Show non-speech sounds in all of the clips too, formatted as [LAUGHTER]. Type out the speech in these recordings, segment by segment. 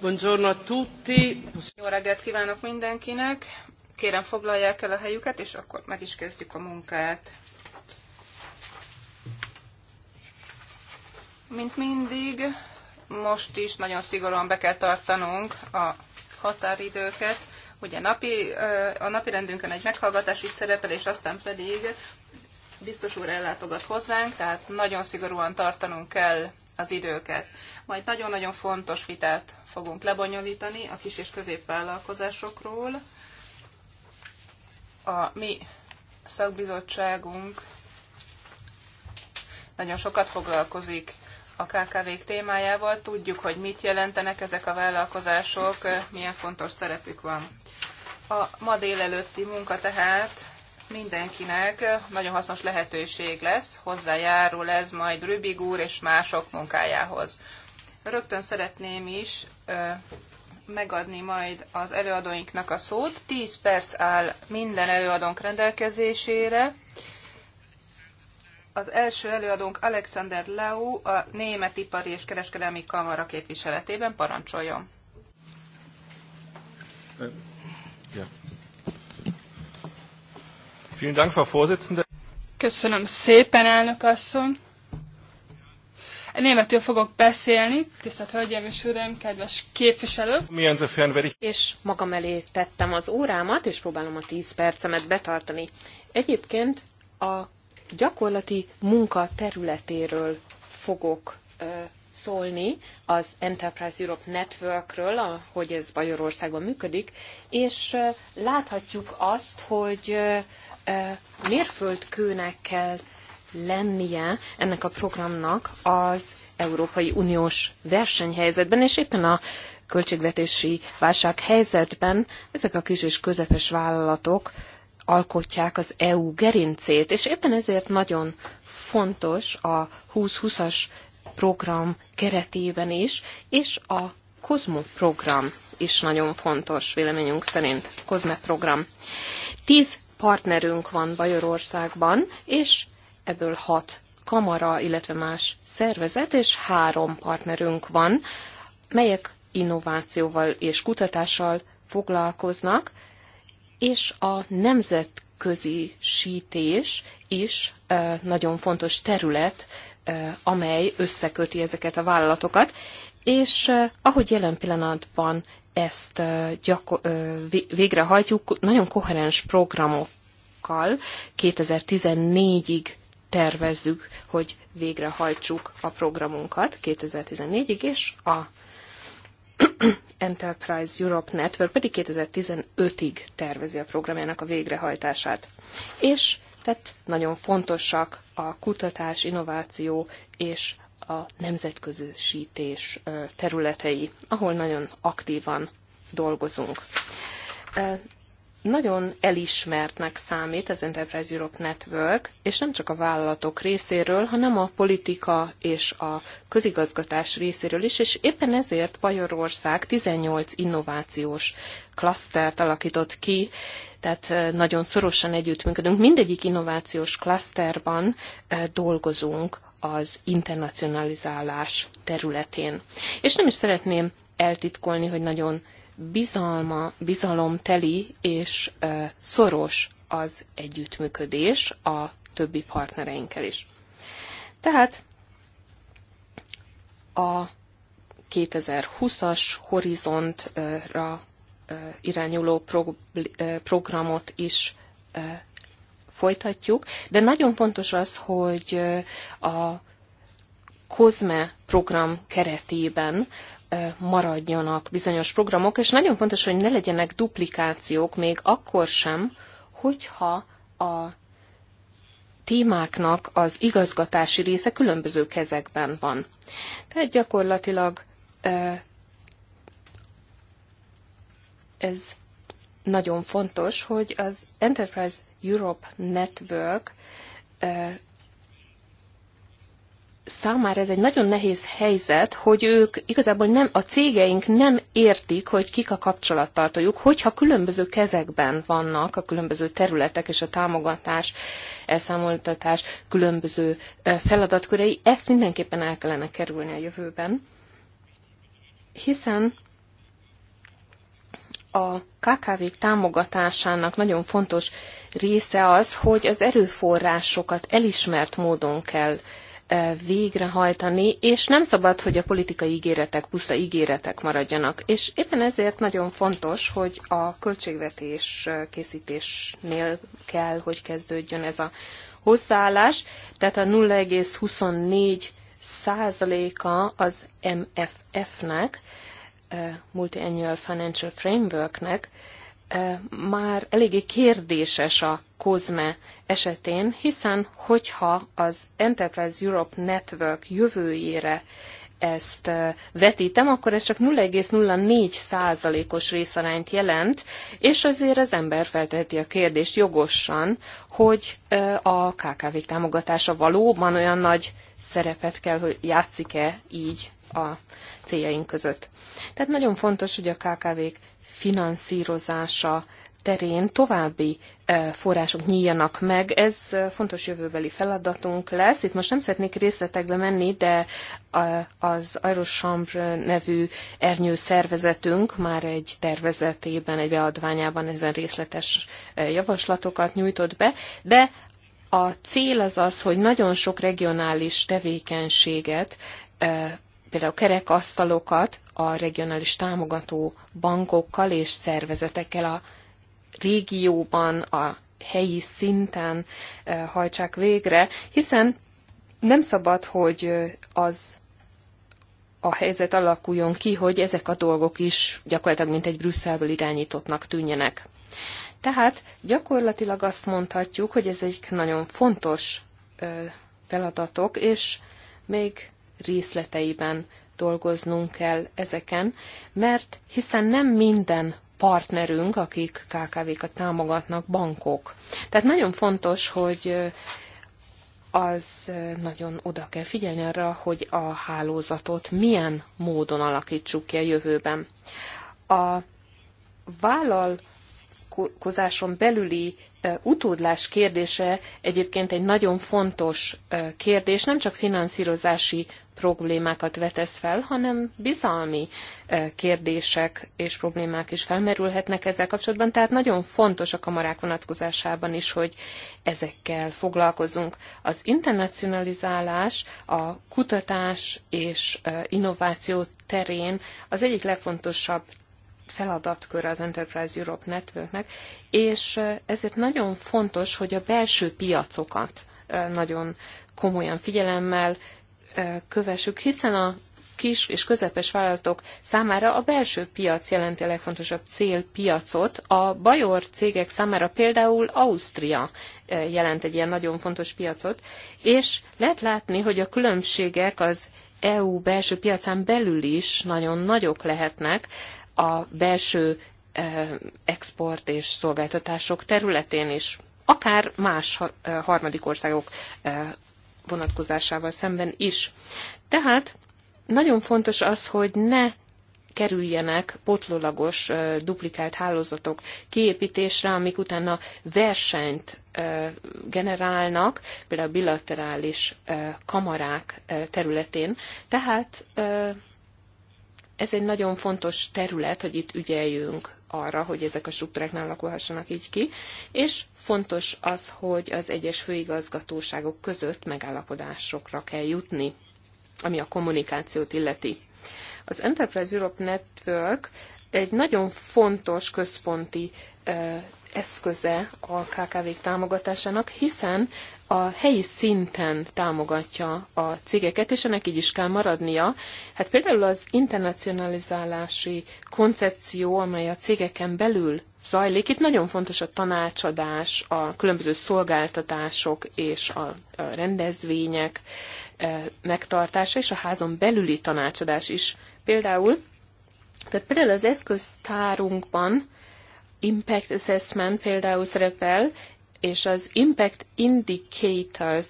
Buongiorno a tutti. Jó reggelt kívánok mindenkinek. Kérem foglalják el a helyüket, és akkor meg is kezdjük a munkát. Mint mindig, most is nagyon szigorúan be kell tartanunk a határidőket. Ugye napi, eh, a napi rendünkön egy meghallgatás is szerepel, és aztán pedig biztos úr ellátogat hozzánk, tehát nagyon szigorúan tartanunk kell az időket. Majd nagyon-nagyon fontos vitát fogunk lebonyolítani a kis és középvállalkozásokról. A mi szakbizottságunk nagyon sokat foglalkozik a KKV-k témájával, tudjuk, hogy mit jelentenek ezek a vállalkozások, milyen fontos szerepük van. A ma délelőtti munka tehát mindenkinek nagyon hasznos lehetőség lesz, hozzájárul ez majd Rübig úr és mások munkájához. Rögtön szeretném is megadni majd az előadóinknak a szót. 10 perc áll minden előadónk rendelkezésére. Az első előadónk Alexander Lau a Német Ipari és Kereskedelmi Kamara képviseletében parancsoljon. Vielen Dank, Frau Vorsitzende. Köszönöm szépen, elnök asszony. Németül fogok beszélni, tisztelt Hölgyeim és Uraim, kedves képviselők. Milyen És magam elé tettem az órámat, és próbálom a 10 percemet betartani. Egyébként a gyakorlati munka területéről fogok ö, szólni, az Enterprise Europe Networkről, ahogy ez Bajorországban működik, és ö, láthatjuk azt, hogy ö, mérföldkőnek kell lennie ennek a programnak az Európai Uniós versenyhelyzetben, és éppen a költségvetési válsághelyzetben ezek a kis és közepes vállalatok alkotják az EU gerincét, és éppen ezért nagyon fontos a 2020-as program keretében is, és a COSMO program is nagyon fontos véleményünk szerint, COSME program. Tíz partnerünk van Bajorországban, és ebből hat kamara, illetve más szervezet, és három partnerünk van, melyek innovációval és kutatással foglalkoznak, és a nemzetközi sítés is nagyon fontos terület, amely összeköti ezeket a vállalatokat, és ahogy jelen pillanatban ezt gyakor- végrehajtjuk nagyon koherens programokkal 2014-ig tervezzük, hogy végrehajtsuk a programunkat 2014-ig, és a [CLEARS THROAT] Enterprise Europe Network pedig 2015-ig tervezi a programjának a végrehajtását. És tehát nagyon fontosak a kutatás, innováció és a nemzetközösítés területei, ahol nagyon aktívan dolgozunk. Nagyon elismertnek számít az Enterprise Europe Network, és nem csak a vállalatok részéről, hanem a politika és a közigazgatás részéről is, és éppen ezért Bajorország 18 innovációs klasztert alakított ki, tehát nagyon szorosan együttműködünk. Mindegyik innovációs klaszterban dolgozunk az internacionalizálás területén. És nem is szeretném eltitkolni, hogy nagyon bizalma, bizalomteli és szoros az együttműködés a többi partnereinkkel is. Tehát a 2020-as horizontra irányuló programot is folytatjuk, de nagyon fontos az, hogy a COSME program keretében maradjanak bizonyos programok, és nagyon fontos, hogy ne legyenek duplikációk még akkor sem, hogyha a témáknak az igazgatási része különböző kezekben van. Tehát gyakorlatilag ez nagyon fontos, hogy az Enterprise Europe Network számára ez egy nagyon nehéz helyzet, hogy ők igazából nem, a cégeink nem értik, hogy kik a kapcsolattartójuk, hogyha különböző kezekben vannak a különböző területek és a támogatás, elszámoltatás, különböző feladatkörei, ezt mindenképpen el kellene kerülni a jövőben, hiszen a kkv támogatásának nagyon fontos része az, hogy az erőforrásokat elismert módon kell e, végrehajtani, és nem szabad, hogy a politikai ígéretek puszta ígéretek maradjanak. És éppen ezért nagyon fontos, hogy a költségvetés e, készítésnél kell, hogy kezdődjön ez a hozzáállás, tehát a 0,24 százaléka az MFF-nek, multiannual Financial Frameworknek már eléggé kérdéses a COSME esetén, hiszen hogyha az Enterprise Europe Network jövőjére ezt vetítem, akkor ez csak 0,04 százalékos részarányt jelent, és azért az ember felteheti a kérdést jogosan, hogy a KKV támogatása valóban olyan nagy szerepet kell, hogy játszik-e így a céljaink között. Tehát nagyon fontos, hogy a KKV-k finanszírozása terén további források nyíljanak meg. Ez fontos jövőbeli feladatunk lesz. Itt most nem szeretnék részletekbe menni, de az Aerochambre nevű ernyő szervezetünk már egy tervezetében, egy beadványában ezen részletes javaslatokat nyújtott be, de a cél az az, hogy nagyon sok regionális tevékenységet például kerekasztalokat a regionális támogató bankokkal és szervezetekkel a régióban, a helyi szinten eh, hajtsák végre, hiszen nem szabad, hogy eh, az a helyzet alakuljon ki, hogy ezek a dolgok is gyakorlatilag mint egy Brüsszelből irányítottnak tűnjenek. Tehát gyakorlatilag azt mondhatjuk, hogy ez egy nagyon fontos eh, feladatok, és még részleteiben dolgoznunk kell ezeken, mert hiszen nem minden partnerünk, akik KKV-kat támogatnak, bankok. Tehát nagyon fontos, hogy az nagyon oda kell figyelni arra, hogy a hálózatot milyen módon alakítsuk ki a jövőben. A vállalkozáson belüli utódlás kérdése egyébként egy nagyon fontos kérdés, nem csak finanszírozási problémákat vetesz fel, hanem bizalmi e, kérdések és problémák is felmerülhetnek ezzel kapcsolatban, tehát nagyon fontos a kamarák vonatkozásában is, hogy ezekkel foglalkozunk. Az internacionalizálás a kutatás és e, innováció terén az egyik legfontosabb feladatkör az Enterprise Europe Networknek, és e, ezért nagyon fontos, hogy a belső piacokat nagyon komolyan figyelemmel kövessük, hiszen a kis és közepes vállalatok számára a belső piac jelenti a legfontosabb célpiacot. A bajor cégek számára például Ausztria jelent egy ilyen nagyon fontos piacot, és lehet látni, hogy a különbségek az EU belső piacán belül is nagyon nagyok lehetnek a belső export és szolgáltatások területén is akár más harmadik országok vonatkozásával szemben is. Tehát nagyon fontos az, hogy ne kerüljenek potlólagos duplikált hálózatok kiépítésre, amik utána versenyt generálnak, például bilaterális kamarák területén. Tehát ez egy nagyon fontos terület, hogy itt ügyeljünk arra, hogy ezek a struktúrák nem alakulhassanak így ki, és fontos az, hogy az egyes főigazgatóságok között megállapodásokra kell jutni, ami a kommunikációt illeti. Az Enterprise Europe Network egy nagyon fontos központi eszköze a KKV-k támogatásának, hiszen a helyi szinten támogatja a cégeket, és ennek így is kell maradnia. Hát például az internacionalizálási koncepció, amely a cégeken belül zajlik, itt nagyon fontos a tanácsadás, a különböző szolgáltatások és a rendezvények e, megtartása, és a házon belüli tanácsadás is. Például, tehát például az eszköztárunkban impact assessment például szerepel, és az Impact Indicators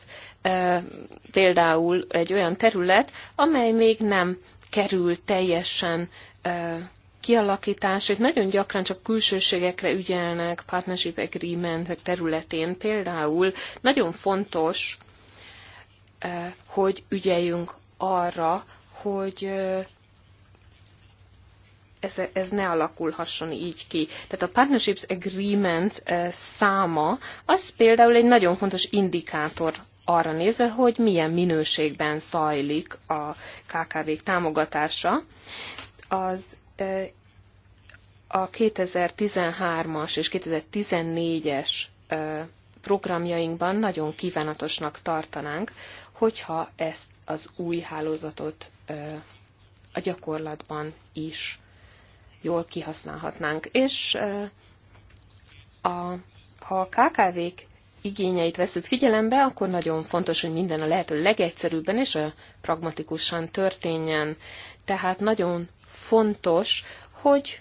például egy olyan terület, amely még nem kerül teljesen kialakítás, hogy nagyon gyakran csak külsőségekre ügyelnek, partnership agreement területén például. Nagyon fontos, hogy ügyeljünk arra, hogy ez, ez ne alakulhasson így ki. Tehát a Partnerships Agreement eh, száma, az például egy nagyon fontos indikátor arra nézve, hogy milyen minőségben zajlik a KKV-k támogatása. Az eh, a 2013-as és 2014-es eh, programjainkban nagyon kívánatosnak tartanánk, hogyha ezt az új hálózatot a gyakorlatban is jól kihasználhatnánk. És a, ha a KKV-k igényeit veszük figyelembe, akkor nagyon fontos, hogy minden a lehető legegyszerűbben és a pragmatikusan történjen. Tehát nagyon fontos, hogy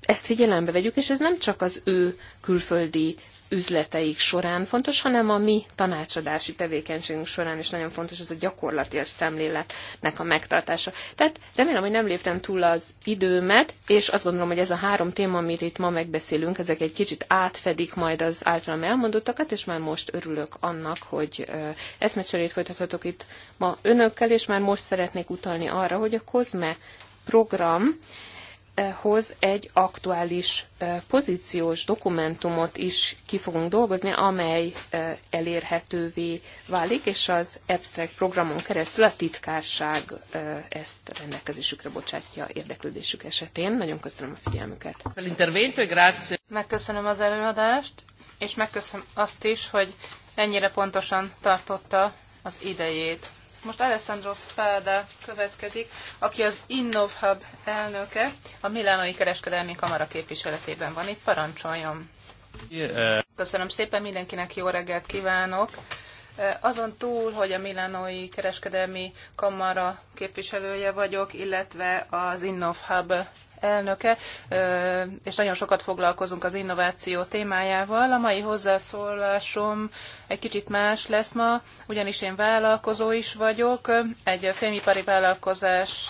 ezt figyelembe vegyük, és ez nem csak az ő külföldi üzleteik során fontos, hanem a mi tanácsadási tevékenységünk során is nagyon fontos ez a gyakorlatilag szemléletnek a megtartása. Tehát remélem, hogy nem léptem túl az időmet, és azt gondolom, hogy ez a három téma, amit itt ma megbeszélünk, ezek egy kicsit átfedik majd az általam elmondottakat, és már most örülök annak, hogy eszmecserét folytathatok itt ma önökkel, és már most szeretnék utalni arra, hogy a COSME program hoz egy aktuális pozíciós dokumentumot is ki fogunk dolgozni, amely elérhetővé válik, és az Abstract programon keresztül a titkárság ezt rendelkezésükre bocsátja érdeklődésük esetén. Nagyon köszönöm a figyelmüket. Megköszönöm az előadást, és megköszönöm azt is, hogy ennyire pontosan tartotta az idejét. Most Alessandro Spada következik, aki az InnovHub elnöke, a Milánoi Kereskedelmi Kamara képviseletében van itt. Parancsoljon! Köszönöm szépen mindenkinek, jó reggelt kívánok! Azon túl, hogy a Milánói Kereskedelmi Kamara képviselője vagyok, illetve az InnovHub elnöke, és nagyon sokat foglalkozunk az innováció témájával. A mai hozzászólásom egy kicsit más lesz ma, ugyanis én vállalkozó is vagyok, egy fémipari vállalkozás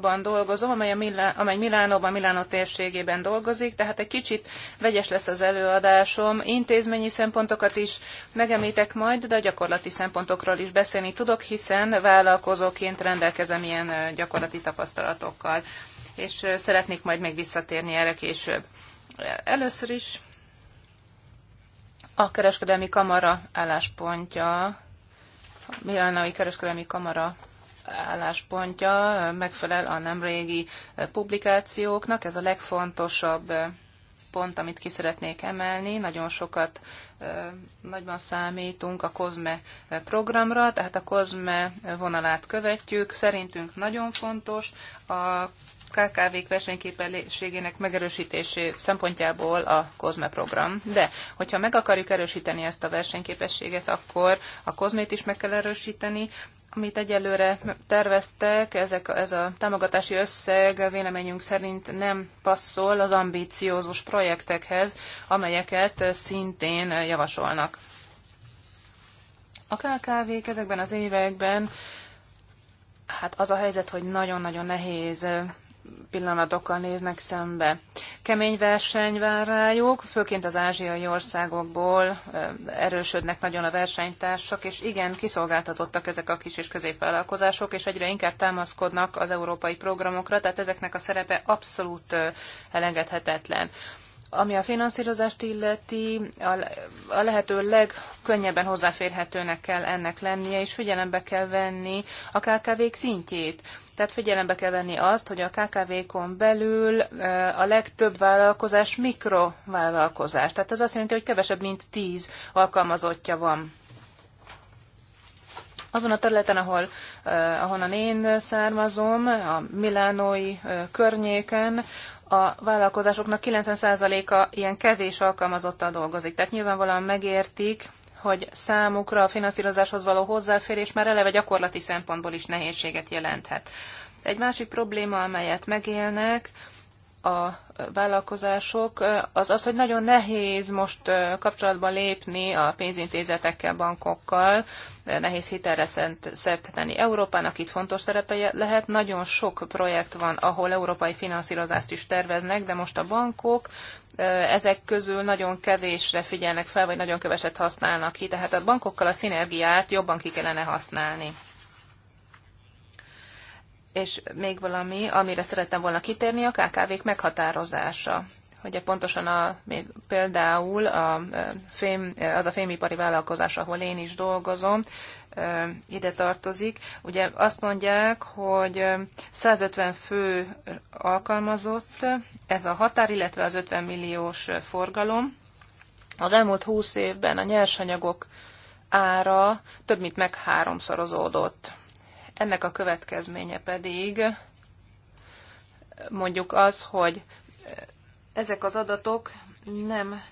ban dolgozom, amely, a Milá- amely Milánóban, Milánó térségében dolgozik, tehát egy kicsit vegyes lesz az előadásom. Intézményi szempontokat is megemlítek majd, de a gyakorlati szempontokról is beszélni tudok, hiszen vállalkozóként rendelkezem ilyen gyakorlati tapasztalatokkal és szeretnék majd még visszatérni erre később. Először is a kereskedelmi kamara álláspontja, Milánai kereskedelmi kamara álláspontja megfelel a nemrégi publikációknak. Ez a legfontosabb pont, amit ki szeretnék emelni. Nagyon sokat nagyban számítunk a COSME programra, tehát a COSME vonalát követjük. Szerintünk nagyon fontos a KKV-k versenyképességének megerősítésé szempontjából a COSME program. De, hogyha meg akarjuk erősíteni ezt a versenyképességet, akkor a COSME-t is meg kell erősíteni, amit egyelőre terveztek, ezek, ez a támogatási összeg véleményünk szerint nem passzol az ambíciózus projektekhez, amelyeket szintén javasolnak. A KKV-k ezekben az években, hát az a helyzet, hogy nagyon-nagyon nehéz pillanatokkal néznek szembe. Kemény verseny vár rájuk, főként az ázsiai országokból erősödnek nagyon a versenytársak, és igen, kiszolgáltatottak ezek a kis és középvállalkozások, és egyre inkább támaszkodnak az európai programokra, tehát ezeknek a szerepe abszolút elengedhetetlen. Ami a finanszírozást illeti, a lehető legkönnyebben hozzáférhetőnek kell ennek lennie, és figyelembe kell venni a KKV-k szintjét. Tehát figyelembe kell venni azt, hogy a KKV-kon belül a legtöbb vállalkozás mikrovállalkozás. Tehát ez azt jelenti, hogy kevesebb, mint 10 alkalmazottja van. Azon a területen, ahol, ahonnan én származom, a milánói környéken, a vállalkozásoknak 90%-a ilyen kevés alkalmazottal dolgozik. Tehát nyilvánvalóan megértik, hogy számukra a finanszírozáshoz való hozzáférés már eleve gyakorlati szempontból is nehézséget jelenthet. Egy másik probléma, amelyet megélnek, a vállalkozások, az az, hogy nagyon nehéz most kapcsolatba lépni a pénzintézetekkel, bankokkal, nehéz hitelre szert tenni Európának, itt fontos szerepe lehet. Nagyon sok projekt van, ahol európai finanszírozást is terveznek, de most a bankok ezek közül nagyon kevésre figyelnek fel, vagy nagyon keveset használnak ki, tehát a bankokkal a szinergiát jobban ki kellene használni. És még valami, amire szerettem volna kitérni, a KKV-k meghatározása. Ugye pontosan a, például a fém, az a fémipari vállalkozás, ahol én is dolgozom, ide tartozik. Ugye azt mondják, hogy 150 fő alkalmazott ez a határ, illetve az 50 milliós forgalom. Az elmúlt 20 évben a nyersanyagok ára több mint meg háromszorozódott ennek a következménye pedig mondjuk az, hogy ezek az adatok nem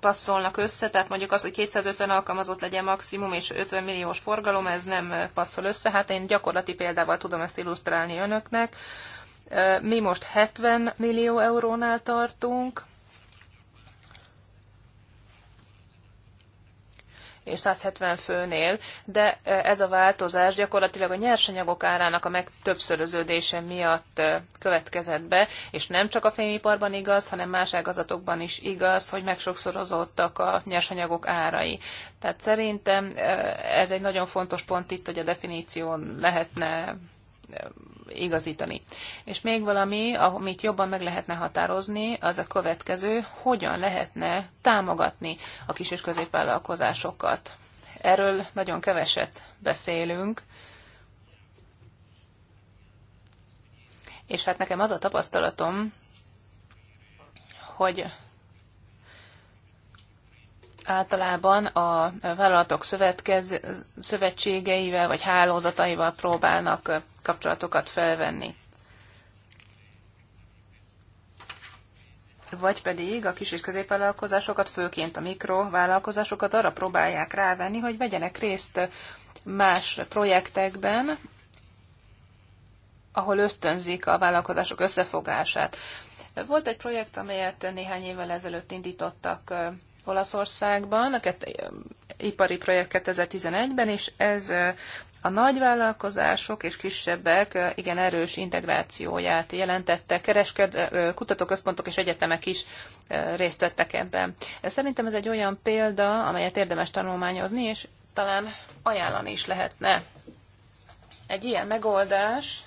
passzolnak össze, tehát mondjuk az, hogy 250 alkalmazott legyen maximum, és 50 milliós forgalom, ez nem passzol össze. Hát én gyakorlati példával tudom ezt illusztrálni önöknek. Mi most 70 millió eurónál tartunk, és 170 főnél, de ez a változás gyakorlatilag a nyersanyagok árának a megtöbbszöröződése miatt következett be, és nem csak a fémiparban igaz, hanem más ágazatokban is igaz, hogy megsokszorozottak a nyersanyagok árai. Tehát szerintem ez egy nagyon fontos pont itt, hogy a definíción lehetne igazítani. És még valami, amit jobban meg lehetne határozni, az a következő, hogyan lehetne támogatni a kis és középvállalkozásokat. Erről nagyon keveset beszélünk, és hát nekem az a tapasztalatom, hogy általában a vállalatok szövetkez, szövetségeivel vagy hálózataival próbálnak kapcsolatokat felvenni. Vagy pedig a kis és középvállalkozásokat, főként a mikrovállalkozásokat arra próbálják rávenni, hogy vegyenek részt más projektekben, ahol ösztönzik a vállalkozások összefogását. Volt egy projekt, amelyet néhány évvel ezelőtt indítottak Olaszországban, a ipari projekt 2011-ben, és ez a nagyvállalkozások és kisebbek igen erős integrációját jelentette, keresked, kutatóközpontok és egyetemek is részt vettek ebben. Ez szerintem ez egy olyan példa, amelyet érdemes tanulmányozni, és talán ajánlani is lehetne. Egy ilyen megoldás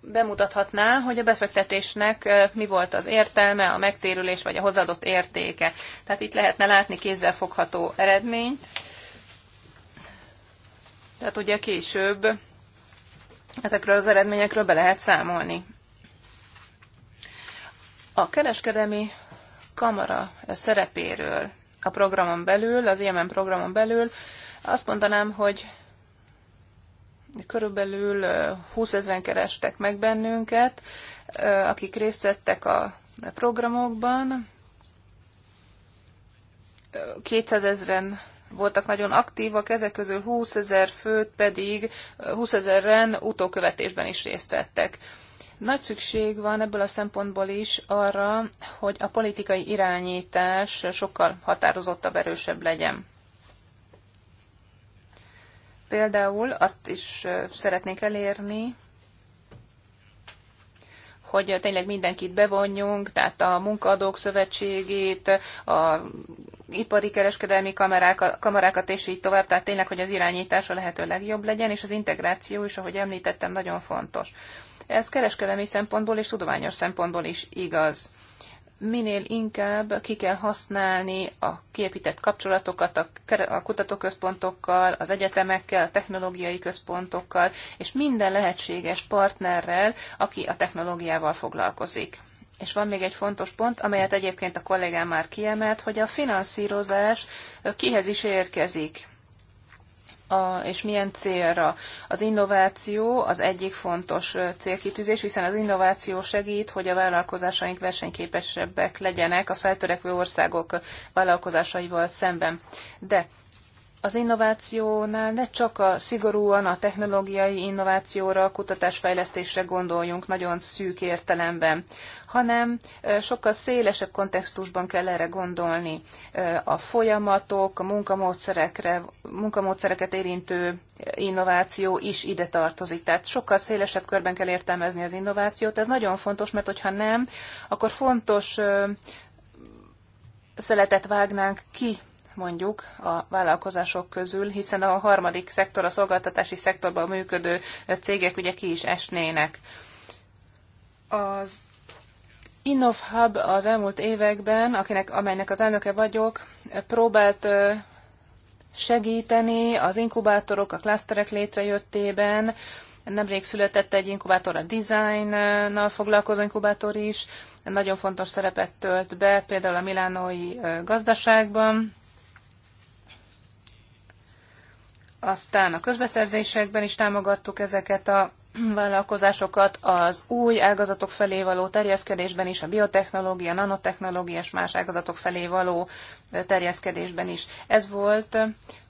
bemutathatná, hogy a befektetésnek mi volt az értelme, a megtérülés vagy a hozadott értéke. Tehát itt lehetne látni kézzelfogható eredményt, tehát ugye később ezekről az eredményekről be lehet számolni. A kereskedelmi kamara szerepéről a programon belül, az IMM programon belül azt mondanám, hogy körülbelül 20 ezeren kerestek meg bennünket, akik részt vettek a programokban. 200 ezeren voltak nagyon aktívak, ezek közül 20 ezer főt pedig 20 ezerren utókövetésben is részt vettek. Nagy szükség van ebből a szempontból is arra, hogy a politikai irányítás sokkal határozottabb, erősebb legyen. Például azt is szeretnék elérni, hogy tényleg mindenkit bevonjunk, tehát a munkaadók szövetségét, a ipari kereskedelmi kamerákat, kamarákat és így tovább, tehát tényleg, hogy az irányítása lehető legjobb legyen, és az integráció is, ahogy említettem, nagyon fontos. Ez kereskedelmi szempontból és tudományos szempontból is igaz minél inkább ki kell használni a kiépített kapcsolatokat a kutatóközpontokkal, az egyetemekkel, a technológiai központokkal, és minden lehetséges partnerrel, aki a technológiával foglalkozik. És van még egy fontos pont, amelyet egyébként a kollégám már kiemelt, hogy a finanszírozás kihez is érkezik a, és milyen célra. Az innováció az egyik fontos célkitűzés, hiszen az innováció segít, hogy a vállalkozásaink versenyképesebbek legyenek a feltörekvő országok vállalkozásaival szemben. De az innovációnál ne csak a szigorúan a technológiai innovációra, kutatásfejlesztésre gondoljunk nagyon szűk értelemben, hanem sokkal szélesebb kontextusban kell erre gondolni. A folyamatok, a munkamódszerekre, munkamódszereket érintő innováció is ide tartozik. Tehát sokkal szélesebb körben kell értelmezni az innovációt. Ez nagyon fontos, mert hogyha nem, akkor fontos szeletet vágnánk ki mondjuk a vállalkozások közül, hiszen a harmadik szektor, a szolgáltatási szektorban működő cégek ugye ki is esnének. Az InnovHub az elmúlt években, akinek, amelynek az elnöke vagyok, próbált segíteni az inkubátorok, a klaszterek létrejöttében. Nemrég született egy inkubátor, a designnal foglalkozó inkubátor is. Nagyon fontos szerepet tölt be például a milánói gazdaságban. Aztán a közbeszerzésekben is támogattuk ezeket a vállalkozásokat, az új ágazatok felé való terjeszkedésben is, a biotechnológia, nanotechnológia és más ágazatok felé való terjeszkedésben is. Ez volt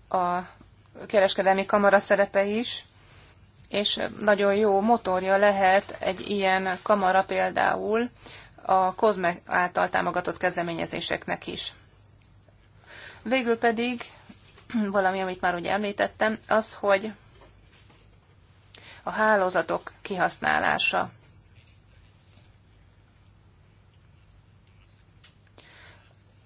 a kereskedelmi kamara szerepe is, és nagyon jó motorja lehet egy ilyen kamara például a COSME által támogatott kezdeményezéseknek is. Végül pedig valami, amit már ugye említettem, az, hogy a hálózatok kihasználása.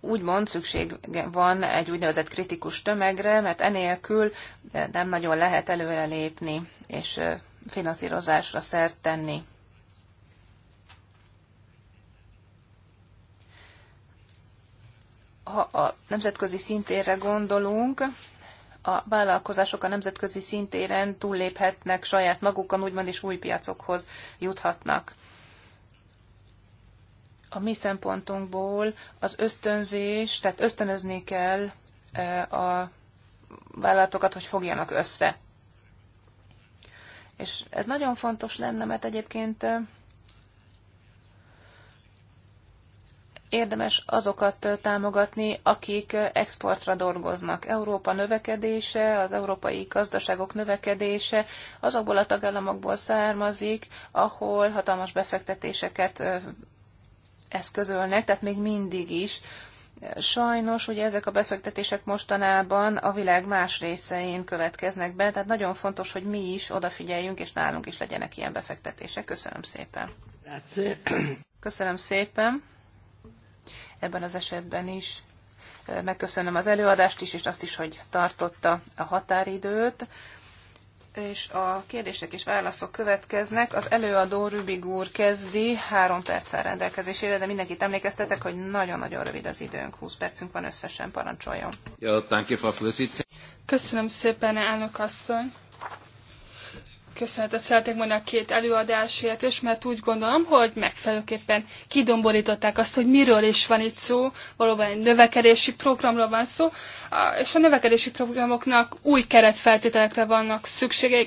Úgymond szükség van egy úgynevezett kritikus tömegre, mert enélkül eh, nem nagyon lehet előrelépni és eh, finanszírozásra szert tenni. ha a nemzetközi szintérre gondolunk, a vállalkozások a nemzetközi szintéren túlléphetnek saját magukon, úgymond is új piacokhoz juthatnak. A mi szempontunkból az ösztönzés, tehát ösztönözni kell e, a vállalatokat, hogy fogjanak össze. És ez nagyon fontos lenne, mert egyébként e, érdemes azokat támogatni, akik exportra dolgoznak. Európa növekedése, az európai gazdaságok növekedése azokból a tagállamokból származik, ahol hatalmas befektetéseket eszközölnek, tehát még mindig is. Sajnos ugye ezek a befektetések mostanában a világ más részein következnek be, tehát nagyon fontos, hogy mi is odafigyeljünk, és nálunk is legyenek ilyen befektetések. Köszönöm szépen. Köszönöm szépen ebben az esetben is. Megköszönöm az előadást is, és azt is, hogy tartotta a határidőt. És a kérdések és válaszok következnek. Az előadó Rübig úr kezdi, három perccel rendelkezésére, de mindenkit emlékeztetek, hogy nagyon-nagyon rövid az időnk, 20 percünk van összesen, parancsoljon. Ja, Köszönöm szépen, elnök asszony köszönetet szeretnék mondani a két előadásért és mert úgy gondolom, hogy megfelelőképpen kidomborították azt, hogy miről is van itt szó, valóban egy növekedési programról van szó, és a növekedési programoknak új keretfeltételekre vannak szükségek,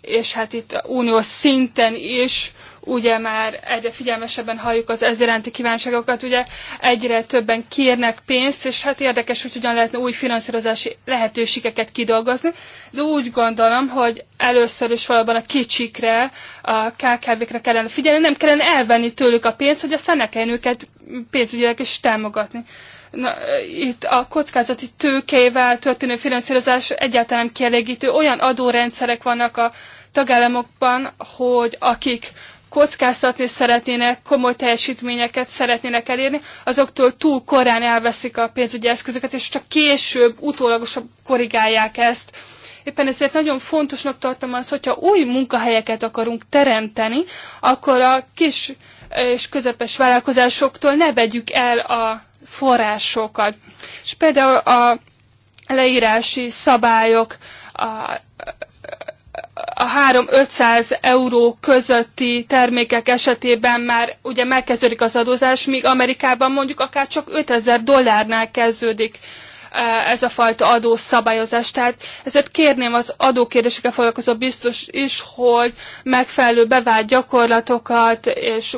és hát itt uniós szinten is ugye már egyre figyelmesebben halljuk az ez iránti kívánságokat, ugye egyre többen kérnek pénzt, és hát érdekes, hogy hogyan lehetne új finanszírozási lehetőségeket kidolgozni, de úgy gondolom, hogy először is valóban a kicsikre, a KKV-kre kellene figyelni, nem kellene elvenni tőlük a pénzt, hogy aztán ne kelljen őket pénzügyileg is támogatni. Na, itt a kockázati tőkével történő finanszírozás egyáltalán kielégítő. Olyan adórendszerek vannak a tagállamokban, hogy akik kockáztatni szeretnének, komoly teljesítményeket szeretnének elérni, azoktól túl korán elveszik a pénzügyi eszközöket, és csak később, utólagosabb korrigálják ezt. Éppen ezért nagyon fontosnak tartom azt, hogyha új munkahelyeket akarunk teremteni, akkor a kis és közepes vállalkozásoktól ne vegyük el a forrásokat. És például a leírási szabályok, a a 3-500 euró közötti termékek esetében már ugye megkezdődik az adózás, míg Amerikában mondjuk akár csak 5000 dollárnál kezdődik ez a fajta adószabályozás. Tehát ezért kérném az adókérdésekkel foglalkozó biztos is, hogy megfelelő bevált gyakorlatokat és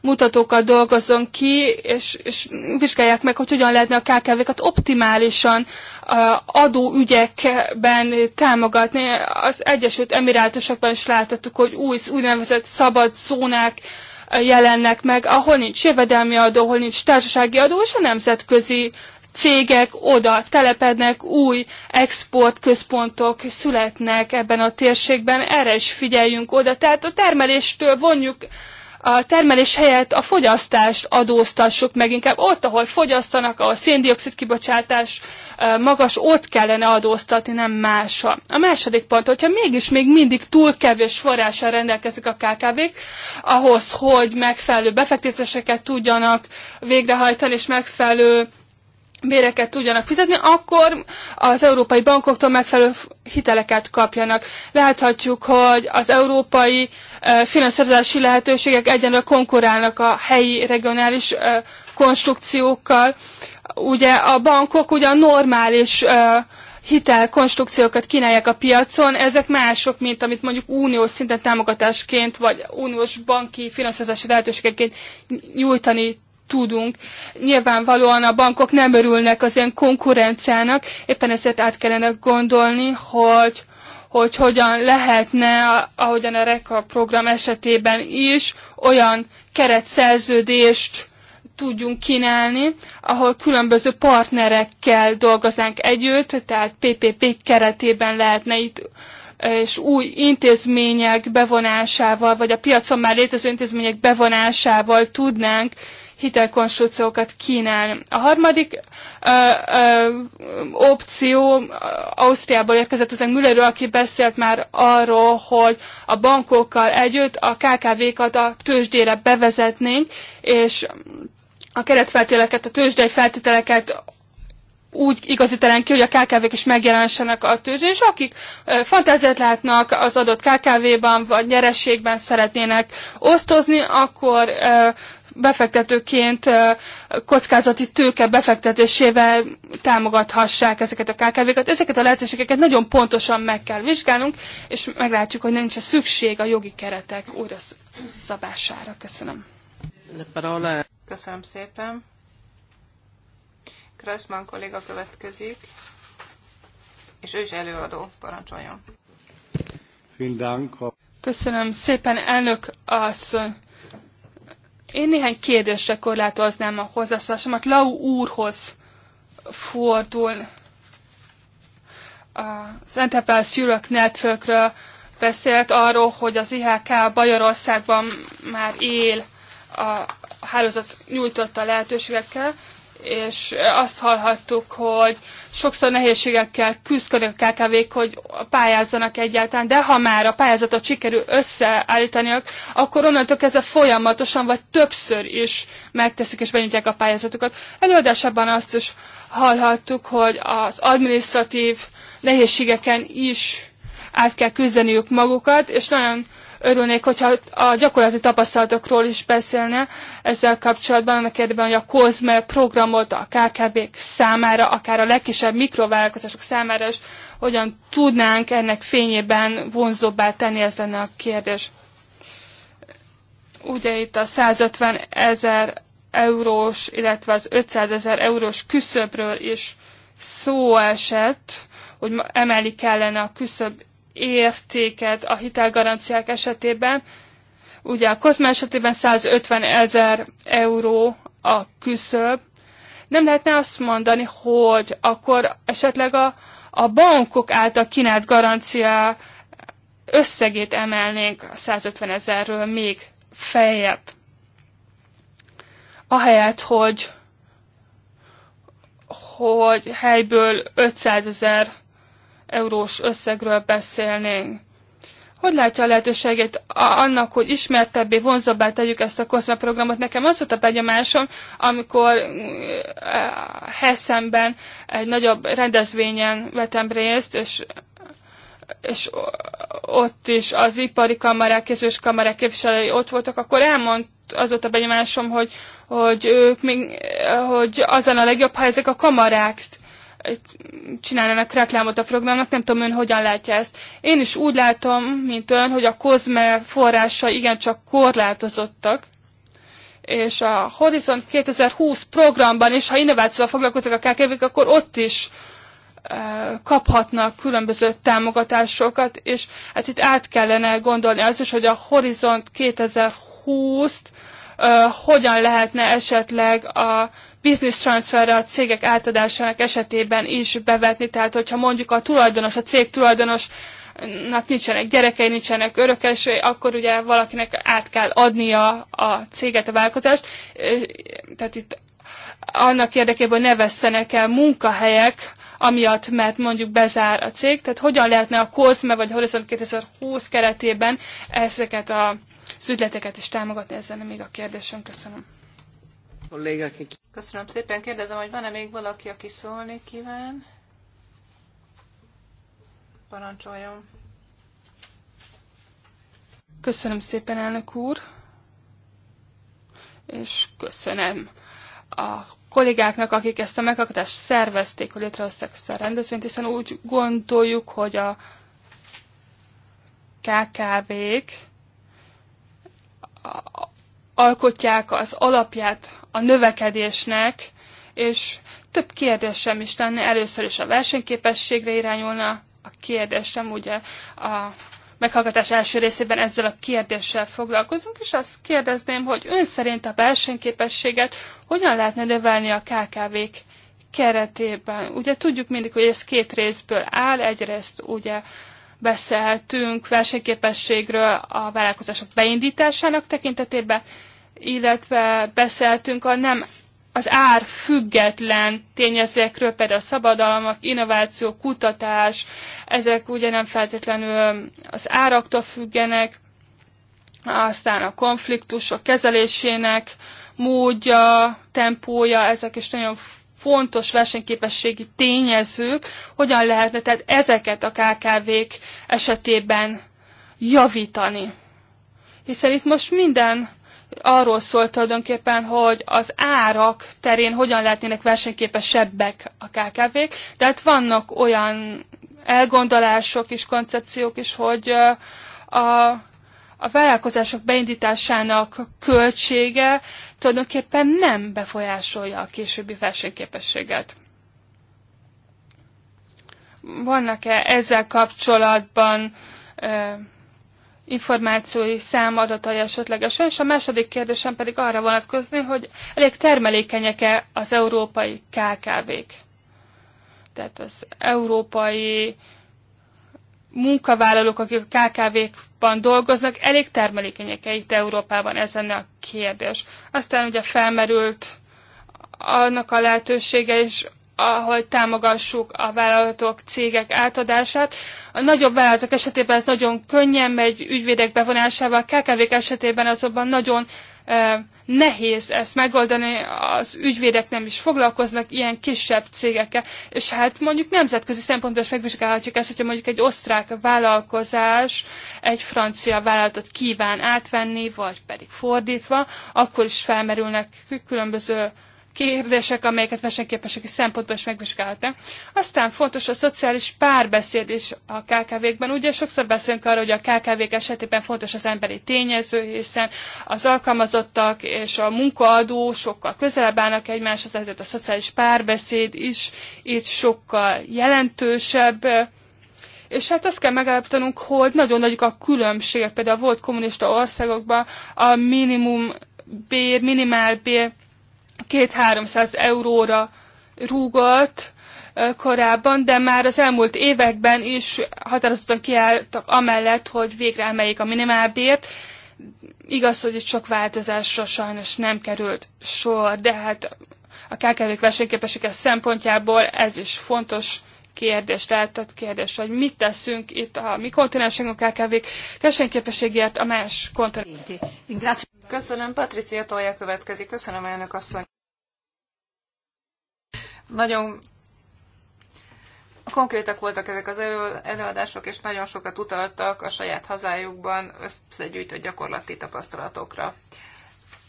mutatókat dolgozzon ki, és, és vizsgálják meg, hogy hogyan lehetne a KKV-kat optimálisan adóügyekben támogatni. Az Egyesült Emirátusokban is láthattuk, hogy új úgynevezett szabad zónák jelennek meg, ahol nincs jövedelmi adó, ahol nincs társasági adó, és a nemzetközi cégek oda telepednek, új exportközpontok születnek ebben a térségben, erre is figyeljünk oda. Tehát a termeléstől vonjuk a termelés helyett a fogyasztást adóztassuk meg, inkább ott, ahol fogyasztanak, a széndiokszid kibocsátás magas, ott kellene adóztatni, nem másra. A második pont, hogyha mégis még mindig túl kevés forrással rendelkezik a KKV-k, ahhoz, hogy megfelelő befektetéseket tudjanak végrehajtani, és megfelelő béreket tudjanak fizetni, akkor az európai bankoktól megfelelő hiteleket kapjanak. Láthatjuk, hogy az európai finanszírozási lehetőségek egyenlő konkurálnak a helyi regionális konstrukciókkal. Ugye a bankok ugyan normális hitelkonstrukciókat kínálják a piacon, ezek mások, mint amit mondjuk uniós szinten támogatásként, vagy uniós banki finanszírozási lehetőségeként nyújtani tudunk. Nyilvánvalóan a bankok nem örülnek az ilyen konkurenciának, éppen ezért át kellene gondolni, hogy hogy hogyan lehetne, ahogyan a REKA program esetében is, olyan keretszerződést tudjunk kínálni, ahol különböző partnerekkel dolgoznánk együtt, tehát PPP keretében lehetne itt és új intézmények bevonásával, vagy a piacon már létező intézmények bevonásával tudnánk hitelkonstrukciókat kínálni. A harmadik ö, ö, opció Ausztriából érkezett az Müllerről, aki beszélt már arról, hogy a bankokkal együtt a KKV-kat a tőzsdére bevezetnénk, és a keretfeltéleket, a tőzsdei feltételeket úgy igazítanánk ki, hogy a KKV-k is megjelensenek a tőzsdén, és akik fantáziát látnak az adott KKV-ban, vagy nyerességben szeretnének osztozni, akkor befektetőként kockázati tőke befektetésével támogathassák ezeket a KKV-kat. Ezeket a lehetőségeket nagyon pontosan meg kell vizsgálnunk, és meglátjuk, hogy nincs -e szükség a jogi keretek újra szabására. Köszönöm. Köszönöm szépen. Kreuzmann kolléga következik, és ő is előadó. Parancsoljon. Köszönöm szépen, elnök asszony. Az én néhány kérdésre korlátoznám a hozzászólásomat. Lau úrhoz fordul a Enterprise Europe network beszélt arról, hogy az IHK Bajorországban már él a hálózat nyújtotta lehetőségekkel és azt hallhattuk, hogy sokszor nehézségekkel küzdködik a KKV-k, hogy pályázzanak egyáltalán, de ha már a pályázatot sikerül összeállítaniak, akkor onnantól kezdve folyamatosan, vagy többször is megteszik és benyújtják a pályázatukat. Előadásában azt is hallhattuk, hogy az administratív nehézségeken is át kell küzdeniük magukat, és nagyon örülnék, hogyha a gyakorlati tapasztalatokról is beszélne ezzel kapcsolatban, annak érdekében, hogy a COSME programot a kkv számára, akár a legkisebb mikrovállalkozások számára is hogyan tudnánk ennek fényében vonzóbbá tenni, ez lenne a kérdés. Ugye itt a 150 ezer eurós, illetve az 500 ezer eurós küszöbről is szó esett, hogy emelik kellene a küszöb értéket a hitelgaranciák esetében. Ugye a Kozma esetében 150 ezer euró a küszöb. Nem lehetne azt mondani, hogy akkor esetleg a, a bankok által kínált garancia összegét emelnénk a 150 ezerről még feljebb. Ahelyett, hogy, hogy helyből 500 ezer eurós összegről beszélnénk. Hogy látja a lehetőségét annak, hogy ismertebbé, vonzóbbá tegyük ezt a COSME programot? Nekem az volt a benyomásom, amikor eh, Hessenben egy nagyobb rendezvényen vetem részt, és és ott is az ipari kamarák, kézős kamarák képviselői ott voltak, akkor elmond az volt a benyomásom, hogy, hogy ők még, hogy azon a legjobb, ha ezek a kamarák csinálnának reklámot a programnak, nem tudom ön hogyan látja ezt. Én is úgy látom, mint ön, hogy a kozme forrása igencsak korlátozottak, és a Horizon 2020 programban is, ha innovációval foglalkoznak a kkv akkor ott is e, kaphatnak különböző támogatásokat, és hát itt át kellene gondolni az is, hogy a Horizont 2020-t e, hogyan lehetne esetleg a business transferre a cégek átadásának esetében is bevetni, tehát hogyha mondjuk a tulajdonos, a cég tulajdonos nincsenek gyerekei, nincsenek örökös, akkor ugye valakinek át kell adnia a céget, a vállalkozást. Tehát itt annak érdekében, hogy ne vesztenek el munkahelyek, amiatt, mert mondjuk bezár a cég. Tehát hogyan lehetne a COSME vagy a Horizon 2020 keretében ezeket a az is támogatni, ezen még a kérdésem. Köszönöm. Köszönöm szépen. Kérdezem, hogy van-e még valaki, aki szólni kíván? Parancsoljon. Köszönöm szépen, elnök úr. És köszönöm a kollégáknak, akik ezt a megakadást szervezték, hogy létrehozták ezt a rendezvényt, hiszen úgy gondoljuk, hogy a KKV-k alkotják az alapját a növekedésnek, és több kérdésem is lenne. Először is a versenyképességre irányulna a kérdésem, ugye a meghallgatás első részében ezzel a kérdéssel foglalkozunk, és azt kérdezném, hogy ön szerint a versenyképességet hogyan lehetne növelni a KKV-k keretében. Ugye tudjuk mindig, hogy ez két részből áll, egyrészt ugye beszélhetünk versenyképességről a vállalkozások beindításának tekintetében, illetve beszéltünk a nem az ár független tényezőkről, például a szabadalmak, innováció, kutatás, ezek ugye nem feltétlenül az áraktól függenek, aztán a konfliktusok kezelésének módja, tempója, ezek is nagyon fontos versenyképességi tényezők, hogyan lehetne tehát ezeket a KKV-k esetében javítani. Hiszen itt most minden arról szólt tulajdonképpen, hogy az árak terén hogyan lehetnének versenyképesebbek a KKV-k. Tehát vannak olyan elgondolások és koncepciók is, hogy a, a vállalkozások beindításának költsége tulajdonképpen nem befolyásolja a későbbi versenyképességet. Vannak-e ezzel kapcsolatban információi szám adatai esetlegesen, és a második kérdésem pedig arra vonatkozni, hogy elég termelékenyek-e az európai KKV-k? Tehát az európai munkavállalók, akik a KKV-kban dolgoznak, elég termelékenyek-e itt Európában? Ez lenne a kérdés. Aztán ugye felmerült annak a lehetősége is, hogy támogassuk a vállalatok, cégek átadását. A nagyobb vállalatok esetében ez nagyon könnyen megy ügyvédek bevonásával, kkv esetében azonban nagyon e, nehéz ezt megoldani, az ügyvédek nem is foglalkoznak ilyen kisebb cégekkel, és hát mondjuk nemzetközi szempontból is megvizsgálhatjuk ezt, hogyha mondjuk egy osztrák vállalkozás egy francia vállalatot kíván átvenni, vagy pedig fordítva, akkor is felmerülnek különböző kérdések, amelyeket versenyképességi szempontból is megvizsgálhatnánk. Aztán fontos a szociális párbeszéd is a KKV-kben. Ugye sokszor beszélünk arról, hogy a KKV-k esetében fontos az emberi tényező, hiszen az alkalmazottak és a munkaadó sokkal közelebb állnak egymáshoz, tehát a szociális párbeszéd is itt sokkal jelentősebb. És hát azt kell megállapítanunk, hogy nagyon nagyok a különbségek. Például volt kommunista országokban a minimum bér, bér két 300 euróra rúgott korábban, de már az elmúlt években is határozottan kiálltak amellett, hogy végre emeljék a minimálbért. Igaz, hogy itt sok változásra sajnos nem került sor, de hát a KKV-k versenyképessége szempontjából ez is fontos kérdés, tehát kérdés, hogy mit teszünk itt a mi kontinensünk a KKV-k versenyképességért a más kontinensünk. Köszönöm, Patricia Tolja következik. Köszönöm, elnök asszony. Nagyon konkrétak voltak ezek az előadások, és nagyon sokat utaltak a saját hazájukban összegyűjtött gyakorlati tapasztalatokra.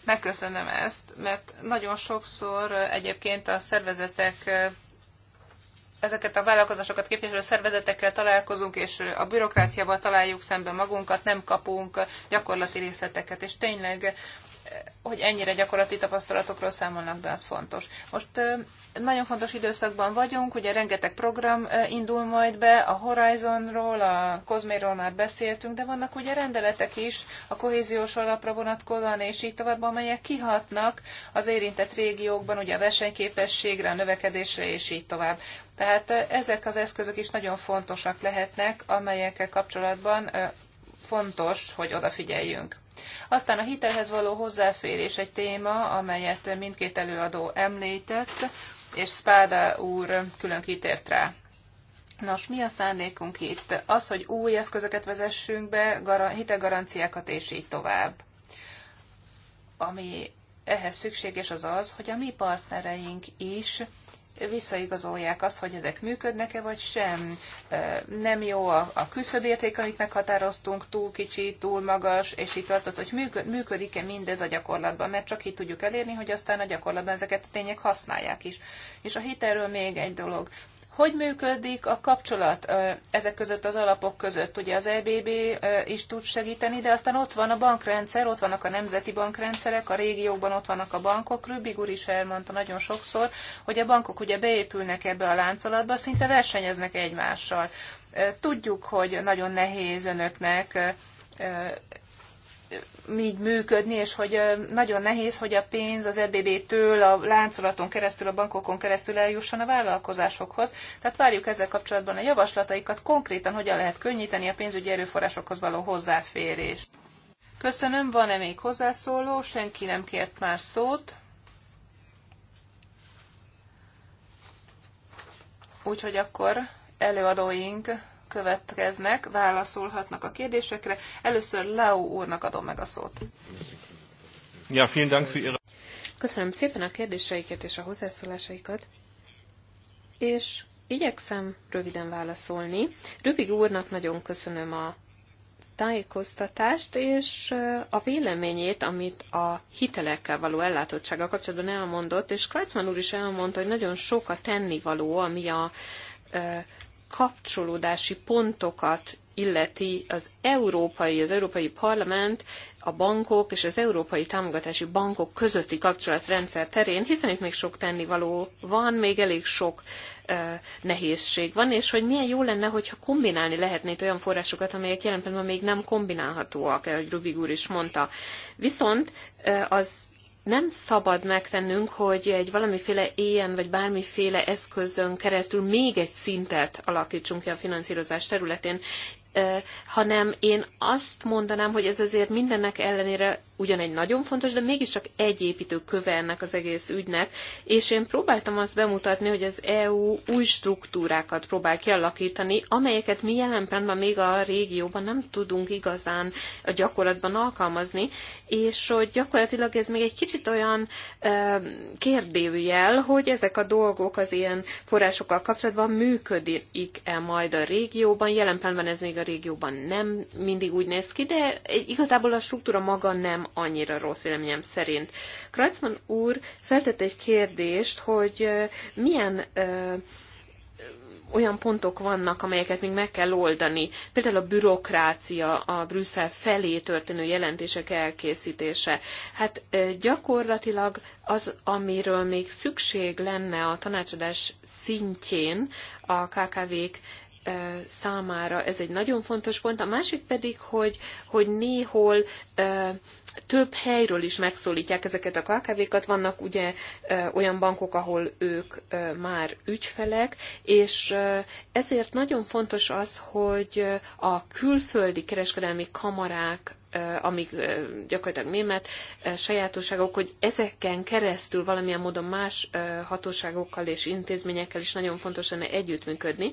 Megköszönöm ezt, mert nagyon sokszor egyébként a szervezetek ezeket a vállalkozásokat képviselő szervezetekkel találkozunk, és a bürokráciával találjuk szemben magunkat, nem kapunk gyakorlati részleteket, és tényleg hogy ennyire gyakorlati tapasztalatokról számolnak be, az fontos. Most nagyon fontos időszakban vagyunk, ugye rengeteg program indul majd be, a Horizonról, a Kozméről már beszéltünk, de vannak ugye rendeletek is a kohéziós alapra vonatkozóan, és így tovább, amelyek kihatnak az érintett régiókban, ugye a versenyképességre, a növekedésre, és így tovább. Tehát ezek az eszközök is nagyon fontosak lehetnek, amelyekkel kapcsolatban fontos, hogy odafigyeljünk. Aztán a hitelhez való hozzáférés egy téma, amelyet mindkét előadó említett, és Spáda úr külön kitért rá. Nos, mi a szándékunk itt? Az, hogy új eszközöket vezessünk be, hitegaranciákat és így tovább. Ami ehhez szükséges az az, hogy a mi partnereink is visszaigazolják azt, hogy ezek működnek-e vagy sem. Nem jó a, a küszöbérték, amit meghatároztunk, túl kicsi, túl magas, és itt tartott, hogy működik-e mindez a gyakorlatban, mert csak így tudjuk elérni, hogy aztán a gyakorlatban ezeket a tények használják is. És a hitelről még egy dolog. Hogy működik a kapcsolat ezek között az alapok között? Ugye az EBB is tud segíteni, de aztán ott van a bankrendszer, ott vannak a nemzeti bankrendszerek, a régiókban ott vannak a bankok. Rübig úr is elmondta nagyon sokszor, hogy a bankok ugye beépülnek ebbe a láncolatba, szinte versenyeznek egymással. Tudjuk, hogy nagyon nehéz önöknek így működni, és hogy nagyon nehéz, hogy a pénz az EBB-től a láncolaton keresztül, a bankokon keresztül eljusson a vállalkozásokhoz. Tehát várjuk ezzel kapcsolatban a javaslataikat, konkrétan hogyan lehet könnyíteni a pénzügyi erőforrásokhoz való hozzáférést. Köszönöm, van-e még hozzászóló? Senki nem kért már szót. Úgyhogy akkor előadóink következnek, válaszolhatnak a kérdésekre. Először Leo úrnak adom meg a szót. Ja, vielen Dank für Ihre... Köszönöm szépen a kérdéseiket és a hozzászólásaikat, és igyekszem röviden válaszolni. Rübig úrnak nagyon köszönöm a tájékoztatást és a véleményét, amit a hitelekkel való ellátottsága kapcsolatban elmondott, és Kreitzmann úr is elmondta, hogy nagyon sok a tennivaló, ami a kapcsolódási pontokat illeti az európai, az európai parlament, a bankok és az európai támogatási bankok közötti kapcsolatrendszer terén, hiszen itt még sok tennivaló van, még elég sok nehézség van, és hogy milyen jó lenne, hogyha kombinálni lehetnék olyan forrásokat, amelyek jelen pillanatban még nem kombinálhatóak, ahogy Rubig úr is mondta. Viszont az nem szabad megtennünk, hogy egy valamiféle ilyen vagy bármiféle eszközön keresztül még egy szintet alakítsunk ki a finanszírozás területén hanem én azt mondanám, hogy ez azért mindennek ellenére ugyan egy nagyon fontos, de mégiscsak egy köve ennek az egész ügynek, és én próbáltam azt bemutatni, hogy az EU új struktúrákat próbál kialakítani, amelyeket mi jelen pillanatban még a régióban nem tudunk igazán a gyakorlatban alkalmazni, és hogy gyakorlatilag ez még egy kicsit olyan kérdőjel, hogy ezek a dolgok az ilyen forrásokkal kapcsolatban működik-e majd a régióban, jelen pillanatban ez még a a régióban nem mindig úgy néz ki, de igazából a struktúra maga nem annyira rossz véleményem szerint. Kreutzmann úr feltett egy kérdést, hogy milyen olyan pontok vannak, amelyeket még meg kell oldani. Például a bürokrácia, a Brüsszel felé történő jelentések elkészítése. Hát gyakorlatilag az, amiről még szükség lenne a tanácsadás szintjén a KKV-k számára ez egy nagyon fontos pont. A másik pedig, hogy, hogy néhol több helyről is megszólítják ezeket a KKV-kat. Vannak ugye olyan bankok, ahol ők már ügyfelek, és ezért nagyon fontos az, hogy a külföldi kereskedelmi kamarák amik gyakorlatilag német sajátosságok, hogy ezeken keresztül valamilyen módon más hatóságokkal és intézményekkel is nagyon fontos lenne együttműködni,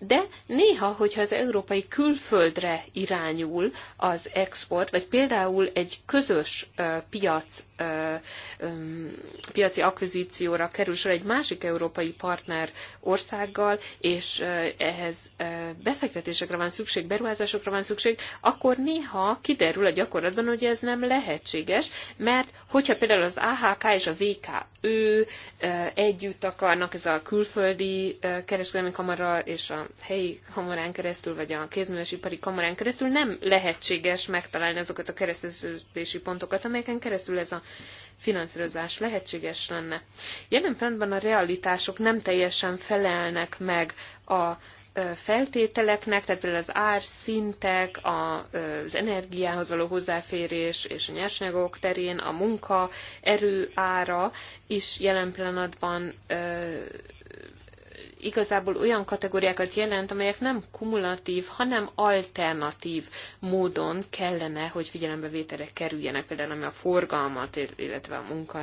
de néha, hogyha az európai külföldre irányul az export, vagy például egy közös piac, piaci akvizícióra kerül sor egy másik európai partner országgal, és ehhez befektetésekre van szükség, beruházásokra van szükség, akkor néha kiderül a gyakorlatban, hogy ez nem lehetséges, mert hogyha például az AHK és a VK, ő együtt akarnak, ez a külföldi kereskedelmi kamara és a helyi kamarán keresztül, vagy a kézművesipari kamarán keresztül nem lehetséges megtalálni azokat a keresztül összekötési pontokat, amelyeken keresztül ez a finanszírozás lehetséges lenne. Jelen pillanatban a realitások nem teljesen felelnek meg a feltételeknek, tehát például az árszintek, az energiához való hozzáférés és a nyersanyagok terén a munka erő ára is jelen pillanatban igazából olyan kategóriákat jelent, amelyek nem kumulatív, hanem alternatív módon kellene, hogy figyelembevételre kerüljenek, például ami a forgalmat, illetve a munka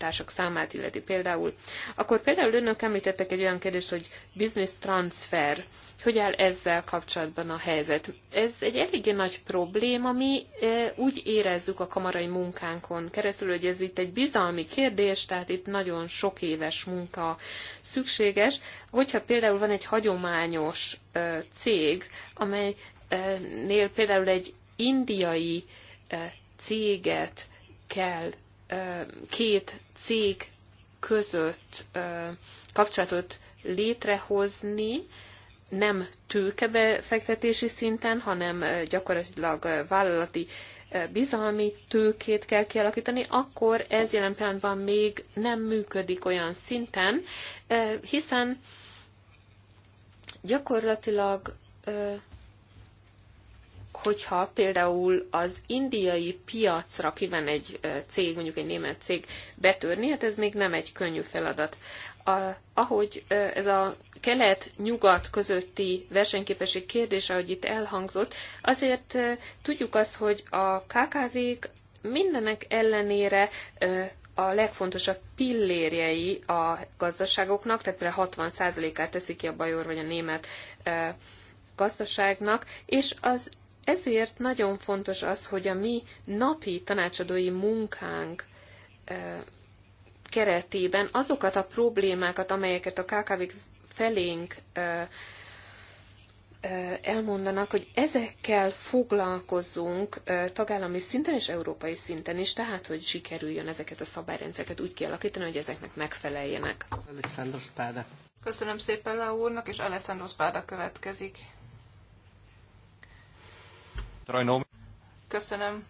munkatársak számát illeti például. Akkor például önök említettek egy olyan kérdést, hogy business transfer. Hogy áll ezzel kapcsolatban a helyzet? Ez egy eléggé nagy probléma, mi e, úgy érezzük a kamarai munkánkon keresztül, hogy ez itt egy bizalmi kérdés, tehát itt nagyon sok éves munka szükséges. Hogyha például van egy hagyományos e, cég, amelynél például egy indiai e, céget kell két cég között kapcsolatot létrehozni, nem tőkebefektetési szinten, hanem gyakorlatilag vállalati bizalmi tőkét kell kialakítani, akkor ez jelen pillanatban még nem működik olyan szinten, hiszen gyakorlatilag hogyha például az indiai piacra kíván egy cég, mondjuk egy német cég betörni, hát ez még nem egy könnyű feladat. A, ahogy ez a kelet-nyugat közötti versenyképesség kérdése, ahogy itt elhangzott, azért tudjuk azt, hogy a KKV-k mindenek ellenére a legfontosabb pillérjei a gazdaságoknak, tehát például 60%-át teszik ki a bajor vagy a német gazdaságnak, és az ezért nagyon fontos az, hogy a mi napi tanácsadói munkánk keretében azokat a problémákat, amelyeket a kkv felénk elmondanak, hogy ezekkel foglalkozzunk tagállami szinten és európai szinten is, tehát hogy sikerüljön ezeket a szabályrendszereket úgy kialakítani, hogy ezeknek megfeleljenek. Köszönöm szépen Lau úrnak, és Alessandro Spada következik. Köszönöm,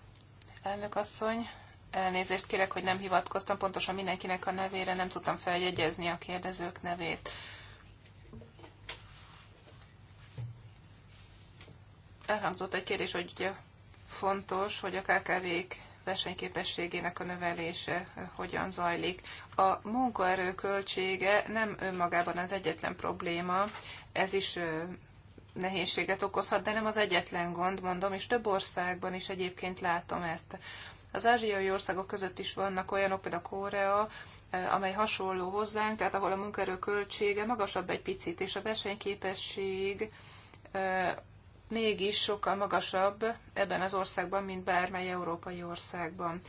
elnök asszony. Elnézést kérek, hogy nem hivatkoztam pontosan mindenkinek a nevére, nem tudtam feljegyezni a kérdezők nevét. Elhangzott egy kérdés, hogy fontos, hogy a KKV-k versenyképességének a növelése hogyan zajlik. A munkaerő költsége nem önmagában az egyetlen probléma, ez is nehézséget okozhat, de nem az egyetlen gond, mondom, és több országban is egyébként látom ezt. Az ázsiai országok között is vannak olyanok, például Korea, eh, amely hasonló hozzánk, tehát ahol a munkaerő költsége magasabb egy picit, és a versenyképesség eh, mégis sokkal magasabb ebben az országban, mint bármely európai országban.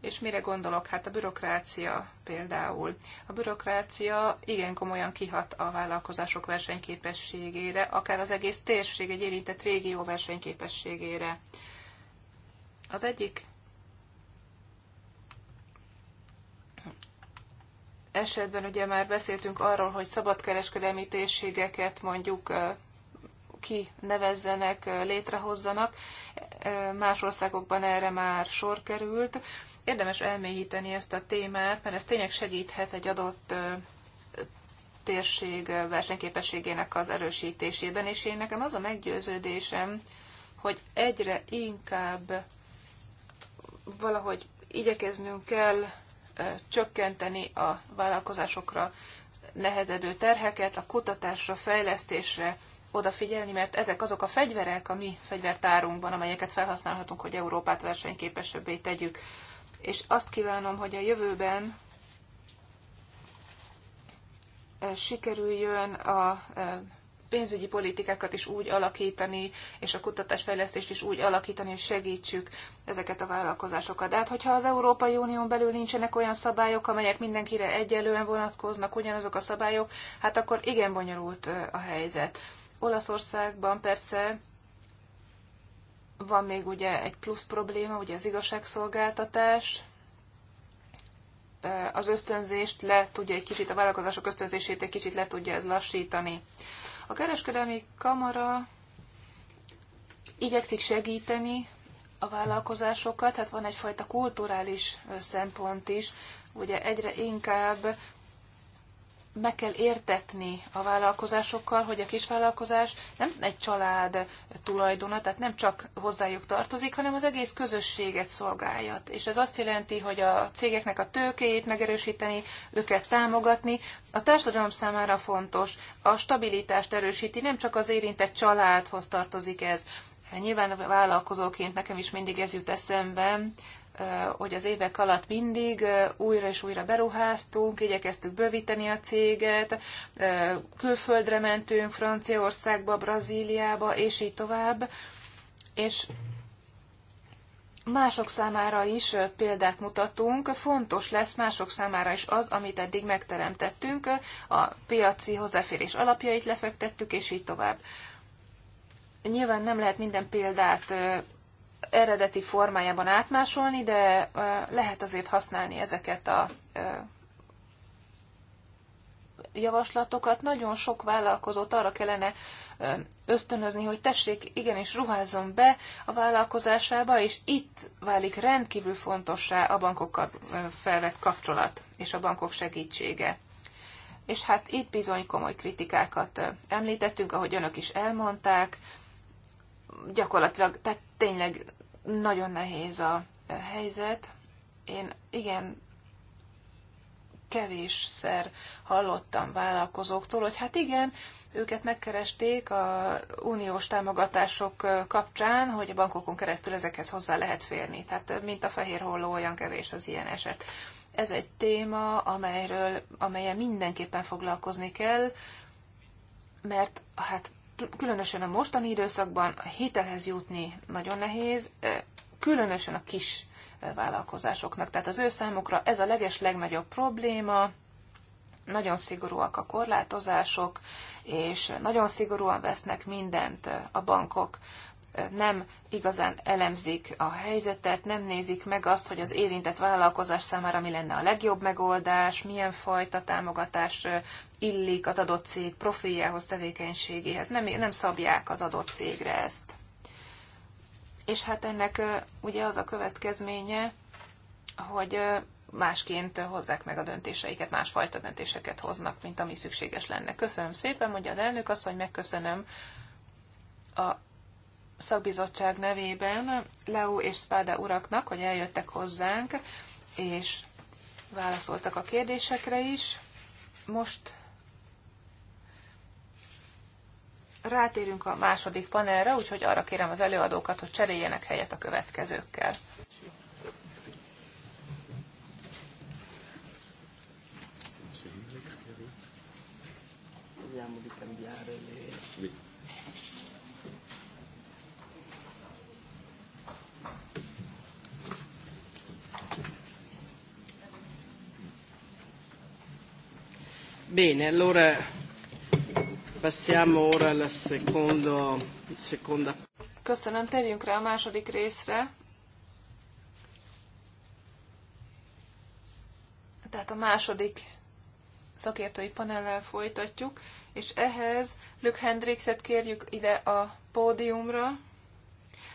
És mire gondolok? Hát a bürokrácia például. A bürokrácia igen komolyan kihat a vállalkozások versenyképességére, akár az egész térség, egy érintett régió versenyképességére. Az egyik esetben ugye már beszéltünk arról, hogy szabadkereskedelmi térségeket mondjuk ki nevezzenek, létrehozzanak. Más országokban erre már sor került. Érdemes elmélyíteni ezt a témát, mert ez tényleg segíthet egy adott térség versenyképességének az erősítésében, és én nekem az a meggyőződésem, hogy egyre inkább valahogy igyekeznünk kell csökkenteni a vállalkozásokra nehezedő terheket, a kutatásra, fejlesztésre odafigyelni, mert ezek azok a fegyverek a mi fegyvertárunkban, amelyeket felhasználhatunk, hogy Európát versenyképesebbé tegyük. És azt kívánom, hogy a jövőben sikerüljön a pénzügyi politikákat is úgy alakítani, és a kutatásfejlesztést is úgy alakítani, hogy segítsük ezeket a vállalkozásokat. De hát, hogyha az Európai Unión belül nincsenek olyan szabályok, amelyek mindenkire egyelően vonatkoznak, ugyanazok a szabályok, hát akkor igen bonyolult a helyzet. Olaszországban persze van még ugye egy plusz probléma, ugye az igazságszolgáltatás, az ösztönzést le tudja egy kicsit, a vállalkozások ösztönzését egy kicsit le tudja ez lassítani. A kereskedelmi kamara igyekszik segíteni a vállalkozásokat, hát van egyfajta kulturális szempont is, ugye egyre inkább meg kell értetni a vállalkozásokkal, hogy a kisvállalkozás nem egy család tulajdona, tehát nem csak hozzájuk tartozik, hanem az egész közösséget szolgálja. És ez azt jelenti, hogy a cégeknek a tőkéjét megerősíteni, őket támogatni, a társadalom számára fontos, a stabilitást erősíti, nem csak az érintett családhoz tartozik ez. Nyilván a vállalkozóként nekem is mindig ez jut eszembe, hogy az évek alatt mindig újra és újra beruháztunk, igyekeztük bővíteni a céget, külföldre mentünk, Franciaországba, Brazíliába, és így tovább. És mások számára is példát mutatunk, fontos lesz mások számára is az, amit eddig megteremtettünk, a piaci hozzáférés alapjait lefektettük, és így tovább. Nyilván nem lehet minden példát eredeti formájában átmásolni, de lehet azért használni ezeket a javaslatokat. Nagyon sok vállalkozót arra kellene ösztönözni, hogy tessék, igenis ruházzon be a vállalkozásába, és itt válik rendkívül fontossá a bankokkal felvett kapcsolat és a bankok segítsége. És hát itt bizony komoly kritikákat említettünk, ahogy önök is elmondták, gyakorlatilag tehát tényleg nagyon nehéz a helyzet. Én igen kevésszer hallottam vállalkozóktól, hogy hát igen, őket megkeresték a uniós támogatások kapcsán, hogy a bankokon keresztül ezekhez hozzá lehet férni. Tehát mint a fehér holló, olyan kevés az ilyen eset. Ez egy téma, amelyről, amelyen mindenképpen foglalkozni kell, mert hát különösen a mostani időszakban a hitelhez jutni nagyon nehéz, különösen a kis vállalkozásoknak. Tehát az ő számukra ez a leges legnagyobb probléma, nagyon szigorúak a korlátozások, és nagyon szigorúan vesznek mindent a bankok. Nem igazán elemzik a helyzetet, nem nézik meg azt, hogy az érintett vállalkozás számára mi lenne a legjobb megoldás, milyen fajta támogatás illik az adott cég profiljához, tevékenységéhez. Nem, nem szabják az adott cégre ezt. És hát ennek ugye az a következménye, hogy másként hozzák meg a döntéseiket, másfajta döntéseket hoznak, mint ami szükséges lenne. Köszönöm szépen, mondja az elnök azt, hogy megköszönöm a szakbizottság nevében Leo és Spáda uraknak, hogy eljöttek hozzánk, és válaszoltak a kérdésekre is. Most rátérünk a második panelre, úgyhogy arra kérem az előadókat, hogy cseréljenek helyet a következőkkel. Bene, allora Passiamo ora alla secondo, seconda. Köszönöm, térjünk rá a második részre. Tehát a második szakértői panellel folytatjuk, és ehhez Luke Hendrixet kérjük ide a pódiumra,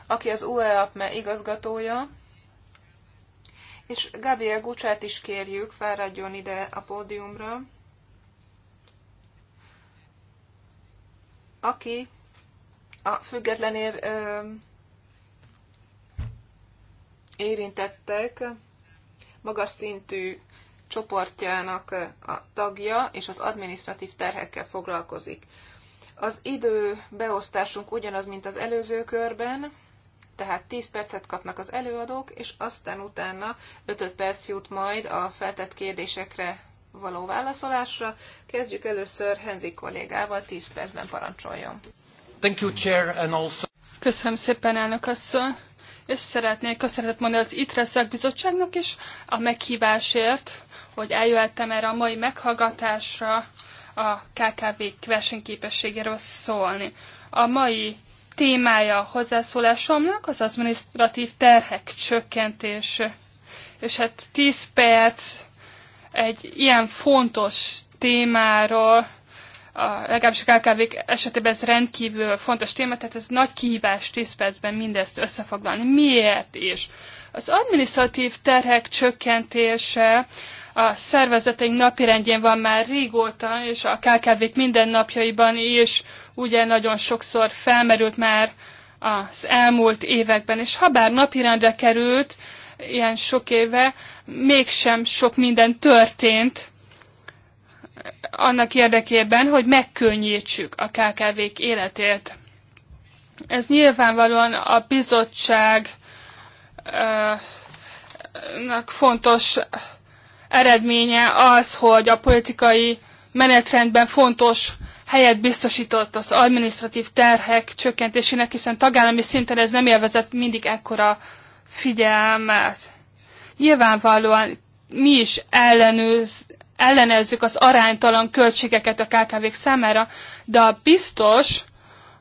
aki az UEAPME igazgatója, és Gabriel Gucsát is kérjük, fáradjon ide a pódiumra, aki a ö, érintettek magas szintű csoportjának a tagja, és az administratív terhekkel foglalkozik. Az idő beosztásunk ugyanaz, mint az előző körben, tehát 10 percet kapnak az előadók, és aztán utána 5, -5 perc jut majd a feltett kérdésekre való válaszolásra. Kezdjük először Henrik kollégával, 10 percben parancsoljon. Thank you, Chair, and also... Köszönöm szépen, elnök asszony, és szeretnék köszönetet mondani az ITRE szakbizottságnak is a meghívásért, hogy eljöhettem erre a mai meghallgatásra a KKV versenyképességéről szólni. A mai témája a hozzászólásomnak az adminisztratív terhek csökkentés. És hát 10 perc egy ilyen fontos témáról, a, legalábbis a kkv esetében ez rendkívül fontos téma, tehát ez nagy kihívás 10 percben mindezt összefoglalni. Miért is? Az administratív terhek csökkentése a szervezeteink napirendjén van már régóta, és a KKV-k mindennapjaiban is ugye nagyon sokszor felmerült már az elmúlt években, és habár napirendre került, ilyen sok éve, mégsem sok minden történt annak érdekében, hogy megkönnyítsük a KKV-k életét. Ez nyilvánvalóan a bizottságnak fontos eredménye az, hogy a politikai menetrendben fontos helyet biztosított az administratív terhek csökkentésének, hiszen tagállami szinten ez nem élvezett mindig ekkora figyelmet. Nyilvánvalóan mi is ellenőz, ellenezzük az aránytalan költségeket a KKV-k számára, de a biztos,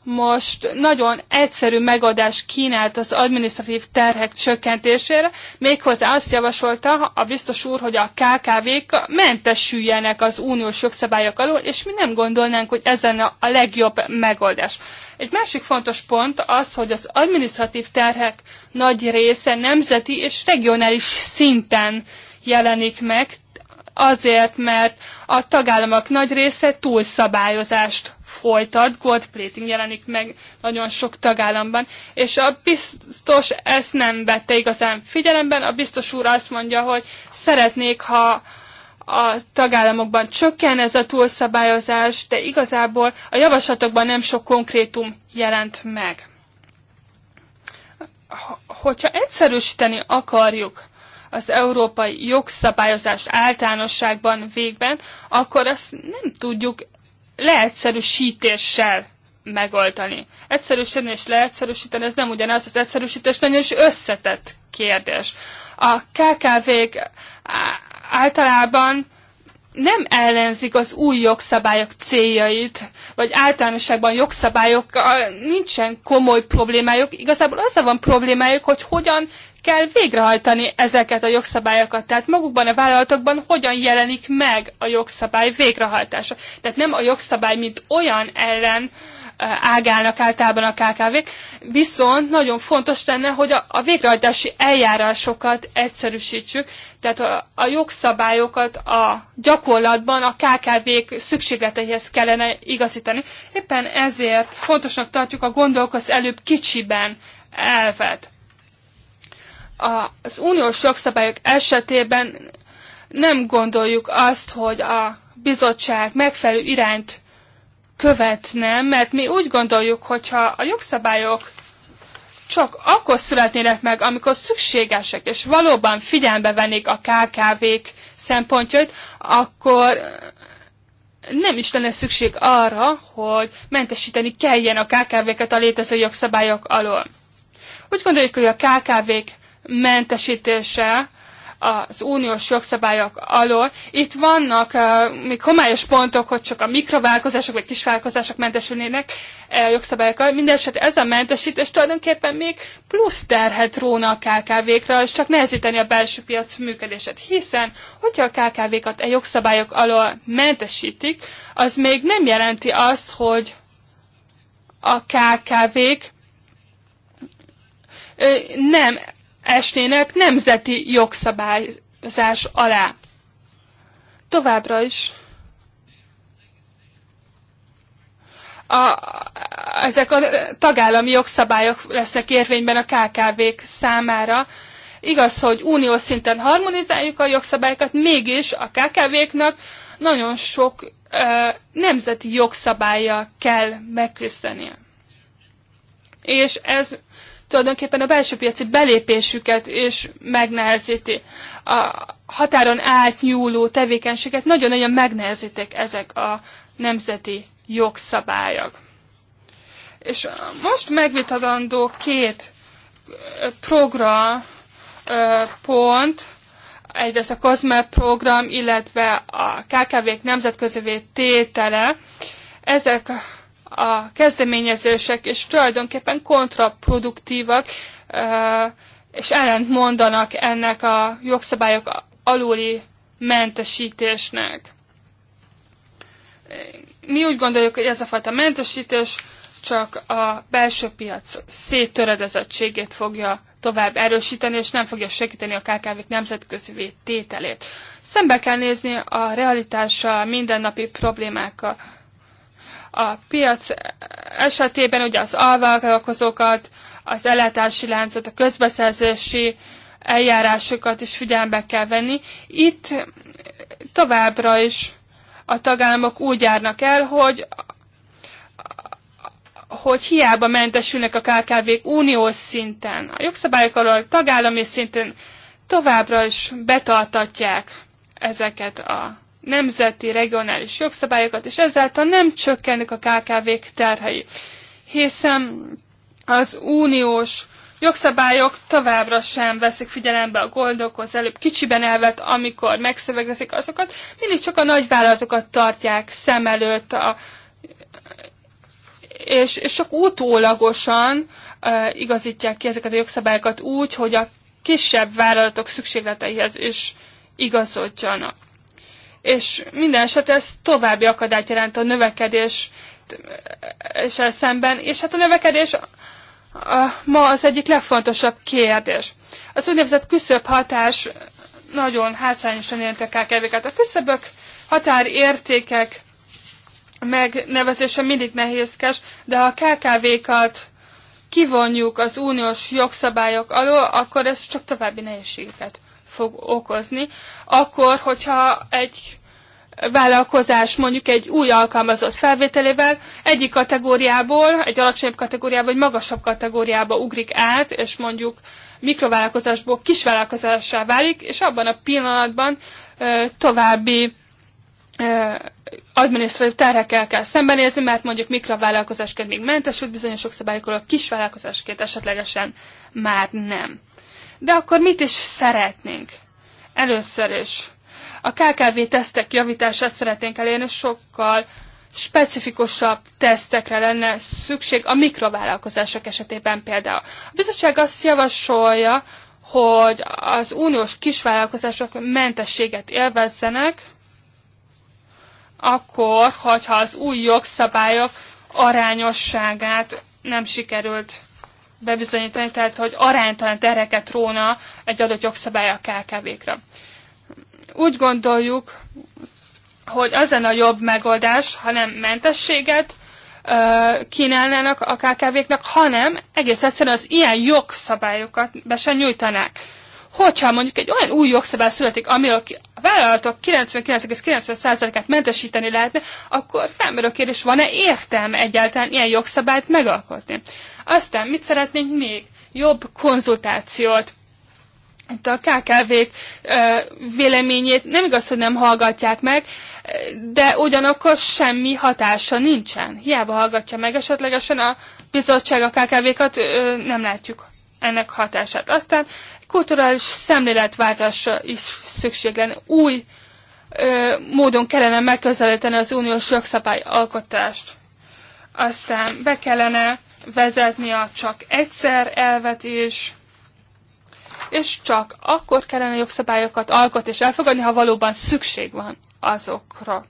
most nagyon egyszerű megoldást kínált az administratív terhek csökkentésére, méghozzá azt javasolta a biztos úr, hogy a KKV-k mentesüljenek az uniós jogszabályok alól, és mi nem gondolnánk, hogy ez lenne a legjobb megoldás. Egy másik fontos pont az, hogy az administratív terhek nagy része nemzeti és regionális szinten jelenik meg, azért, mert a tagállamok nagy része túlszabályozást folytat, gold plating jelenik meg nagyon sok tagállamban, és a biztos ezt nem vette igazán figyelemben, a biztos úr azt mondja, hogy szeretnék, ha a tagállamokban csökken ez a túlszabályozás, de igazából a javaslatokban nem sok konkrétum jelent meg. Hogyha egyszerűsíteni akarjuk az európai jogszabályozás általánosságban végben, akkor azt nem tudjuk leegyszerűsítéssel megoldani. Egyszerűsíteni és leegyszerűsíteni, ez nem ugyanaz, az egyszerűsítés nagyon is összetett kérdés. A KKV-k általában nem ellenzik az új jogszabályok céljait, vagy általánosságban jogszabályok nincsen komoly problémájuk. Igazából azzal van problémájuk, hogy hogyan kell végrehajtani ezeket a jogszabályokat. Tehát magukban a vállalatokban hogyan jelenik meg a jogszabály végrehajtása. Tehát nem a jogszabály, mint olyan ellen ágálnak általában a KKV-k, viszont nagyon fontos lenne, hogy a, a végrehajtási eljárásokat egyszerűsítsük, tehát a, a jogszabályokat a gyakorlatban a KKV-k szükségleteihez kellene igazítani. Éppen ezért fontosnak tartjuk a gondolkoz előbb kicsiben elvet az uniós jogszabályok esetében nem gondoljuk azt, hogy a bizottság megfelelő irányt követne, mert mi úgy gondoljuk, hogyha a jogszabályok csak akkor születnének meg, amikor szükségesek, és valóban figyelembe vennék a KKV-k szempontjait, akkor nem is lenne szükség arra, hogy mentesíteni kelljen a KKV-ket a létező jogszabályok alól. Úgy gondoljuk, hogy a KKV-k mentesítése az uniós jogszabályok alól. Itt vannak uh, még homályos pontok, hogy csak a mikrovállalkozások vagy kisvállalkozások mentesülnének uh, jogszabályokkal. Mindenesetre ez a mentesítés tulajdonképpen még plusz terhet róna a KKV-kra, és csak nehezíteni a belső piac működését. Hiszen, hogyha a KKV-kat a e jogszabályok alól mentesítik, az még nem jelenti azt, hogy a KKV-k nem esnének nemzeti jogszabályzás alá. Továbbra is a, ezek a tagállami jogszabályok lesznek érvényben a KKV-k számára. Igaz, hogy uniós szinten harmonizáljuk a jogszabályokat, mégis a KKV-knak nagyon sok ö, nemzeti jogszabálya kell megküzdenie. És ez tulajdonképpen a belső piaci belépésüket is megnehezíti. A határon átnyúló tevékenységet nagyon-nagyon megnehezítik ezek a nemzeti jogszabályok. És most megvitatandó két program pont, egyrészt a COSME program, illetve a KKV-k nemzetközi tétele. Ezek a kezdeményezések, és tulajdonképpen kontraproduktívak, és ellentmondanak ennek a jogszabályok aluli mentesítésnek. Mi úgy gondoljuk, hogy ez a fajta mentesítés csak a belső piac széttöredezettségét fogja tovább erősíteni, és nem fogja segíteni a KKV-k nemzetközi tételét. Szembe kell nézni a realitással, mindennapi problémákkal a piac esetében ugye az alvállalkozókat, az ellátási láncot, a közbeszerzési eljárásokat is figyelembe kell venni. Itt továbbra is a tagállamok úgy járnak el, hogy hogy hiába mentesülnek a KKV-k uniós szinten, a jogszabályok alól tagállami szinten továbbra is betartatják ezeket a nemzeti, regionális jogszabályokat, és ezáltal nem csökkennek a KKV-k terhei, hiszen az uniós jogszabályok továbbra sem veszik figyelembe a gondolkoz előbb kicsiben elvet, amikor megszövegezik azokat, mindig csak a nagyvállalatokat tartják szem előtt, a, és, és csak utólagosan e, igazítják ki ezeket a jogszabályokat úgy, hogy a kisebb vállalatok szükségleteihez is igazodjanak és minden esetre ez további akadályt jelent a növekedés és szemben, és hát a növekedés ma az egyik legfontosabb kérdés. Az úgynevezett küszöbb hatás nagyon hátrányosan érintek a kkv A küszöbök határértékek megnevezése mindig nehézkes, de ha a KKV-kat kivonjuk az uniós jogszabályok alól, akkor ez csak további nehézségeket fog okozni, akkor, hogyha egy vállalkozás mondjuk egy új alkalmazott felvételével egyik kategóriából, egy alacsonyabb kategóriába, vagy magasabb kategóriába ugrik át, és mondjuk mikrovállalkozásból kisvállalkozássá válik, és abban a pillanatban ö, további ö, adminisztratív terhekkel kell szembenézni, mert mondjuk mikrovállalkozásként még mentesült bizonyos szabályokról, a kisvállalkozásként esetlegesen már nem. De akkor mit is szeretnénk? Először is. A KKV tesztek javítását szeretnénk elérni, sokkal specifikusabb tesztekre lenne szükség a mikrovállalkozások esetében például. A bizottság azt javasolja, hogy az uniós kisvállalkozások mentességet élvezzenek, akkor, hogyha az új jogszabályok arányosságát nem sikerült bebizonyítani, tehát hogy aránytalan terheket róna egy adott jogszabály a KKV-kra. Úgy gondoljuk, hogy az lenne a jobb megoldás, ha nem mentességet kínálnának a KKV-knak, hanem egész egyszerűen az ilyen jogszabályokat be sem nyújtanák. Hogyha mondjuk egy olyan új jogszabály születik, amiről a vállalatok 99,90%-át mentesíteni lehetne, akkor felmerül a kérdés, van-e értelme egyáltalán ilyen jogszabályt megalkotni? Aztán mit szeretnénk még? Jobb konzultációt. Itt a KKV-k véleményét nem igaz, hogy nem hallgatják meg, de ugyanakkor semmi hatása nincsen. Hiába hallgatja meg esetlegesen a bizottság a KKV-kat, nem látjuk ennek hatását. Aztán kulturális szemléletváltásra is szükség lenne. Új ö, módon kellene megközelíteni az uniós jogszabály alkotást. Aztán be kellene vezetni a csak egyszer elvetés és csak akkor kellene jogszabályokat alkotni és elfogadni, ha valóban szükség van azokra.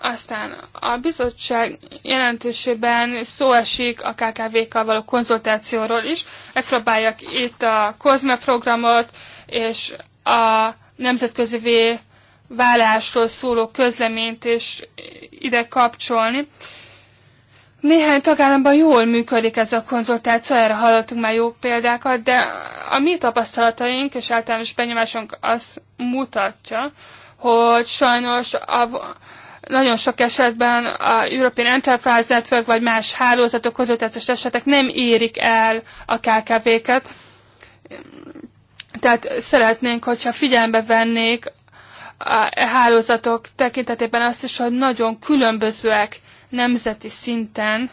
Aztán a bizottság jelentősében szó esik a KKV-kkal való konzultációról is. Megpróbálják itt a COSME programot és a nemzetközi vállásról szóló közleményt is ide kapcsolni. Néhány tagállamban jól működik ez a konzultáció, erre hallottunk már jó példákat, de a mi tapasztalataink és általános benyomásunk azt mutatja, hogy sajnos a, nagyon sok esetben a European Enterprise Network vagy más hálózatok, konzultációs esetek nem érik el a KKV-ket. Tehát szeretnénk, hogyha figyelembe vennék a hálózatok tekintetében azt is, hogy nagyon különbözőek nemzeti szinten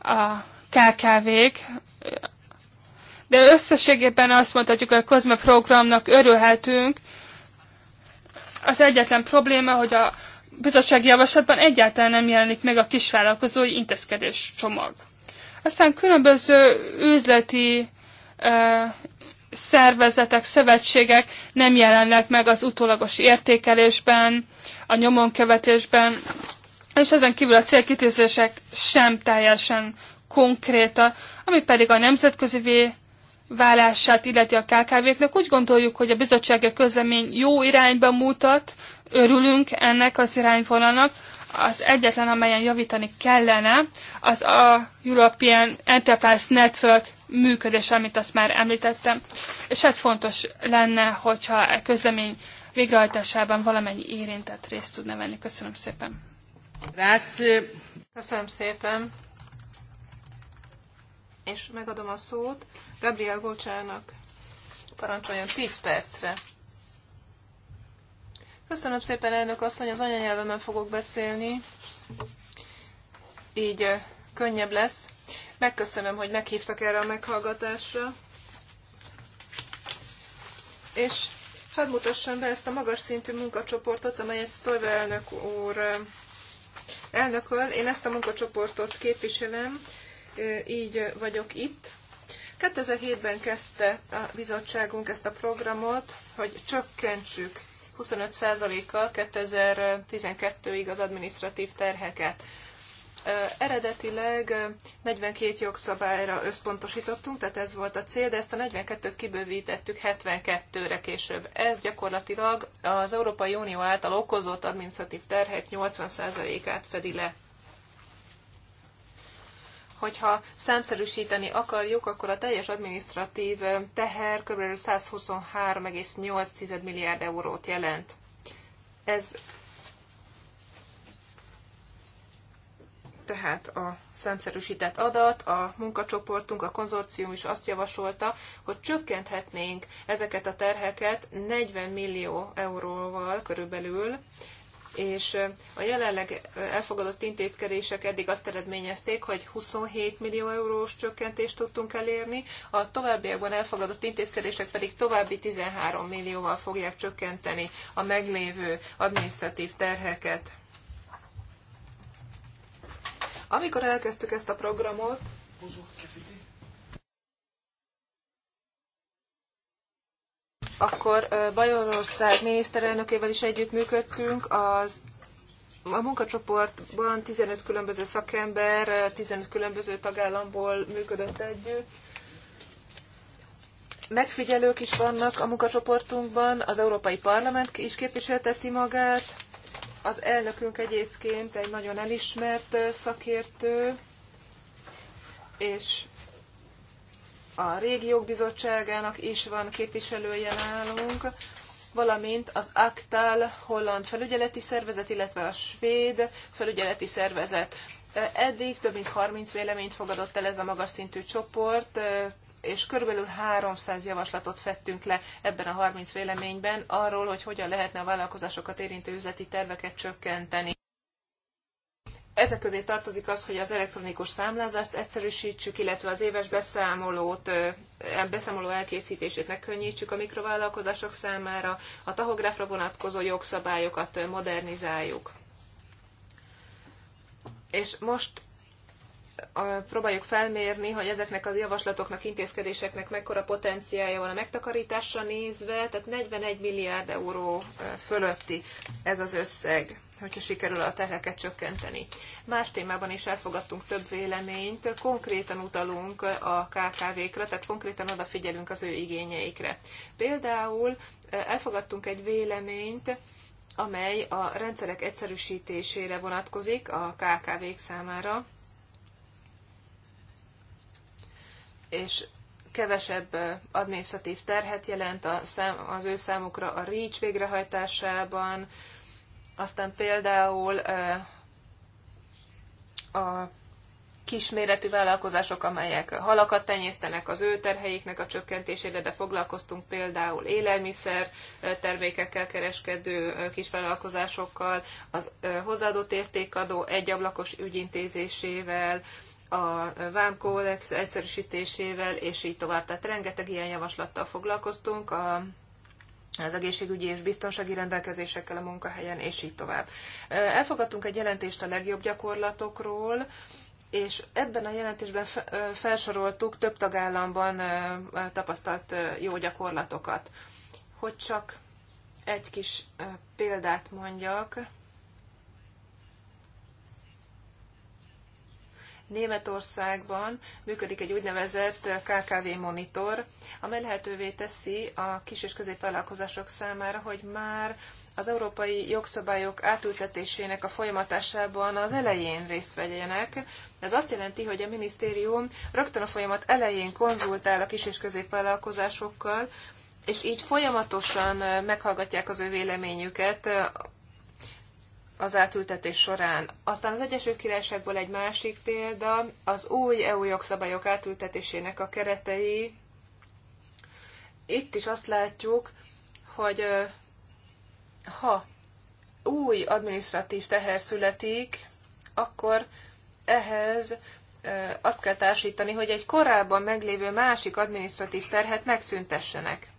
a KKV-k, de összességében azt mondhatjuk, hogy a COSME programnak örülhetünk. Az egyetlen probléma, hogy a bizottsági javaslatban egyáltalán nem jelenik meg a kisvállalkozói intézkedés csomag. Aztán különböző üzleti szervezetek, szövetségek nem jelennek meg az utólagos értékelésben, a nyomonkövetésben, és ezen kívül a célkitűzések sem teljesen konkréta, ami pedig a nemzetközi válását illeti a KKV-knek. Úgy gondoljuk, hogy a bizottsági közlemény jó irányba mutat, örülünk ennek az irányvonalnak. Az egyetlen, amelyen javítani kellene, az a European Enterprise Network működés, amit azt már említettem. És hát fontos lenne, hogyha a e közlemény végrehajtásában valamennyi érintett részt tudna venni. Köszönöm szépen! Grazie. Köszönöm szépen. És megadom a szót Gabriel Gócsának. Parancsoljon 10 percre. Köszönöm szépen, elnök asszony, az anyanyelvemen fogok beszélni. Így könnyebb lesz. Megköszönöm, hogy meghívtak erre a meghallgatásra. És hadd mutassam be ezt a magas szintű munkacsoportot, amelyet Stoiber elnök úr úr, Én ezt a munkacsoportot képviselem, így vagyok itt. 2007-ben kezdte a bizottságunk ezt a programot, hogy csökkentsük 25%-kal 2012-ig az administratív terheket. Eredetileg 42 jogszabályra összpontosítottunk, tehát ez volt a cél, de ezt a 42-t kibővítettük 72-re később. Ez gyakorlatilag az Európai Unió által okozott administratív terhek 80%-át fedi le hogyha számszerűsíteni akarjuk, akkor a teljes adminisztratív teher kb. 123,8 milliárd eurót jelent. Ez tehát a számszerűsített adat, a munkacsoportunk, a konzorcium is azt javasolta, hogy csökkenthetnénk ezeket a terheket 40 millió euróval körülbelül, és a jelenleg elfogadott intézkedések eddig azt eredményezték, hogy 27 millió eurós csökkentést tudtunk elérni, a továbbiakban elfogadott intézkedések pedig további 13 millióval fogják csökkenteni a meglévő adminisztratív terheket. Amikor elkezdtük ezt a programot, akkor Bajorország miniszterelnökével is együttműködtünk, az a munkacsoportban 15 különböző szakember, 15 különböző tagállamból működött együtt. Megfigyelők is vannak a munkacsoportunkban, az Európai Parlament is képviselteti magát, az elnökünk egyébként egy nagyon elismert szakértő, és a régiók bizottságának is van képviselője nálunk, valamint az Aktál holland felügyeleti szervezet, illetve a svéd felügyeleti szervezet. Eddig több mint 30 véleményt fogadott el ez a magas szintű csoport, és körülbelül 300 javaslatot fettünk le ebben a 30 véleményben arról, hogy hogyan lehetne a vállalkozásokat érintő üzleti terveket csökkenteni. Ezek közé tartozik az, hogy az elektronikus számlázást egyszerűsítsük, illetve az éves beszámolót, beszámoló elkészítését megkönnyítsük a mikrovállalkozások számára, a tahográfra vonatkozó jogszabályokat modernizáljuk. És most próbáljuk felmérni, hogy ezeknek az javaslatoknak, intézkedéseknek mekkora potenciája van a megtakarításra nézve, tehát 41 milliárd euró fölötti ez az összeg hogyha sikerül a terheket csökkenteni. Más témában is elfogadtunk több véleményt, konkrétan utalunk a KKV-kra, tehát konkrétan odafigyelünk az ő igényeikre. Például elfogadtunk egy véleményt, amely a rendszerek egyszerűsítésére vonatkozik a KKV-k számára, és kevesebb adminisztratív terhet jelent a szám, az ő számukra a REACH végrehajtásában, aztán például a kisméretű vállalkozások, amelyek halakat tenyésztenek az ő terheiknek a csökkentésére, de foglalkoztunk például élelmiszer termékekkel kereskedő kisvállalkozásokkal, az hozzáadott értékadó egyablakos ügyintézésével, a vámkódex egyszerűsítésével, és így tovább. Tehát rengeteg ilyen javaslattal foglalkoztunk, a, az egészségügyi és biztonsági rendelkezésekkel a munkahelyen, és így tovább. Elfogadtunk egy jelentést a legjobb gyakorlatokról, és ebben a jelentésben felsoroltuk több tagállamban tapasztalt jó gyakorlatokat. Hogy csak egy kis példát mondjak, Németországban működik egy úgynevezett KKV monitor, amely lehetővé teszi a kis és középvállalkozások számára, hogy már az európai jogszabályok átültetésének a folyamatásában az elején részt vegyenek. Ez azt jelenti, hogy a minisztérium rögtön a folyamat elején konzultál a kis és középvállalkozásokkal, és így folyamatosan meghallgatják az ő véleményüket az átültetés során. Aztán az Egyesült Királyságból egy másik példa, az új EU jogszabályok átültetésének a keretei. Itt is azt látjuk, hogy ha új administratív teher születik, akkor ehhez azt kell társítani, hogy egy korábban meglévő másik administratív terhet megszüntessenek.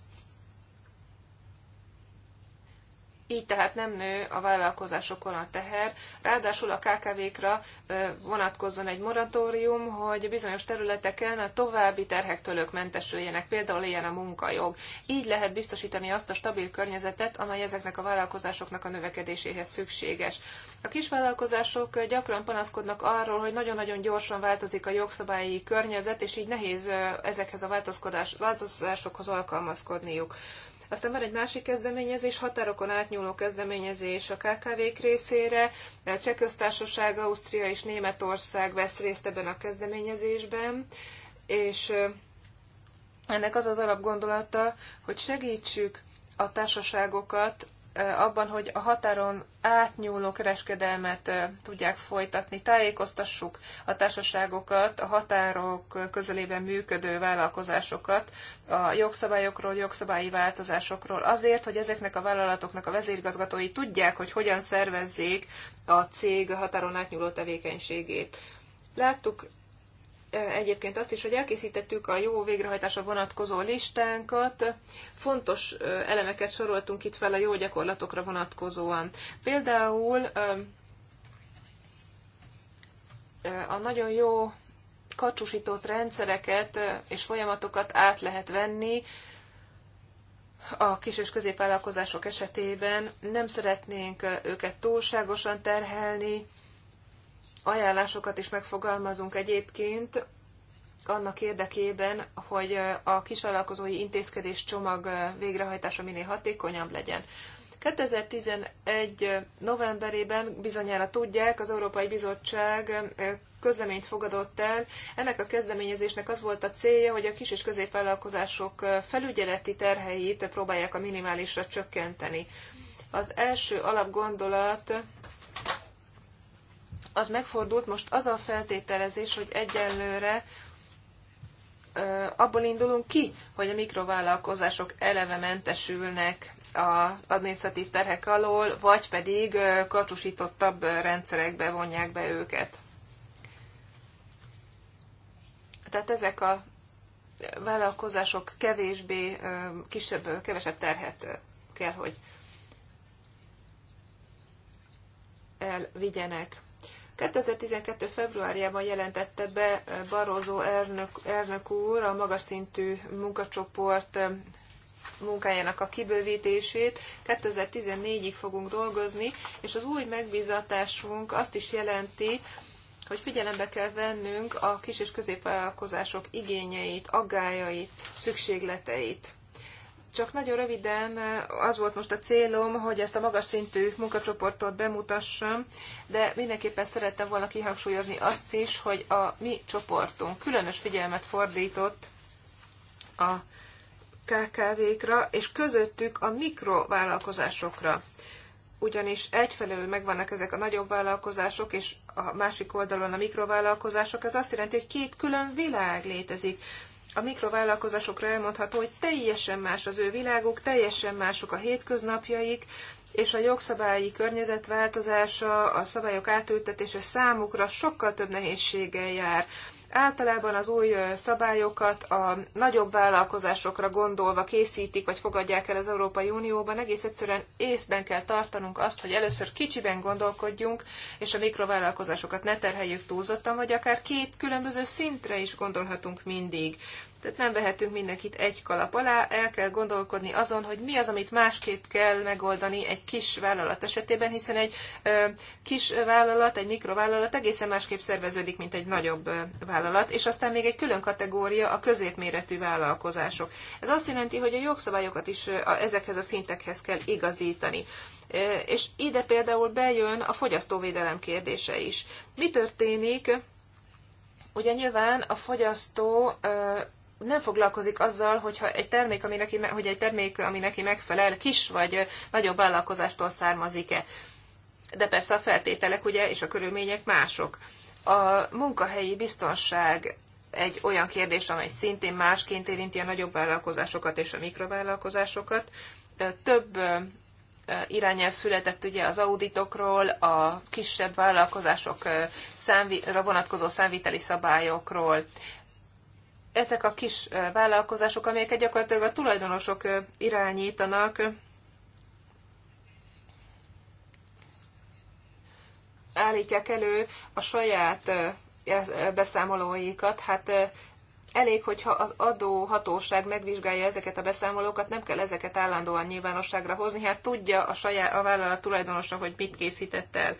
Így tehát nem nő a vállalkozásokon a teher, ráadásul a KKV-kra vonatkozzon egy moratórium, hogy bizonyos területeken a további terhektől ők mentesüljenek, például ilyen a munkajog. Így lehet biztosítani azt a stabil környezetet, amely ezeknek a vállalkozásoknak a növekedéséhez szükséges. A kisvállalkozások gyakran panaszkodnak arról, hogy nagyon-nagyon gyorsan változik a jogszabályi környezet, és így nehéz ezekhez a változásokhoz alkalmazkodniuk. Aztán van egy másik kezdeményezés, határokon átnyúló kezdeményezés a KKV-k részére. A Cseh köztársaság, Ausztria és Németország vesz részt ebben a kezdeményezésben, és ennek az az alapgondolata, hogy segítsük a társaságokat abban, hogy a határon átnyúló kereskedelmet tudják folytatni. Tájékoztassuk a társaságokat, a határok közelében működő vállalkozásokat a jogszabályokról, jogszabályi változásokról, azért, hogy ezeknek a vállalatoknak a vezérigazgatói tudják, hogy hogyan szervezzék a cég a határon átnyúló tevékenységét. Láttuk egyébként azt is, hogy elkészítettük a jó végrehajtásra vonatkozó listánkat. Fontos elemeket soroltunk itt fel a jó gyakorlatokra vonatkozóan. Például a nagyon jó kacsusított rendszereket és folyamatokat át lehet venni, a kis és középvállalkozások esetében nem szeretnénk őket túlságosan terhelni, ajánlásokat is megfogalmazunk egyébként annak érdekében, hogy a kisvállalkozói intézkedés csomag végrehajtása minél hatékonyabb legyen. 2011. novemberében bizonyára tudják, az Európai Bizottság közleményt fogadott el. Ennek a kezdeményezésnek az volt a célja, hogy a kis és középvállalkozások felügyeleti terheit próbálják a minimálisra csökkenteni. Az első alapgondolat az megfordult most az a feltételezés, hogy egyenlőre abból indulunk ki, hogy a mikrovállalkozások eleve mentesülnek az adminisztratív terhek alól, vagy pedig karcsúsítottabb rendszerekbe vonják be őket. Tehát ezek a vállalkozások kevésbé, kisebb, kevesebb terhet kell, hogy elvigyenek. 2012. februárjában jelentette be eh, Barroso elnök, elnök úr a magas szintű munkacsoport eh, munkájának a kibővítését. 2014-ig fogunk dolgozni, és az új megbízatásunk azt is jelenti, hogy figyelembe kell vennünk a kis és középvállalkozások igényeit, aggájait, szükségleteit. Csak nagyon röviden az volt most a célom, hogy ezt a magas szintű munkacsoportot bemutassam, de mindenképpen szerettem volna kihangsúlyozni azt is, hogy a mi csoportunk különös figyelmet fordított a KKV-kra, és közöttük a mikrovállalkozásokra. Ugyanis egyfelől megvannak ezek a nagyobb vállalkozások, és a másik oldalon a mikrovállalkozások. Ez azt jelenti, hogy két külön világ létezik a mikrovállalkozásokra elmondható, hogy teljesen más az ő világuk, teljesen mások a hétköznapjaik, és a jogszabályi környezet változása, a szabályok átültetése számukra sokkal több nehézséggel jár. Általában az új szabályokat a nagyobb vállalkozásokra gondolva készítik, vagy fogadják el az Európai Unióban. Egész egyszerűen észben kell tartanunk azt, hogy először kicsiben gondolkodjunk, és a mikrovállalkozásokat ne terheljük túlzottan, vagy akár két különböző szintre is gondolhatunk mindig. Tehát nem vehetünk mindenkit egy kalap alá, el kell gondolkodni azon, hogy mi az, amit másképp kell megoldani egy kis vállalat esetében, hiszen egy ö, kis vállalat, egy mikrovállalat egészen másképp szerveződik, mint egy nagyobb ö, vállalat, és aztán még egy külön kategória a középméretű vállalkozások. Ez azt jelenti, hogy a jogszabályokat is a, ezekhez a szintekhez kell igazítani. E, és ide például bejön a fogyasztóvédelem kérdése is. Mi történik? Ugye nyilván a fogyasztó nem foglalkozik azzal, hogyha egy termék, ami neki, hogy egy termék, ami neki megfelel, kis vagy nagyobb vállalkozástól származik-e. De persze a feltételek ugye és a körülmények mások. A munkahelyi biztonság egy olyan kérdés, amely szintén másként érinti a nagyobb vállalkozásokat és a mikrovállalkozásokat. Több irányel született ugye az auditokról, a kisebb vállalkozások számvira vonatkozó számviteli szabályokról ezek a kis vállalkozások, amelyeket gyakorlatilag a tulajdonosok irányítanak, állítják elő a saját beszámolóikat, hát elég, hogyha az adóhatóság megvizsgálja ezeket a beszámolókat, nem kell ezeket állandóan nyilvánosságra hozni, hát tudja a, saját, a vállalat tulajdonosa, hogy mit készített el.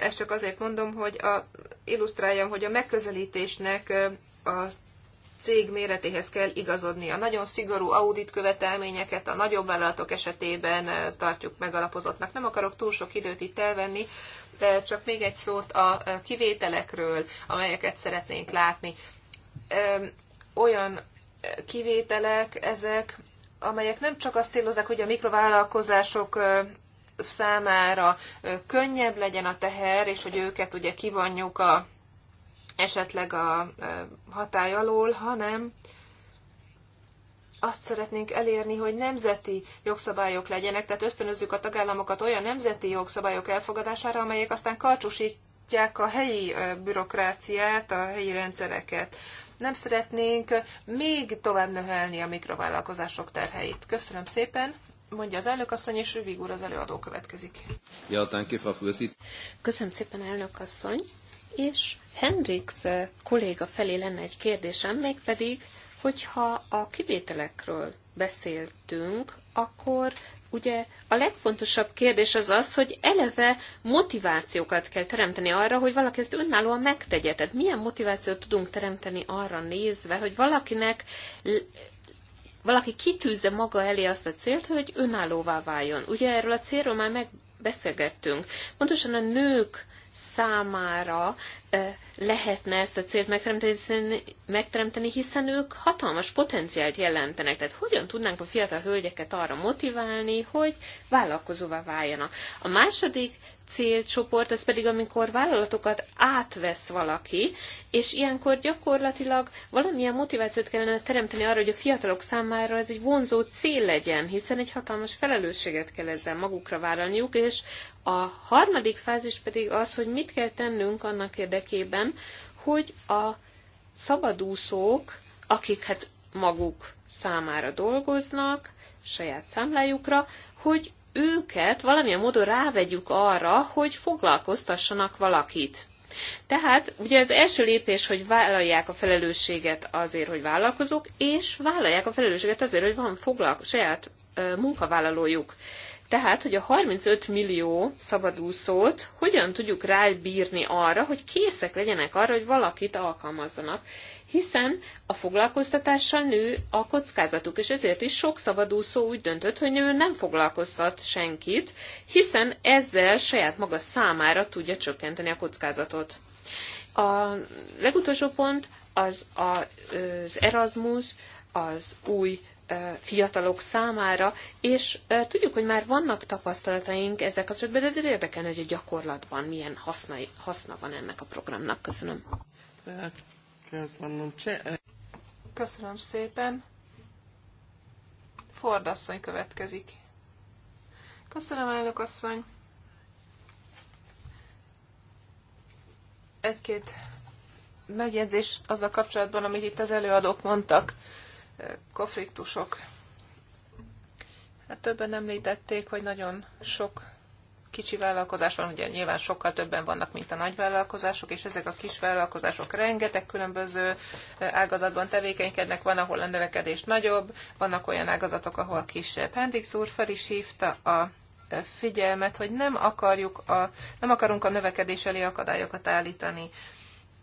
Ezt csak azért mondom, hogy a, illusztráljam, hogy a megközelítésnek az cég méretéhez kell igazodnia. Nagyon szigorú audit követelményeket a nagyobb vállalatok esetében tartjuk megalapozottnak. Nem akarok túl sok időt itt elvenni, de csak még egy szót a kivételekről, amelyeket szeretnénk látni. Olyan kivételek ezek, amelyek nem csak azt célozzák, hogy a mikrovállalkozások számára könnyebb legyen a teher, és hogy őket ugye kivonjuk a esetleg a hatály alól, hanem azt szeretnénk elérni, hogy nemzeti jogszabályok legyenek, tehát ösztönözzük a tagállamokat olyan nemzeti jogszabályok elfogadására, amelyek aztán karcsúsítják a helyi bürokráciát, a helyi rendszereket. Nem szeretnénk még tovább növelni a mikrovállalkozások terheit. Köszönöm szépen! Mondja az elnök asszony, és Rüvig úr az előadó következik. Ja, Köszönöm szépen, elnök asszony, és Hendrix eh, kolléga felé lenne egy kérdésem, mégpedig, hogyha a kivételekről beszéltünk, akkor ugye a legfontosabb kérdés az az, hogy eleve motivációkat kell teremteni arra, hogy valaki ezt önállóan megtegye. Tehát milyen motivációt tudunk teremteni arra nézve, hogy valakinek valaki kitűzze maga elé azt a célt, hogy önállóvá váljon. Ugye erről a célról már megbeszélgettünk. Pontosan a nők számára lehetne ezt a célt megteremteni, hiszen ők hatalmas potenciált jelentenek. Tehát hogyan tudnánk a fiatal hölgyeket arra motiválni, hogy vállalkozóvá váljanak. A második célcsoport, ez pedig amikor vállalatokat átvesz valaki, és ilyenkor gyakorlatilag valamilyen motivációt kellene teremteni arra, hogy a fiatalok számára ez egy vonzó cél legyen, hiszen egy hatalmas felelősséget kell ezzel magukra vállalniuk, és a harmadik fázis pedig az, hogy mit kell tennünk annak érdekében, hogy a szabadúszók, akik hát maguk számára dolgoznak, saját számlájukra, hogy őket valamilyen módon rávegyük arra, hogy foglalkoztassanak valakit. Tehát ugye az első lépés, hogy vállalják a felelősséget azért, hogy vállalkozók, és vállalják a felelősséget azért, hogy van foglalko- saját munkavállalójuk. Tehát, hogy a 35 millió szabadúszót hogyan tudjuk rábírni arra, hogy készek legyenek arra, hogy valakit alkalmazzanak, hiszen a foglalkoztatással nő a kockázatuk, és ezért is sok szabadúszó úgy döntött, hogy ő nem foglalkoztat senkit, hiszen ezzel saját maga számára tudja csökkenteni a kockázatot. A legutolsó pont az az Erasmus, az új fiatalok számára, és tudjuk, hogy már vannak tapasztalataink ezzel kapcsolatban, de ezért érdekelne, hogy a gyakorlatban milyen haszna, haszna van ennek a programnak. Köszönöm. Köszönöm szépen. Fordasszony következik. Köszönöm, elnök asszony. Egy-két megjegyzés az a kapcsolatban, amit itt az előadók mondtak konfliktusok. Hát többen említették, hogy nagyon sok kicsi vállalkozás van, ugye nyilván sokkal többen vannak, mint a nagy vállalkozások, és ezek a kis vállalkozások rengeteg különböző eh, ágazatban tevékenykednek, van, ahol a növekedés nagyobb, vannak olyan ágazatok, ahol kisebb. Eh, Hendrix úr fel is hívta a eh, figyelmet, hogy nem, akarjuk a, nem akarunk a növekedés elé akadályokat állítani.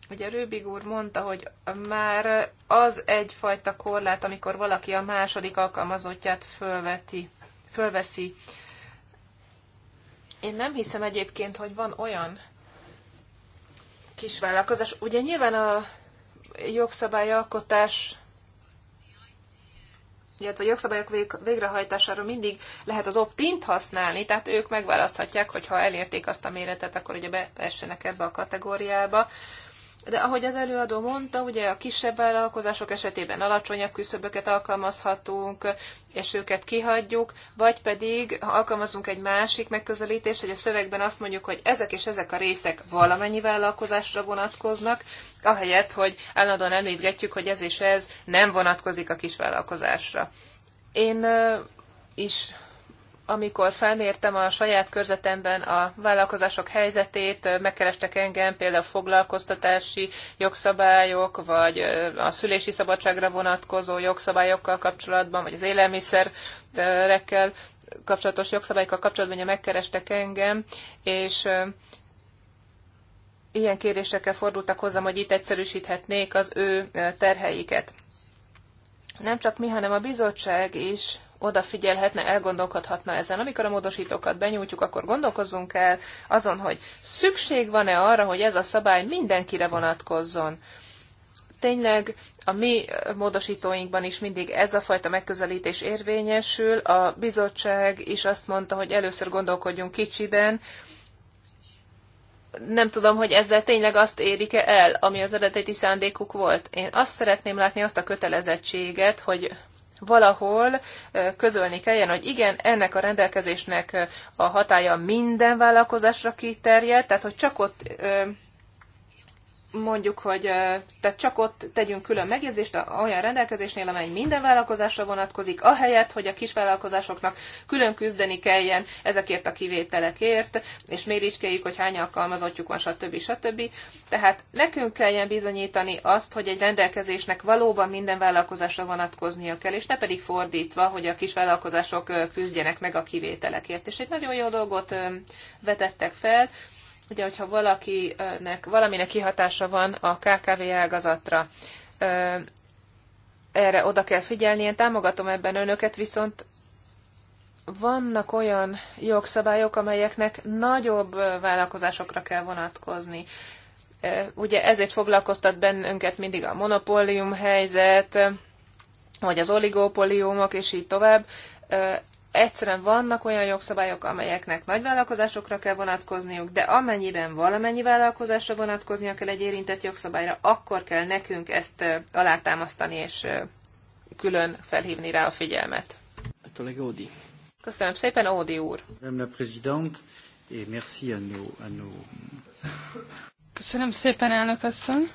Ugye Rübig úr mondta, hogy már az egyfajta korlát, amikor valaki a második alkalmazottját fölveti, fölveszi. Én nem hiszem egyébként, hogy van olyan kisvállalkozás. Ugye nyilván a jogszabályalkotás illetve a jogszabályok vég, végrehajtására mindig lehet az opt-int használni, tehát ők megválaszthatják, hogy ha elérték azt a méretet, akkor ugye beessenek ebbe a kategóriába. De ahogy az előadó mondta, ugye a kisebb vállalkozások esetében alacsonyabb küszöböket alkalmazhatunk, és őket kihagyjuk, vagy pedig alkalmazunk egy másik megközelítést, hogy a szövegben azt mondjuk, hogy ezek és ezek a részek valamennyi vállalkozásra vonatkoznak, ahelyett, hogy állandóan említgetjük, hogy ez és ez nem vonatkozik a kisvállalkozásra. Én is amikor felmértem a saját körzetemben a vállalkozások helyzetét, megkerestek engem például foglalkoztatási jogszabályok, vagy a szülési szabadságra vonatkozó jogszabályokkal kapcsolatban, vagy az élelmiszerekkel kapcsolatos jogszabályokkal kapcsolatban hogy megkerestek engem, és ilyen kérésekkel fordultak hozzám, hogy itt egyszerűsíthetnék az ő terheiket. Nem csak mi, hanem a bizottság is odafigyelhetne, elgondolkodhatna ezen. Amikor a módosítókat benyújtjuk, akkor gondolkozzunk el azon, hogy szükség van-e arra, hogy ez a szabály mindenkire vonatkozzon tényleg a mi módosítóinkban is mindig ez a fajta megközelítés érvényesül. A bizottság is azt mondta, hogy először gondolkodjunk kicsiben. Nem tudom, hogy ezzel tényleg azt érik-e el, ami az eredeti szándékuk volt. Én azt szeretném látni, azt a kötelezettséget, hogy valahol közölni kelljen, hogy igen, ennek a rendelkezésnek a hatája minden vállalkozásra kiterjed, tehát hogy csak ott mondjuk, hogy tehát csak ott tegyünk külön megjegyzést olyan rendelkezésnél, amely minden vállalkozásra vonatkozik, ahelyett, hogy a kisvállalkozásoknak külön küzdeni kelljen ezekért a kivételekért, és mérítskéljük, hogy hány alkalmazottjuk van, stb. stb. Tehát nekünk kelljen bizonyítani azt, hogy egy rendelkezésnek valóban minden vállalkozásra vonatkoznia kell, és ne pedig fordítva, hogy a kisvállalkozások küzdjenek meg a kivételekért. És egy nagyon jó dolgot vetettek fel, Ugye, hogyha valakinek, valaminek kihatása van a KKV ágazatra, erre oda kell figyelni, én támogatom ebben önöket, viszont vannak olyan jogszabályok, amelyeknek nagyobb vállalkozásokra kell vonatkozni. Ugye ezért foglalkoztat bennünket mindig a monopólium helyzet, vagy az oligopóliumok, és így tovább egyszerűen vannak olyan jogszabályok, amelyeknek nagy vállalkozásokra kell vonatkozniuk, de amennyiben valamennyi vállalkozásra vonatkoznia kell egy érintett jogszabályra, akkor kell nekünk ezt alátámasztani és külön felhívni rá a figyelmet. Köszönöm szépen, Ódi úr! Köszönöm szépen, elnök asszony!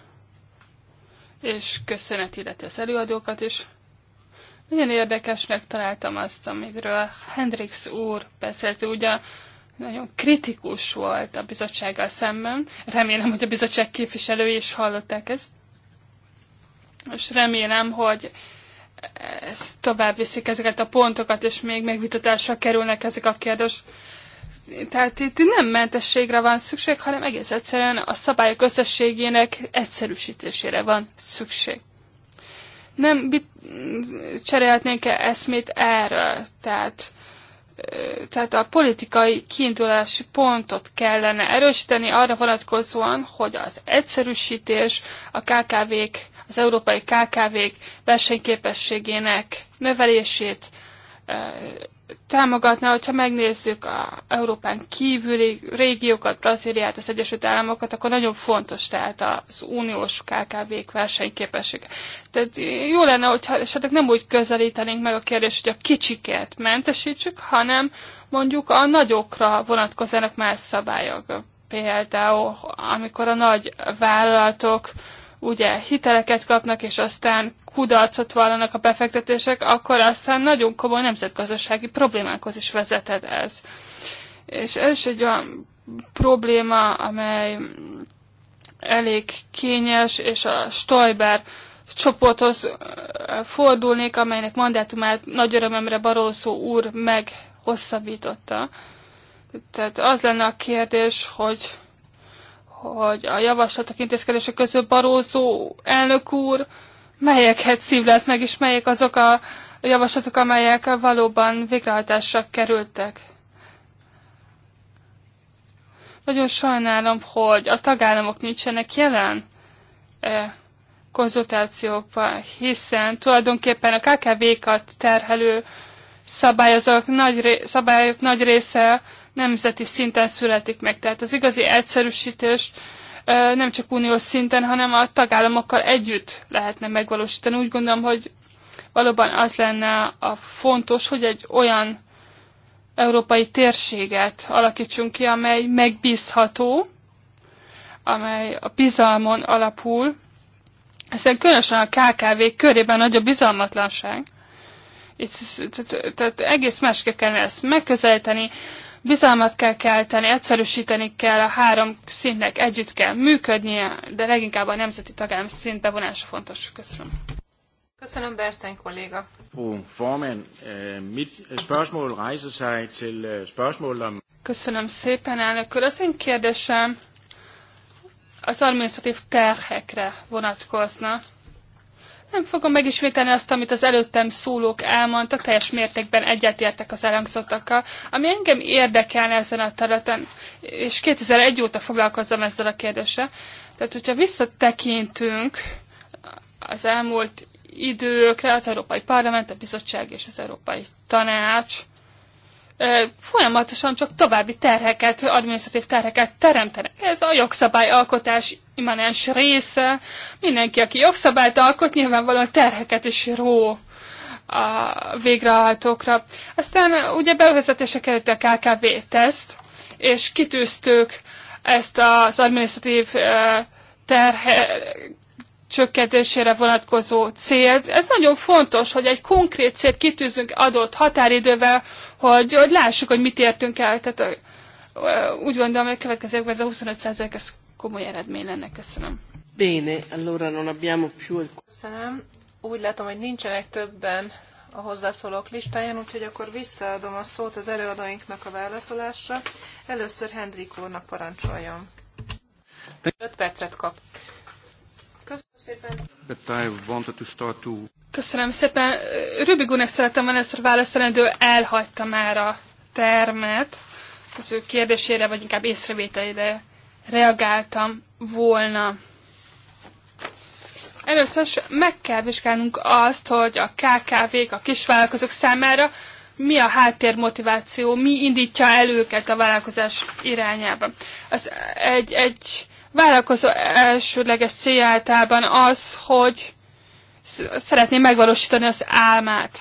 És köszönet illeti az előadókat is. Nagyon érdekesnek találtam azt, amiről Hendrix úr beszélt, ugye nagyon kritikus volt a bizottsággal szemben. Remélem, hogy a bizottság képviselői is hallották ezt. És remélem, hogy ezt tovább viszik ezeket a pontokat, és még megvitatásra kerülnek ezek a kérdés. Tehát itt nem mentességre van szükség, hanem egész egyszerűen a szabályok összességének egyszerűsítésére van szükség nem cserélhetnénk -e eszmét erről? Tehát, tehát a politikai kiindulási pontot kellene erősíteni arra vonatkozóan, hogy az egyszerűsítés a KKV-k, az európai KKV-k versenyképességének növelését támogatná, hogyha megnézzük a Európán kívüli régiókat, Brazíliát, az Egyesült Államokat, akkor nagyon fontos tehát az uniós KKV-k versenyképessége. Tehát jó lenne, hogyha esetleg nem úgy közelítenénk meg a kérdést, hogy a kicsiket mentesítsük, hanem mondjuk a nagyokra vonatkozzanak más szabályok. Például, amikor a nagy vállalatok ugye hiteleket kapnak, és aztán kudarcot vallanak a befektetések, akkor aztán nagyon komoly nemzetgazdasági problémákhoz is vezethet ez. És ez is egy olyan probléma, amely elég kényes, és a Stoiber csoporthoz fordulnék, amelynek mandátumát nagy örömömre Barószó úr meghosszabbította. Tehát az lenne a kérdés, hogy hogy a javaslatok intézkedése közül Barózó elnök úr melyeket szívlelt meg, és melyek azok a javaslatok, amelyek valóban végrehajtásra kerültek. Nagyon sajnálom, hogy a tagállamok nincsenek jelen e, konzultációkban, hiszen tulajdonképpen a KKV-kat terhelő szabályozók nagy, szabályok nagy része nemzeti szinten születik meg. Tehát az igazi egyszerűsítést nem csak uniós szinten, hanem a tagállamokkal együtt lehetne megvalósítani. Úgy gondolom, hogy valóban az lenne a fontos, hogy egy olyan európai térséget alakítsunk ki, amely megbízható, amely a bizalmon alapul, hiszen különösen a KKV körében nagyobb bizalmatlanság. Itt, tehát egész másképp kellene ezt megközelíteni, Bizalmat kell kelteni, egyszerűsíteni kell, a három szintnek együtt kell működnie, de leginkább a nemzeti tagállam szint bevonása fontos. Köszönöm. Köszönöm, Bernstein kolléga. Fú, formen, øh, mit spørgsmål rejser sig til øh, spørgsmålet om... Köszönöm szépen, elnök úr. Az én kérdésem az administratív terhekre vonatkozna. Nem fogom megismételni azt, amit az előttem szólók elmondtak, teljes mértékben egyetértek az elhangzottakkal, ami engem érdekelne ezen a területen, és 2001 óta foglalkozom ezzel a kérdéssel. Tehát, hogyha visszatekintünk az elmúlt időkre, az Európai Parlament, a Bizottság és az Európai Tanács, folyamatosan csak további terheket, adminisztratív terheket teremtenek. Ez a jogszabályalkotás immanens része. Mindenki, aki jogszabályt alkot, nyilvánvalóan terheket is ró a végrehajtókra. Aztán ugye bevezetése került a KKV teszt, és kitűztük ezt az administratív terhe csökkentésére vonatkozó célt. Ez nagyon fontos, hogy egy konkrét célt kitűzünk adott határidővel, hogy, hogy lássuk, hogy mit értünk el. Tehát úgy gondolom, hogy a következőkben ez a 25% ez komoly eredmény lenne. Köszönöm. Bene, allora non abbiamo più Köszönöm. Úgy látom, hogy nincsenek többen a hozzászólók listáján, úgyhogy akkor visszaadom a szót az előadóinknak a válaszolásra. Először Hendrik úrnak parancsoljon. 5 percet kap. Köszönöm szépen. To... Köszönöm szépen. Rubik úrnak szerettem volna először válaszolni, de ő elhagyta már a termet az ő kérdésére, vagy inkább észrevételére reagáltam volna. Először is meg kell vizsgálnunk azt, hogy a KKV-k, a kisvállalkozók számára mi a háttérmotiváció, mi indítja el őket a vállalkozás irányába. Az egy, egy vállalkozó elsődleges célja általában az, hogy szeretné megvalósítani az álmát.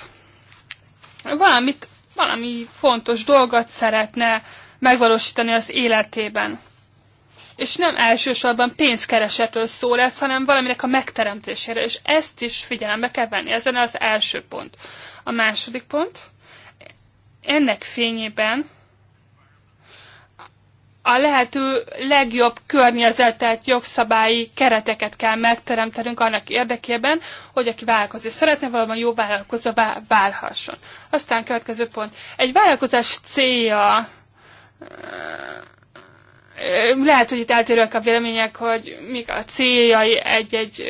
Valamit, valami fontos dolgot szeretne megvalósítani az életében és nem elsősorban pénzkeresetről szól ez, hanem valaminek a megteremtésére, és ezt is figyelembe kell venni. Ez az első pont. A második pont, ennek fényében a lehető legjobb környezetet, jogszabályi kereteket kell megteremtenünk annak érdekében, hogy aki vállalkozni szeretne, valóban jó vállalkozó válhasson. Aztán következő pont. Egy vállalkozás célja lehet, hogy itt eltérőek a vélemények, hogy mik a céljai egy-egy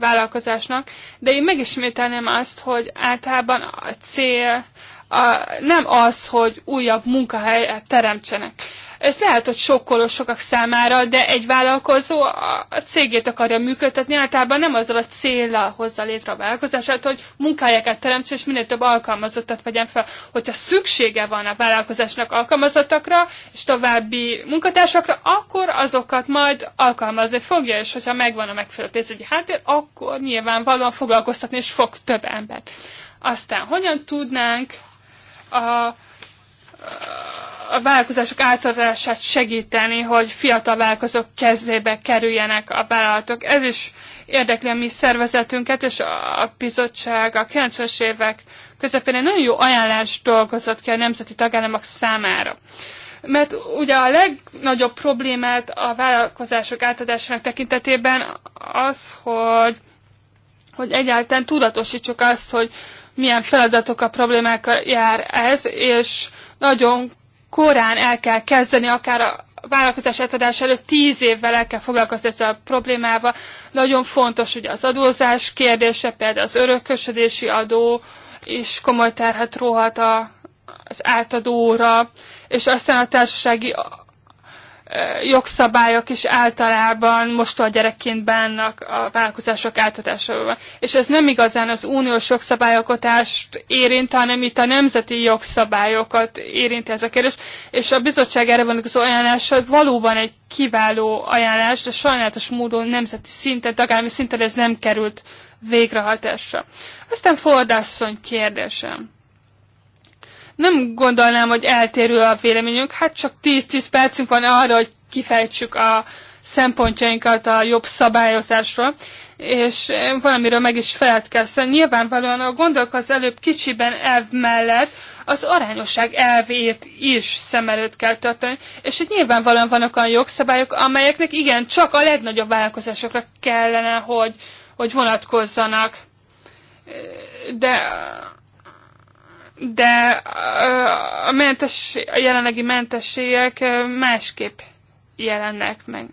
vállalkozásnak, de én megismételném azt, hogy általában a cél a, nem az, hogy újabb munkahelyet teremtsenek. Ez lehet, hogy sokkoló sokak számára, de egy vállalkozó a cégét akarja működtetni, általában nem azzal a célra hozza létre a vállalkozását, hogy munkájákat teremtsen, és minél több alkalmazottat vegyen fel. Hogyha szüksége van a vállalkozásnak alkalmazottakra, és további munkatársakra, akkor azokat majd alkalmazni fogja, és hogyha megvan a megfelelő pénzügyi háttér, akkor nyilvánvalóan foglalkoztatni és fog több embert. Aztán hogyan tudnánk a, a vállalkozások átadását segíteni, hogy fiatal vállalkozók kezébe kerüljenek a vállalatok. Ez is érdekli a mi szervezetünket, és a bizottság a 90-es évek közepén egy nagyon jó ajánlást dolgozott ki a nemzeti tagállamok számára. Mert ugye a legnagyobb problémát a vállalkozások átadásának tekintetében az, hogy, hogy egyáltalán tudatosítsuk azt, hogy milyen feladatok a problémákkal jár ez, és nagyon korán el kell kezdeni, akár a vállalkozás átadás előtt tíz évvel el kell foglalkozni ezzel a problémával. Nagyon fontos ugye az adózás kérdése, például az örökösödési adó is komoly terhet róhat a, az átadóra, és aztán a társasági jogszabályok is általában most a gyerekként bánnak a vállalkozások áltatásával. És ez nem igazán az uniós jogszabályokatást érint, hanem itt a nemzeti jogszabályokat érinti ez a kérdés. És a bizottság erre vonatkozó ajánlása hát valóban egy kiváló ajánlás, de sajnálatos módon nemzeti szinten, tagállami szinten ez nem került végrehajtásra. Aztán fordászony kérdésem nem gondolnám, hogy eltérő a véleményünk, hát csak 10-10 percünk van arra, hogy kifejtsük a szempontjainkat a jobb szabályozásról, és eh, valamiről meg is feledkeztem. Nyilvánvalóan a gondolk az előbb kicsiben elv mellett az arányosság elvét is szem előtt kell tartani, és itt nyilvánvalóan vannak olyan jogszabályok, amelyeknek igen, csak a legnagyobb vállalkozásokra kellene, hogy, hogy vonatkozzanak. Eh, de de a, mentes, a jelenlegi mentességek másképp jelennek meg.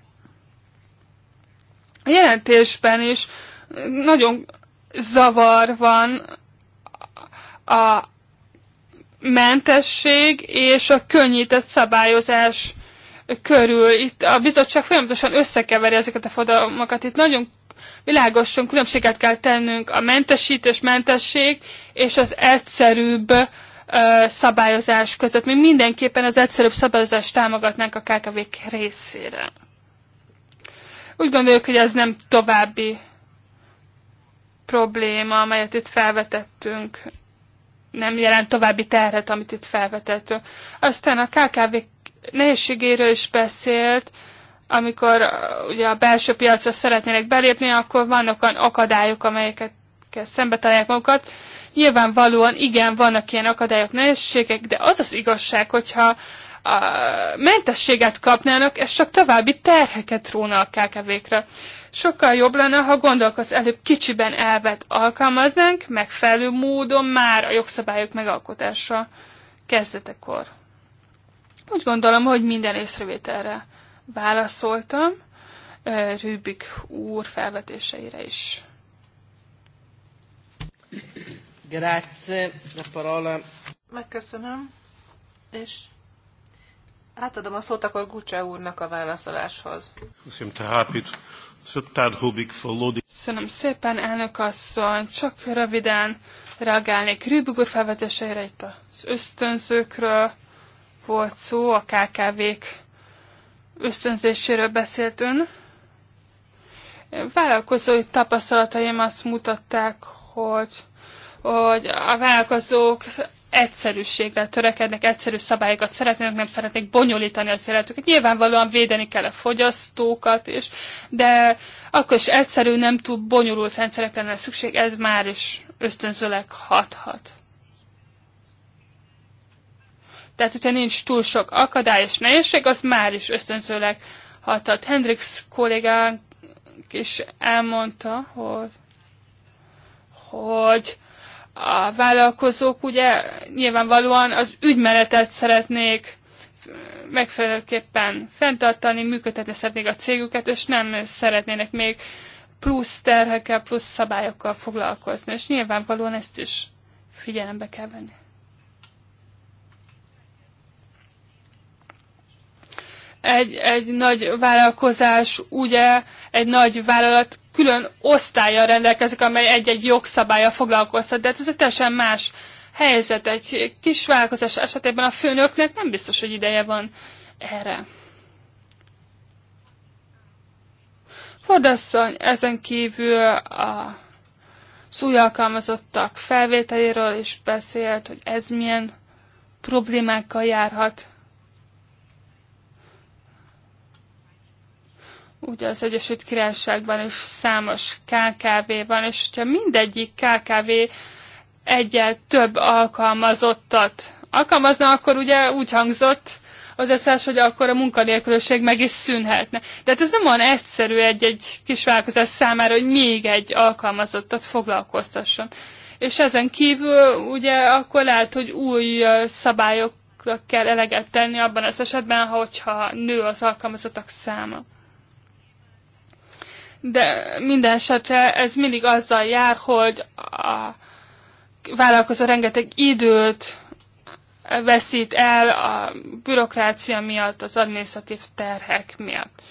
A jelentésben is nagyon zavar van a mentesség és a könnyített szabályozás körül. Itt a bizottság folyamatosan összekeveri ezeket a fogalmakat. Itt nagyon világosan különbséget kell tennünk a mentesítés, mentesség és az egyszerűbb ö, szabályozás között. Mi mindenképpen az egyszerűbb szabályozást támogatnánk a kkv részére. Úgy gondoljuk, hogy ez nem további probléma, amelyet itt felvetettünk, nem jelent további terhet, amit itt felvetettünk. Aztán a KKV nehézségéről is beszélt, amikor uh, ugye a belső piacra szeretnének belépni, akkor vannak olyan akadályok, amelyeket szembe találják magukat. Nyilvánvalóan igen, vannak ilyen akadályok, nehézségek, de az az igazság, hogyha a uh, mentességet kapnának, ez csak további terheket róna a KKV-kre. Sokkal jobb lenne, ha gondolkoz előbb kicsiben elvet alkalmaznánk, megfelelő módon már a jogszabályok megalkotása kezdetekor. Úgy gondolom, hogy minden észrevételre válaszoltam Rübik úr felvetéseire is. Grazie, la parola. Megköszönöm, és átadom a szót akkor Gucsa úrnak a válaszoláshoz. Köszönöm, tehát Köszönöm szépen, elnök asszony. Csak röviden reagálnék Rübig úr felvetéseire itt az ösztönzőkről volt szó, a KKV-k ösztönzéséről beszélt ön. Vállalkozói tapasztalataim azt mutatták, hogy, hogy a vállalkozók egyszerűségre törekednek, egyszerű szabályokat szeretnének, nem szeretnék bonyolítani az életüket. Nyilvánvalóan védeni kell a fogyasztókat is, de akkor is egyszerű, nem túl bonyolult rendszerek lenne szükség, ez már is ösztönzőleg hathat. Tehát, hogyha nincs túl sok akadály és nehézség, az már is ösztönzőleg hatat. Hendrix kollégánk is elmondta, hogy, hogy a vállalkozók ugye nyilvánvalóan az ügymenetet szeretnék megfelelőképpen fenntartani, működtetni szeretnék a cégüket, és nem szeretnének még plusz terhekkel, plusz szabályokkal foglalkozni, és nyilvánvalóan ezt is figyelembe kell venni. egy, egy nagy vállalkozás, ugye, egy nagy vállalat külön osztálya rendelkezik, amely egy-egy jogszabálya foglalkoztat, de hát ez egy teljesen más helyzet. Egy kis vállalkozás esetében a főnöknek nem biztos, hogy ideje van erre. Fordasszony ezen kívül a új alkalmazottak felvételéről is beszélt, hogy ez milyen problémákkal járhat. ugye az Egyesült Királyságban is számos KKV van, és hogyha mindegyik KKV egyel több alkalmazottat alkalmazna, akkor ugye úgy hangzott az eszás, hogy akkor a munkanélküliség meg is szűnhetne. De hát ez nem olyan egyszerű egy-egy vállalkozás számára, hogy még egy alkalmazottat foglalkoztasson. És ezen kívül ugye akkor lehet, hogy új szabályokra kell eleget tenni abban az esetben, hogyha nő az alkalmazottak száma de minden esetre ez mindig azzal jár, hogy a vállalkozó rengeteg időt veszít el a bürokrácia miatt, az adminisztratív terhek miatt.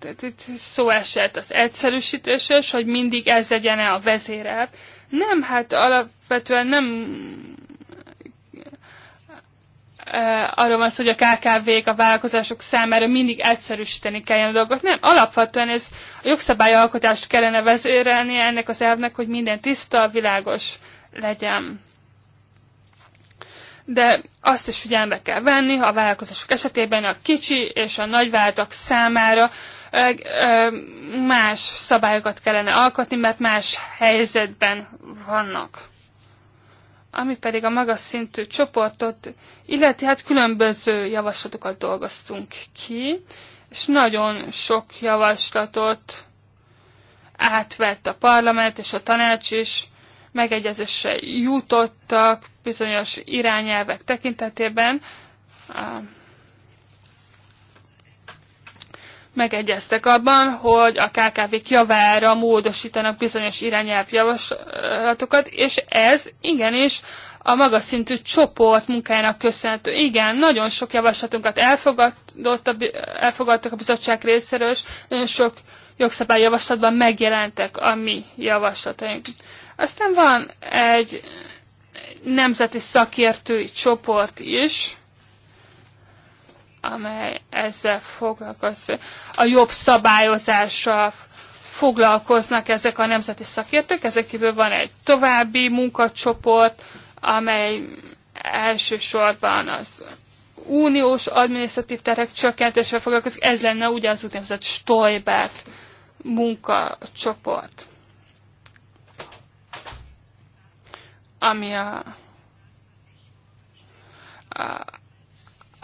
Tehát itt szó esett az egyszerűsítésről, hogy mindig ez legyen -e a vezérebb. Nem, hát alapvetően nem arról van szó, hogy a KKV-k, a vállalkozások számára mindig egyszerűsíteni kelljen a dolgot. Nem, alapvetően ez a jogszabályalkotást kellene vezérelni ennek az elvnek, hogy minden tiszta, világos legyen. De azt is figyelembe kell venni, a vállalkozások esetében a kicsi és a nagyvállalatok számára más szabályokat kellene alkotni, mert más helyzetben vannak ami pedig a magas szintű csoportot illeti, hát különböző javaslatokat dolgoztunk ki, és nagyon sok javaslatot átvett a parlament és a tanács is, megegyezésre jutottak bizonyos irányelvek tekintetében, megegyeztek abban, hogy a KKV-k javára módosítanak bizonyos irányelvjavaslatokat, és ez igenis a magas szintű csoport munkájának köszönhető. Igen, nagyon sok javaslatunkat elfogadott a, elfogadtak a bizottság részéről, és nagyon sok jogszabályjavaslatban megjelentek a mi javaslataink. Aztán van egy nemzeti szakértői csoport is, amely ezzel foglalkozik. A jobb szabályozással foglalkoznak ezek a nemzeti szakértők, ezek kívül van egy további munkacsoport, amely elsősorban az uniós adminisztratív terek csökkentésével foglalkozik, ez lenne ugye az úgynevezett Stoibert munkacsoport. Ami a, a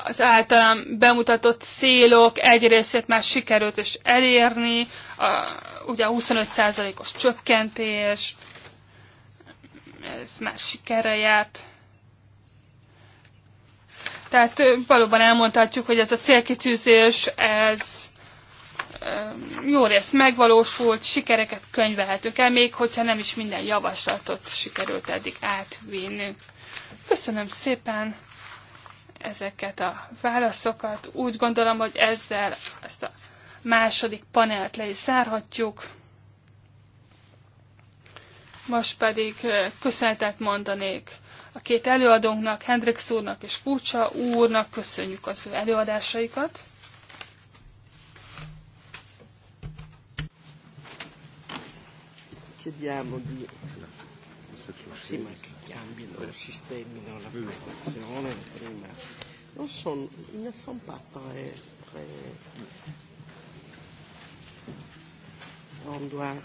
az általam bemutatott célok egy részét már sikerült is elérni, a, ugye a 25%-os csökkentés, ez már sikere járt. Tehát valóban elmondhatjuk, hogy ez a célkitűzés, ez jó rész megvalósult, sikereket könyvelhetünk el, még hogyha nem is minden javaslatot sikerült eddig átvinni, Köszönöm szépen! ezeket a válaszokat. Úgy gondolom, hogy ezzel ezt a második panelt le is zárhatjuk. Most pedig köszönetet mondanék a két előadónknak, Hendrix úrnak és Kúcsa úrnak, köszönjük az ő előadásaikat. Chiediamo cambiano sistemino la prestazione prima. Non sono, ne sono pas très, un, un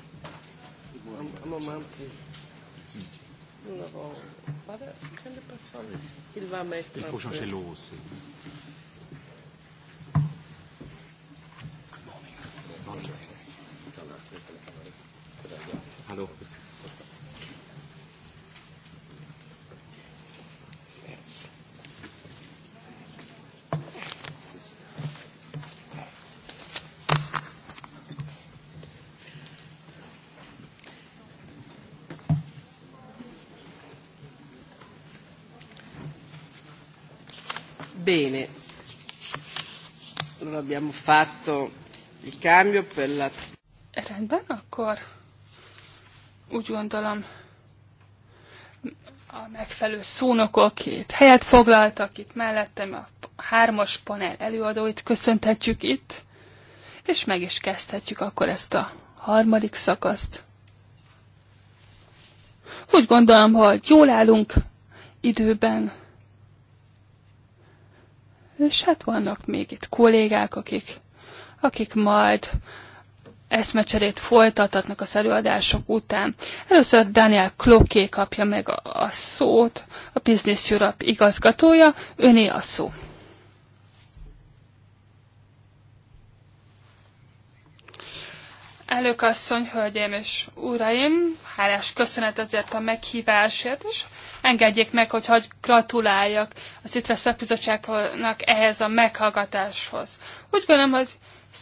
il va mettre Il faut changer l'eau aussi. Hallo, Bene, allora abbiamo fatto il cambio per la... Rendben, akkor úgy gondolom a megfelelő szónokok itt helyet foglaltak, itt mellettem a hármas panel előadóit köszönthetjük itt, és meg is kezdhetjük akkor ezt a harmadik szakaszt. Úgy gondolom, hogy jól állunk időben, és hát vannak még itt kollégák, akik, akik majd eszmecserét folytathatnak az előadások után. Először Daniel Kloké kapja meg a, a szót, a Business Europe igazgatója, öné a szó. Elnök asszony, hölgyeim és uraim, hálás köszönet ezért a meghívásért, és Engedjék meg, hogy hagy gratuláljak az ITRE szakbizottságnak ehhez a meghallgatáshoz. Úgy gondolom, hogy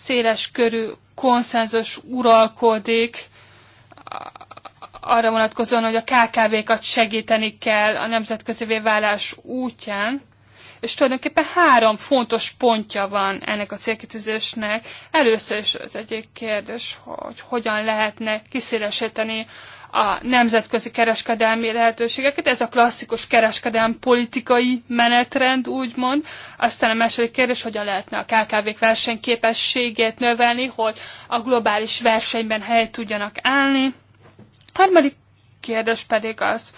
széles körű konszenzus uralkodik arra vonatkozóan, hogy a KKV-kat segíteni kell a nemzetközi válás útján, és tulajdonképpen három fontos pontja van ennek a célkitűzésnek. Először is az egyik kérdés, hogy hogyan lehetne kiszélesíteni a nemzetközi kereskedelmi lehetőségeket. Ez a klasszikus kereskedelmi politikai menetrend, úgymond. Aztán a második kérdés, hogyan lehetne a KKV-k versenyképességét növelni, hogy a globális versenyben helyet tudjanak állni. Harmadik kérdés pedig az,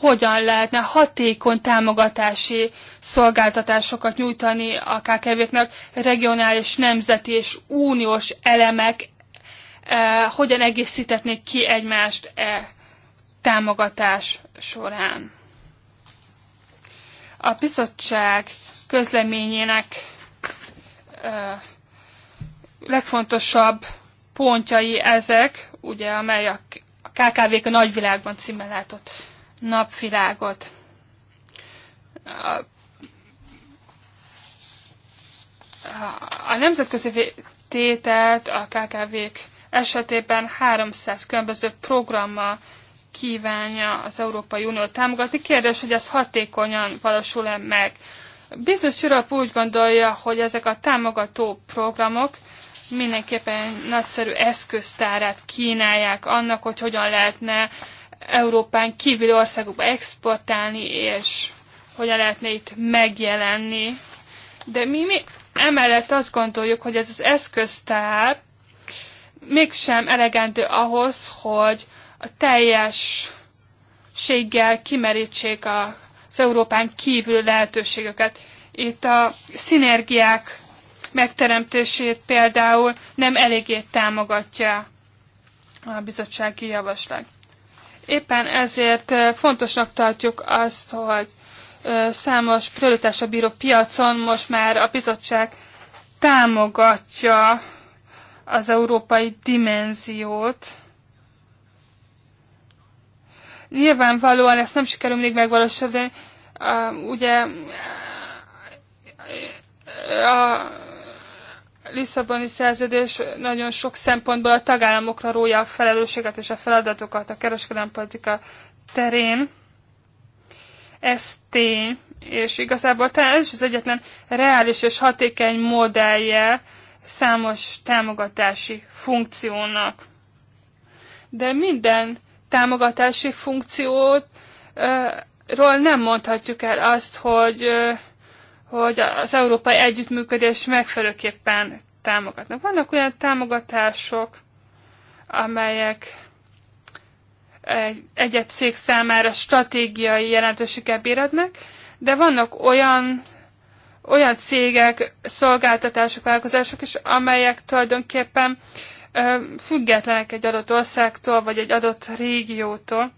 hogyan lehetne hatékony támogatási szolgáltatásokat nyújtani a KKV-knek regionális, nemzeti és uniós elemek hogyan egészítetnék ki egymást e támogatás során. A bizottság közleményének legfontosabb pontjai ezek, ugye, amely a KKV-k a nagyvilágban címmel látott napvilágot. A, a nemzetközi tételt a KKV-k esetében 300 különböző programmal kívánja az Európai Unió támogatni. Kérdés, hogy ez hatékonyan valósul-e meg. Business Europe úgy gondolja, hogy ezek a támogató programok mindenképpen nagyszerű eszköztárát kínálják annak, hogy hogyan lehetne Európán kívüli országokba exportálni, és hogyan lehetne itt megjelenni. De mi, mi emellett azt gondoljuk, hogy ez az eszköztár mégsem elegendő ahhoz, hogy a teljességgel kimerítsék a, az Európán kívül lehetőségeket. Itt a szinergiák megteremtését például nem eléggé támogatja a bizottsági javaslat. Éppen ezért fontosnak tartjuk azt, hogy számos prioritásra bíró piacon most már a bizottság támogatja az európai dimenziót. Nyilvánvalóan ezt nem sikerül még megvalósítani, um, ugye a Lisszaboni szerződés nagyon sok szempontból a tagállamokra rója a felelősséget és a feladatokat a kereskedelmi politika terén. Ez tény, és igazából talán ez is az egyetlen reális és hatékony modellje számos támogatási funkciónak. De minden támogatási funkciót ról nem mondhatjuk el azt, hogy, hogy az európai együttműködés megfelelőképpen támogatnak. Vannak olyan támogatások, amelyek egy-egy cég számára stratégiai jelentőséget bíradnak, de vannak olyan olyan cégek, szolgáltatások, vállalkozások is, amelyek tulajdonképpen függetlenek egy adott országtól, vagy egy adott régiótól.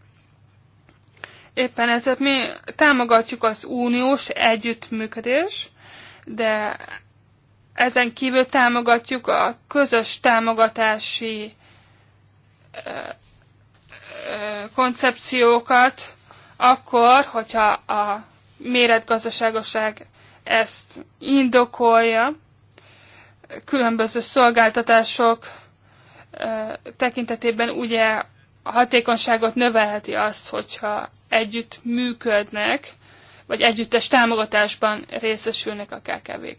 Éppen ezért mi támogatjuk az uniós együttműködés, de ezen kívül támogatjuk a közös támogatási koncepciókat, akkor, hogyha a méretgazdaságoság ezt indokolja, különböző szolgáltatások tekintetében ugye a hatékonyságot növelheti azt, hogyha együtt működnek, vagy együttes támogatásban részesülnek a KKV-k.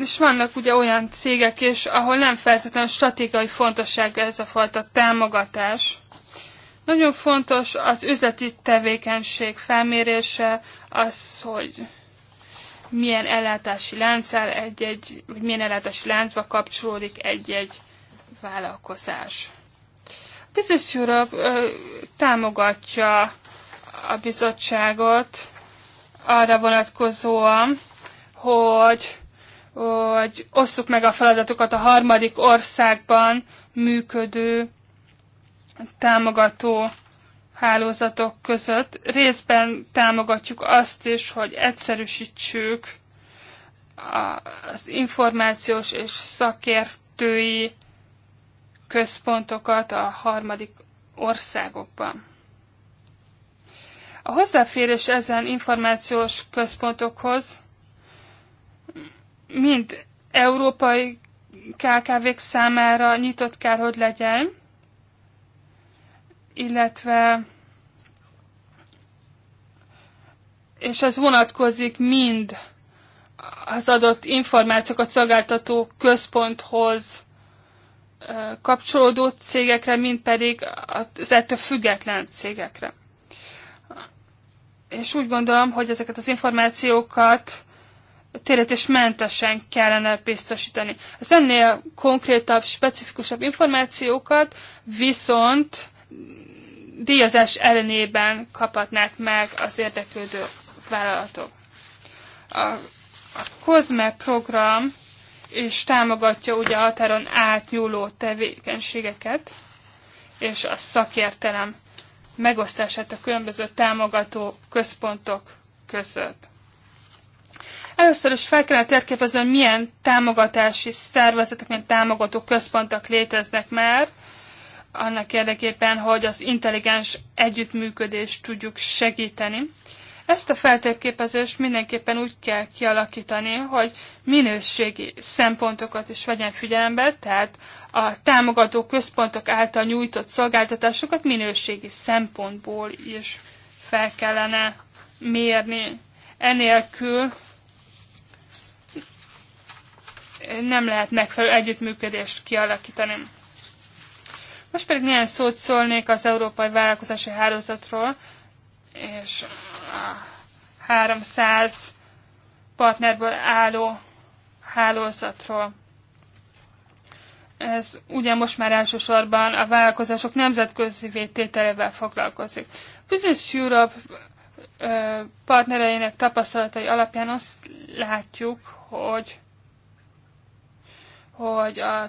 És vannak ugye olyan cégek is, ahol nem feltétlenül stratégiai fontosságú ez a fajta támogatás, nagyon fontos az üzleti tevékenység felmérése, az, hogy milyen ellátási lánccal egy-egy, vagy milyen ellátási láncba kapcsolódik egy-egy vállalkozás. A Business Europe ö, támogatja a bizottságot arra vonatkozóan, hogy, hogy osszuk meg a feladatokat a harmadik országban működő támogató hálózatok között. Részben támogatjuk azt is, hogy egyszerűsítsük az információs és szakértői központokat a harmadik országokban. A hozzáférés ezen információs központokhoz mind európai KKV-k számára nyitott kell, hogy legyen, illetve és ez vonatkozik mind az adott információkat szolgáltató központhoz kapcsolódó cégekre, mint pedig az ettől független cégekre. És úgy gondolom, hogy ezeket az információkat térítésmentesen kellene biztosítani. Az ennél konkrétabb, specifikusabb információkat viszont díjazás ellenében kaphatnák meg az érdeklődő vállalatok. A, a COSME program és támogatja ugye a határon átnyúló tevékenységeket, és a szakértelem megosztását a különböző támogató központok között. Először is fel kellene térképezni, hogy milyen támogatási szervezetek, milyen támogató központok léteznek már, annak érdekében, hogy az intelligens együttműködést tudjuk segíteni. Ezt a feltérképezést mindenképpen úgy kell kialakítani, hogy minőségi szempontokat is vegyen figyelembe, tehát a támogató központok által nyújtott szolgáltatásokat minőségi szempontból is fel kellene mérni. Enélkül nem lehet megfelelő együttműködést kialakítani. Most pedig néhány szót szólnék az Európai Vállalkozási Hálózatról, és a 300 partnerből álló hálózatról. Ez ugye most már elsősorban a vállalkozások nemzetközi vétételével foglalkozik. Business Europe partnereinek tapasztalatai alapján azt látjuk, hogy, hogy a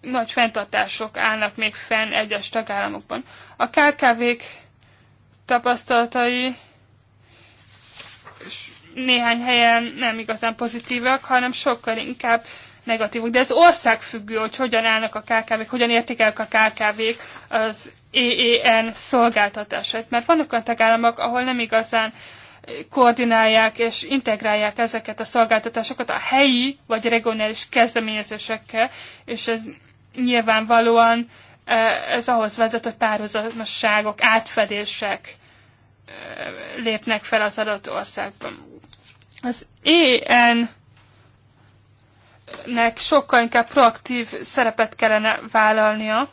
nagy fenntartások állnak még fenn egyes tagállamokban. A KKV-k tapasztalatai néhány helyen nem igazán pozitívak, hanem sokkal inkább negatívok. De ez országfüggő, hogy hogyan állnak a KKV-k, hogyan értékelik a KKV-k az EEN szolgáltatását. Mert vannak olyan tagállamok, ahol nem igazán eh, koordinálják és integrálják ezeket a szolgáltatásokat a helyi vagy regionális kezdeményezésekkel, és ez nyilvánvalóan ez ahhoz vezet, hogy párhuzamosságok, átfedések lépnek fel az adott országban. Az EN nek sokkal inkább proaktív szerepet kellene vállalnia.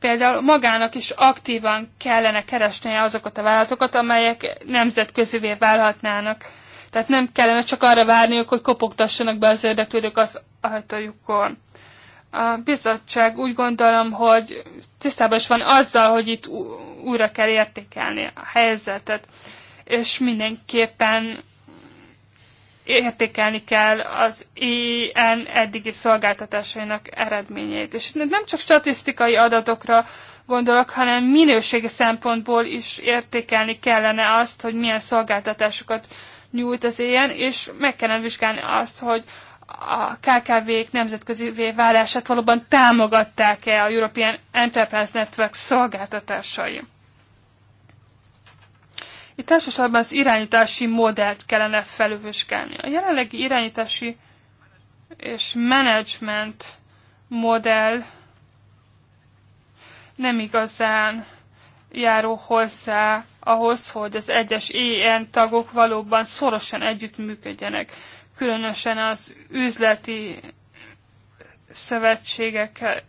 Például magának is aktívan kellene keresnie azokat a vállalatokat, amelyek nemzetközivé válhatnának tehát nem kellene csak arra várniuk, hogy kopogtassanak be az érdeklődők az ajtajukon. A bizottság úgy gondolom, hogy tisztában is van azzal, hogy itt újra kell értékelni a helyzetet, és mindenképpen értékelni kell az ilyen eddigi szolgáltatásainak eredményeit. És nem csak statisztikai adatokra gondolok, hanem minőségi szempontból is értékelni kellene azt, hogy milyen szolgáltatásokat nyújt az ilyen, és meg kellene vizsgálni azt, hogy a KKV-k nemzetközi válását valóban támogatták-e a European Enterprise Network szolgáltatásai. Itt elsősorban az irányítási modellt kellene felülvizsgálni. A jelenlegi irányítási és management modell nem igazán járó hozzá ahhoz, hogy az egyes EN tagok valóban szorosan együttműködjenek, különösen az üzleti szövetségeket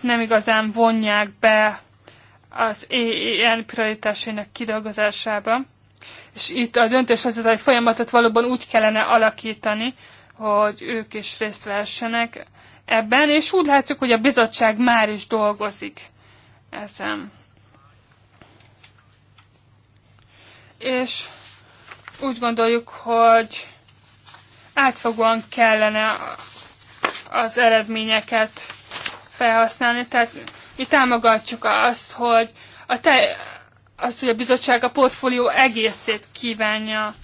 nem igazán vonják be az EN prioritásainak kidolgozásába. És itt a döntés az hogy folyamatot valóban úgy kellene alakítani, hogy ők is részt vessenek ebben, és úgy látjuk, hogy a bizottság már is dolgozik ezen. és úgy gondoljuk, hogy átfogóan kellene az eredményeket felhasználni. Tehát mi támogatjuk azt, hogy a, te, azt, hogy a bizottság a portfólió egészét kívánja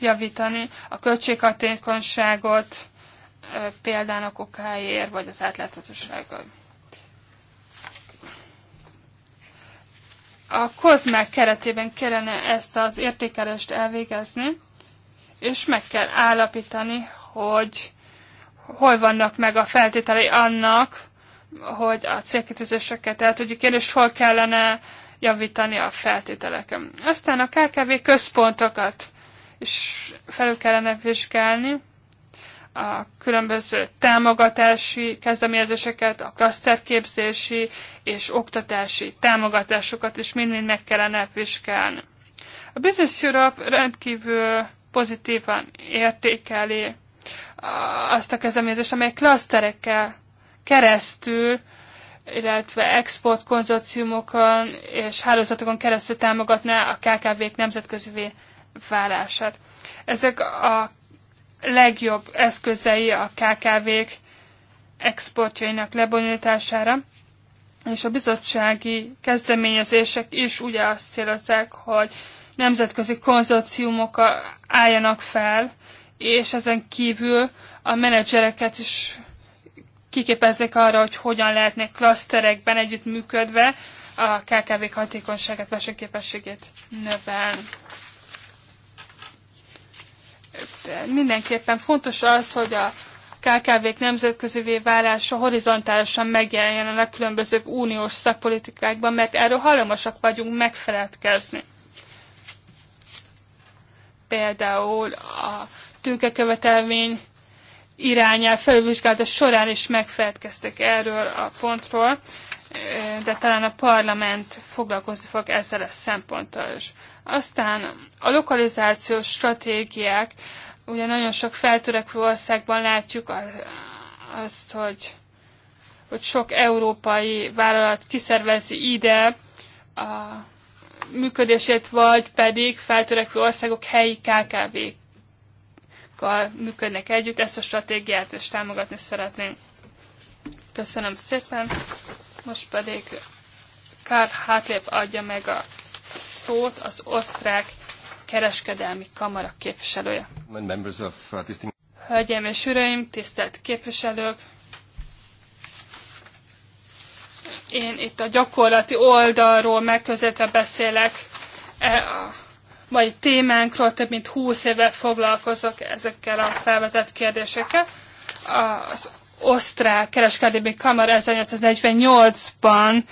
javítani, a költséghatékonyságot példának okáért, vagy az átláthatóságot. a kozmák keretében kellene ezt az értékelést elvégezni, és meg kell állapítani, hogy hol vannak meg a feltételei annak, hogy a célkitűzéseket el tudjuk érni, és hol kellene javítani a feltételeken. Aztán a KKV központokat is felül kellene vizsgálni, a különböző támogatási kezdeményezéseket, a klaszterképzési és oktatási támogatásokat is mind-mind meg kellene vizsgálni. A Business Europe rendkívül pozitívan értékeli azt a kezdeményezést, amely klaszterekkel keresztül illetve exportkonzorciumokon és hálózatokon keresztül támogatná a KKV-k nemzetközi válását. Ezek a legjobb eszközei a KKV-k exportjainak lebonyolítására, és a bizottsági kezdeményezések is ugye azt célozzák, hogy nemzetközi konzorciumok álljanak fel, és ezen kívül a menedzsereket is kiképeznek arra, hogy hogyan lehetnek klaszterekben együttműködve a KKV-k hatékonyságát, versenyképességét növelni mindenképpen fontos az, hogy a KKV-k nemzetközi válása horizontálisan megjelenjen a különböző uniós szakpolitikákban, mert erről hajlamosak vagyunk megfeledkezni. Például a tőkekövetelmény irányel felvizsgálata során is megfeledkeztek erről a pontról, de talán a parlament foglalkozni fog ezzel a szemponttal is. Aztán a lokalizációs stratégiák, ugye nagyon sok feltörekvő országban látjuk azt, hogy, hogy sok európai vállalat kiszervezi ide a működését, vagy pedig feltörekvő országok helyi kkv működnek együtt. Ezt a stratégiát is támogatni szeretném. Köszönöm szépen! most pedig Karl Hátlép adja meg a szót az osztrák kereskedelmi kamara képviselője. Uh, Hölgyeim és uraim, tisztelt képviselők! Én itt a gyakorlati oldalról megközelítve beszélek e, a mai témánkról, több mint húsz éve foglalkozok ezekkel a felvetett kérdésekkel. Az osztrák kereskedelmi kamara 1848-ban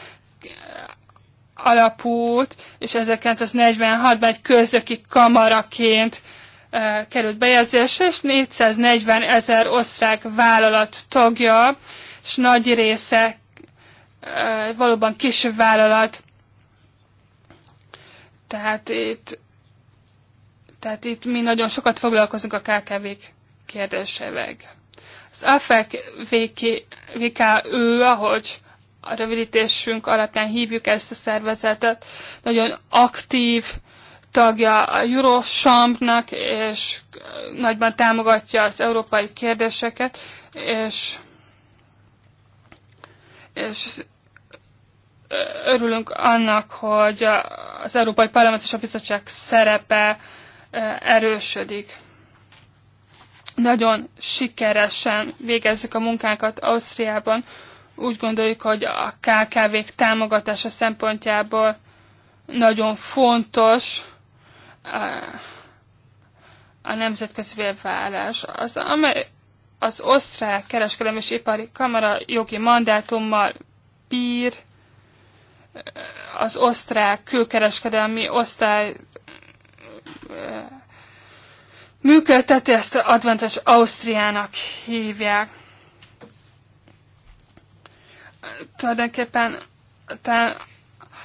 alapult, és 1946-ban egy közöki kamaraként e, került bejegyzésre, és 440 ezer osztrák vállalat tagja, és nagy része e, valóban kis vállalat. Tehát itt, tehát itt mi nagyon sokat foglalkozunk a KKV-k kérdésevel. Az AFEK VKÖ, ahogy a rövidítésünk alapján hívjuk ezt a szervezetet, nagyon aktív tagja a Eurosampnak, és nagyban támogatja az európai kérdéseket, és, és örülünk annak, hogy az Európai Parlament és a Bizottság szerepe e, erősödik nagyon sikeresen végezzük a munkánkat Ausztriában. Úgy gondoljuk, hogy a KKV-k támogatása szempontjából nagyon fontos eh, a nemzetközi vállás. Az, amely, az osztrák kereskedelmi és ipari kamara jogi mandátummal bír, eh, az osztrák külkereskedelmi osztály eh, működteti, ezt Adventes Ausztriának hívják. Tulajdonképpen talán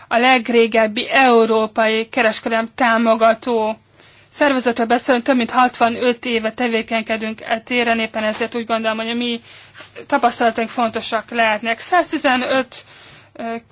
a legrégebbi európai kereskedelem támogató szervezetről beszélünk, több mint 65 éve tevékenykedünk e téren, éppen ezért úgy gondolom, hogy a mi tapasztalataink fontosak lehetnek. 115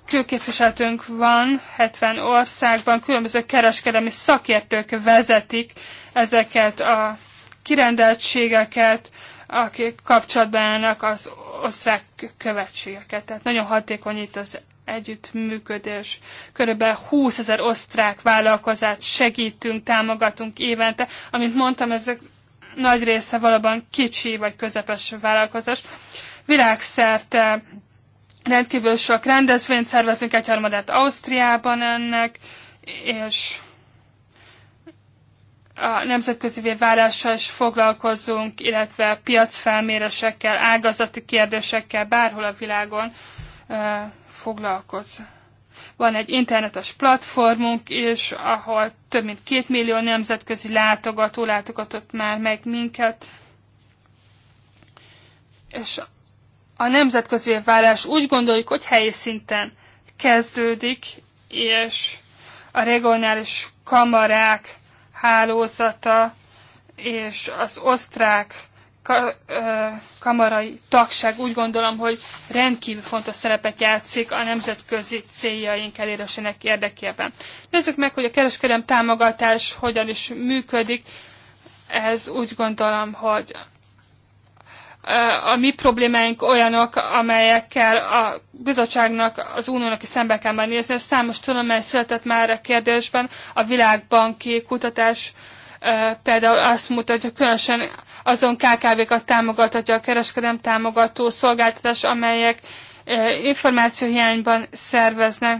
külképviseletünk van 70 országban, különböző kereskedelmi szakértők vezetik ezeket a kirendeltségeket, akik kapcsolatban állnak az osztrák követségeket. Tehát nagyon hatékony itt az együttműködés. Körülbelül 20 ezer osztrák vállalkozást segítünk, támogatunk évente. Amint mondtam, ezek nagy része valóban kicsi vagy közepes vállalkozás. Világszerte rendkívül sok rendezvényt szervezünk, egyharmadát Ausztriában ennek, és a nemzetközi válással is foglalkozunk, illetve piacfelmérésekkel, ágazati kérdésekkel bárhol a világon e, foglalkozunk. Van egy internetes platformunk is, ahol több mint két millió nemzetközi látogató látogatott már meg minket, és a nemzetközi vállás úgy gondoljuk, hogy helyi szinten kezdődik, és a regionális kamarák hálózata és az osztrák kamarai tagság úgy gondolom, hogy rendkívül fontos szerepet játszik a nemzetközi céljaink elérésének érdekében. Nézzük meg, hogy a kereskedelem támogatás hogyan is működik. Ez úgy gondolom, hogy a mi problémáink olyanok, amelyekkel a bizottságnak, az uniónak is szembe kell majd nézni. Számos tanulmány született már a kérdésben, a világbanki kutatás például azt mutatja, különösen azon KKV-kat támogatja a kereskedelem támogató szolgáltatás, amelyek információhiányban szerveznek,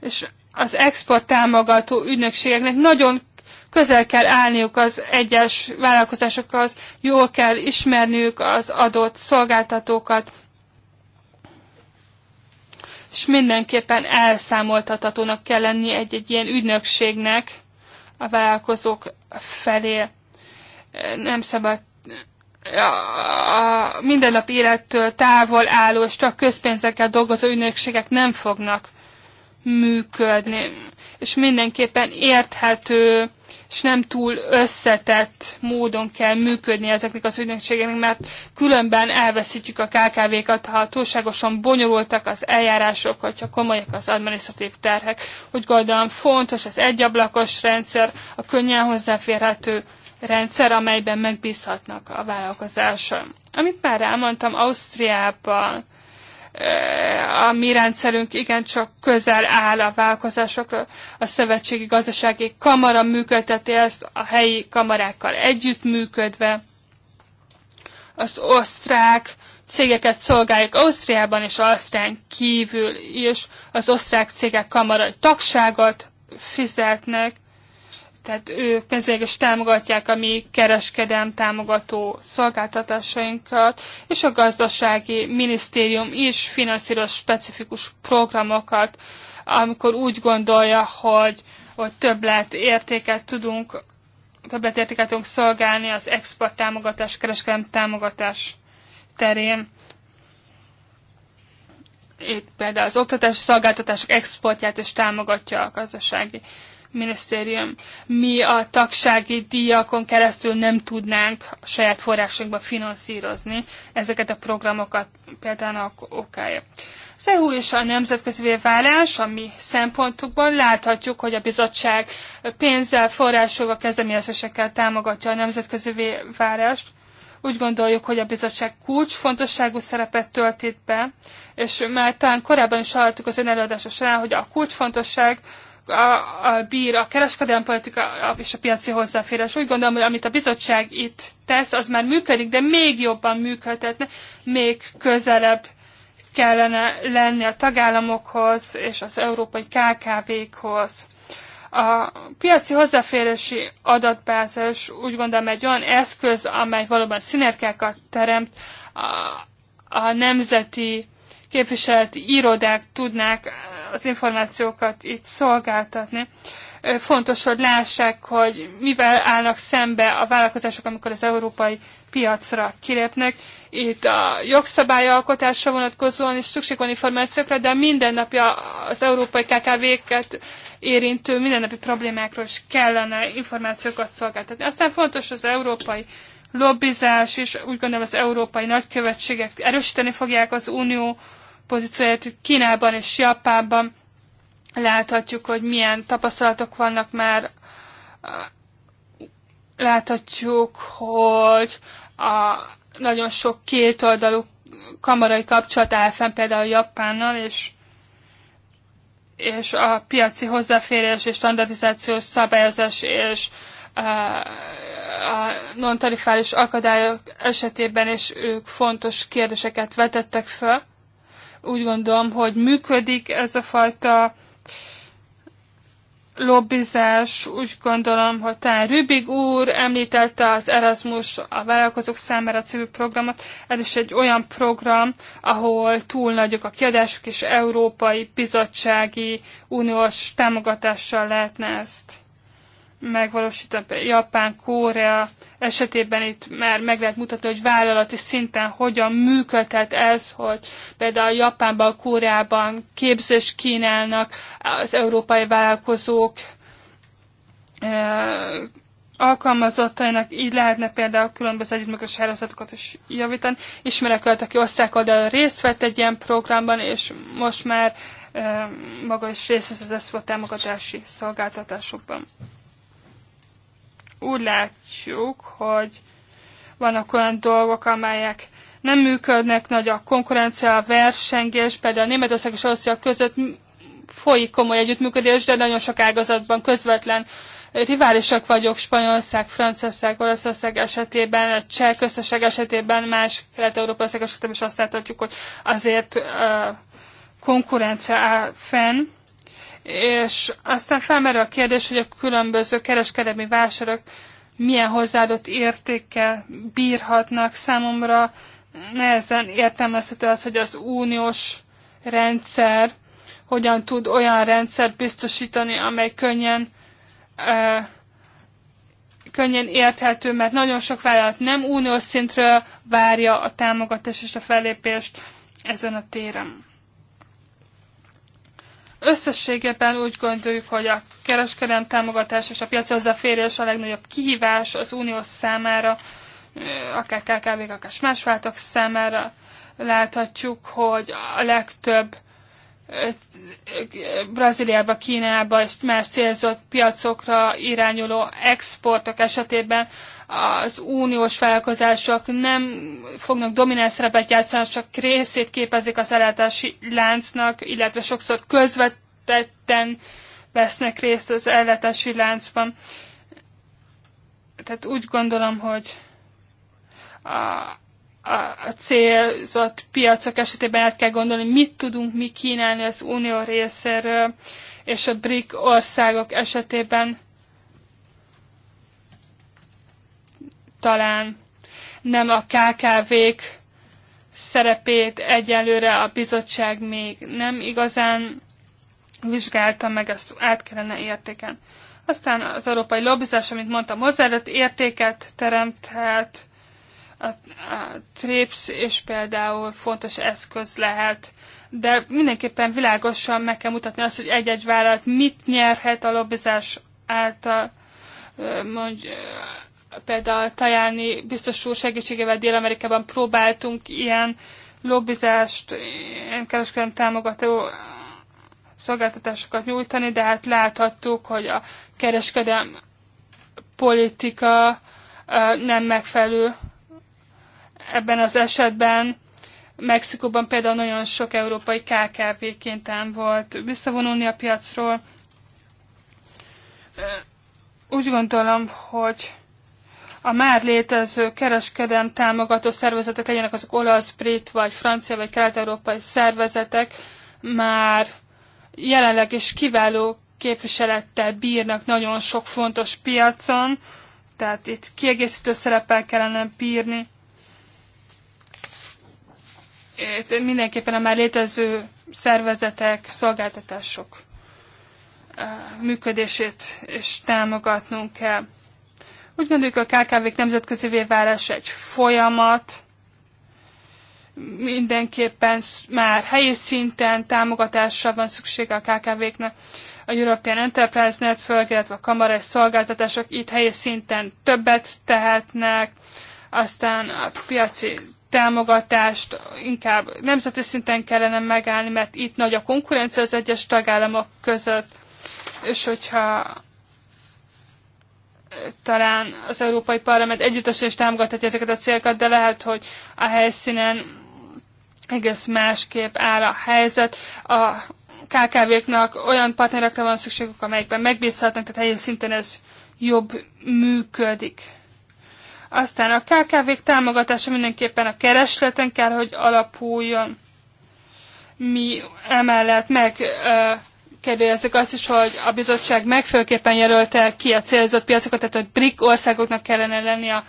és az export támogató ügynökségeknek nagyon közel kell állniuk az egyes vállalkozásokhoz, jól kell ismerniük az adott szolgáltatókat, és mindenképpen elszámoltatatónak kell lenni egy-egy ilyen ügynökségnek a vállalkozók felé. Nem szabad a mindennapi élettől távol álló és csak közpénzekkel dolgozó ügynökségek nem fognak működni, és mindenképpen érthető és nem túl összetett módon kell működni ezeknek az ügynökségeknek, mert különben elveszítjük a KKV-kat, ha túlságosan bonyolultak az eljárások, hogyha komolyak az administratív terhek. Úgy gondolom fontos az egyablakos rendszer, a könnyen hozzáférhető rendszer, amelyben megbízhatnak a vállalkozások. Amit már elmondtam, Ausztriában a mi rendszerünk igencsak közel áll a vállalkozásokra. A Szövetségi Gazdasági Kamara működteti ezt a helyi kamarákkal együttműködve. Az osztrák cégeket szolgáljuk Ausztriában és Ausztrián kívül is. Az osztrák cégek kamarai tagságot fizetnek, tehát ők is támogatják a mi kereskedelm támogató szolgáltatásainkat, és a gazdasági minisztérium is finanszíroz specifikus programokat, amikor úgy gondolja, hogy, hogy többlet értéket tudunk, többlet értéket tudunk szolgálni az export támogatás, kereskedelem támogatás terén. Itt például az oktatási szolgáltatások exportját is támogatja a gazdasági uh, minisztérium, mi a tagsági díjakon keresztül nem tudnánk a saját forrásokba finanszírozni ezeket a programokat, például a okája. CEU és a nemzetközi válás, ami szempontokban láthatjuk, hogy a bizottság pénzzel, forrásokkal, kezdeményezésekkel támogatja a nemzetközi vállást. Úgy gondoljuk, hogy a bizottság kulcsfontosságú szerepet töltít be, és már talán korábban is hallottuk az ön előadása során, hogy a kulcsfontosság fontosság a, a bír a kereskedelmi politika és a piaci hozzáférés. Úgy gondolom, hogy amit a bizottság itt tesz, az már működik, de még jobban működhetne, még közelebb kellene lenni a tagállamokhoz és az európai KKV-khoz. A piaci hozzáférési adatbázis úgy gondolom egy olyan eszköz, amely valóban szinergiákat teremt a, a nemzeti képviseleti irodák tudnák az információkat itt szolgáltatni. Fontos, hogy lássák, hogy mivel állnak szembe a vállalkozások, amikor az európai piacra kilépnek. Itt a jogszabályalkotásra vonatkozóan is szükség van információkra, de napja az európai KKV-ket érintő mindennapi problémákról is kellene információkat szolgáltatni. Aztán fontos az európai lobbizás, és úgy gondolom az európai nagykövetségek erősíteni fogják az unió pozícióját Kínában és Japánban láthatjuk, hogy milyen tapasztalatok vannak már, láthatjuk, hogy a nagyon sok kétoldalú kamarai kapcsolat áll fenn például Japánnal, és, és a piaci hozzáférés és standardizációs szabályozás és eh, a non-tarifális akadályok esetében is ők fontos kérdéseket vetettek fel. Úgy gondolom, hogy működik ez a fajta lobbizás, úgy gondolom, hogy talán Rübig úr említette az Erasmus a vállalkozók számára című programot. Ez is egy olyan program, ahol túl nagyok a kiadások, és Európai Bizottsági Uniós támogatással lehetne ezt megvalósítani. Japán, Korea esetében itt már meg lehet mutatni, hogy vállalati szinten hogyan működhet ez, hogy például Japánban, Kóreában képzés kínálnak az európai vállalkozók eh, alkalmazottainak, így lehetne például különböző együttműködés hálózatokat is javítani. Ismerek olyat, aki osztályoldalon részt vett egy ilyen programban, és most már eh, maga is részt vesz az ESZFO támogatási szolgáltatásokban úgy látjuk, hogy vannak olyan dolgok, amelyek nem működnek, nagy a konkurencia, a versengés, például a Németország és Ausztria között folyik komoly együttműködés, de nagyon sok ágazatban közvetlen riválisak vagyok Spanyolország, Franciaország, Olaszország esetében, a Cseh köztesség esetében, más kelet-európai esetében is azt láthatjuk, hogy azért uh, konkurencia áll fenn és aztán felmerül a kérdés, hogy a különböző kereskedelmi vásárok milyen hozzáadott értékkel bírhatnak számomra. Nehezen értelmezhető az, hogy az uniós rendszer hogyan tud olyan rendszert biztosítani, amely könnyen, ö, könnyen érthető, mert nagyon sok vállalat nem uniós szintről várja a támogatást és a fellépést ezen a téren összességében úgy gondoljuk, hogy a kereskedelem támogatás és a piaci hozzáférés a legnagyobb kihívás az unió számára, eh, akár KKV-k, akár más váltok számára. Láthatjuk, hogy a legtöbb eh, Brazíliába, Kínába és más célzott piacokra irányuló exportok esetében az uniós vállalkozások nem fognak domináns szerepet játszani, csak részét képezik az ellátási láncnak, illetve sokszor közvetetten vesznek részt az ellátási láncban. Tehát úgy gondolom, hogy a, a célzott piacok esetében el kell gondolni, mit tudunk mi kínálni az unió részéről, és a BRIC országok esetében talán nem a KKV-k szerepét egyelőre a bizottság még nem igazán vizsgálta meg, ezt át kellene értéken. Aztán az európai lobbizás, amit mondtam, hozzáadott értéket teremthet, a, a TRIPS és például fontos eszköz lehet, de mindenképpen világosan meg kell mutatni azt, hogy egy-egy vállalat mit nyerhet a lobbizás által, mondj, például Tajáni biztos úr segítségével Dél-Amerikában próbáltunk ilyen lobbizást, ilyen kereskedelmi támogató szolgáltatásokat nyújtani, de hát láthattuk, hogy a kereskedelmi politika nem megfelelő ebben az esetben. Mexikóban például nagyon sok európai KKV kénytelen volt visszavonulni a piacról. Úgy gondolom, hogy a már létező kereskedelm támogató szervezetek, legyenek azok olasz, brit, vagy francia, vagy kelet-európai szervezetek, már jelenleg is kiváló képviselettel bírnak nagyon sok fontos piacon, tehát itt kiegészítő szerepel kellene bírni. Itt mindenképpen a már létező szervezetek, szolgáltatások működését és támogatnunk kell. Úgy gondoljuk, a KKV-k nemzetközi válása egy folyamat, mindenképpen már helyi szinten támogatásra van szüksége a KKV-knek. A European Enterprise Network, illetve a kamarai szolgáltatások itt helyi szinten többet tehetnek, aztán a piaci támogatást inkább nemzeti szinten kellene megállni, mert itt nagy a konkurencia az egyes tagállamok között, és hogyha talán az Európai Parlament együttesen is támogathatja ezeket a célokat, de lehet, hogy a helyszínen egész másképp áll a helyzet. A KKV-knak olyan partnerekre van szükségük, amelyekben megbízhatnak, tehát helyi szinten ez jobb működik. Aztán a KKV-k támogatása mindenképpen a keresleten kell, hogy alapuljon. Mi emellett meg megkérdezzük azt is, hogy a bizottság megfőképpen jelölte ki a célzott piacokat, tehát hogy BRIC országoknak kellene lenni a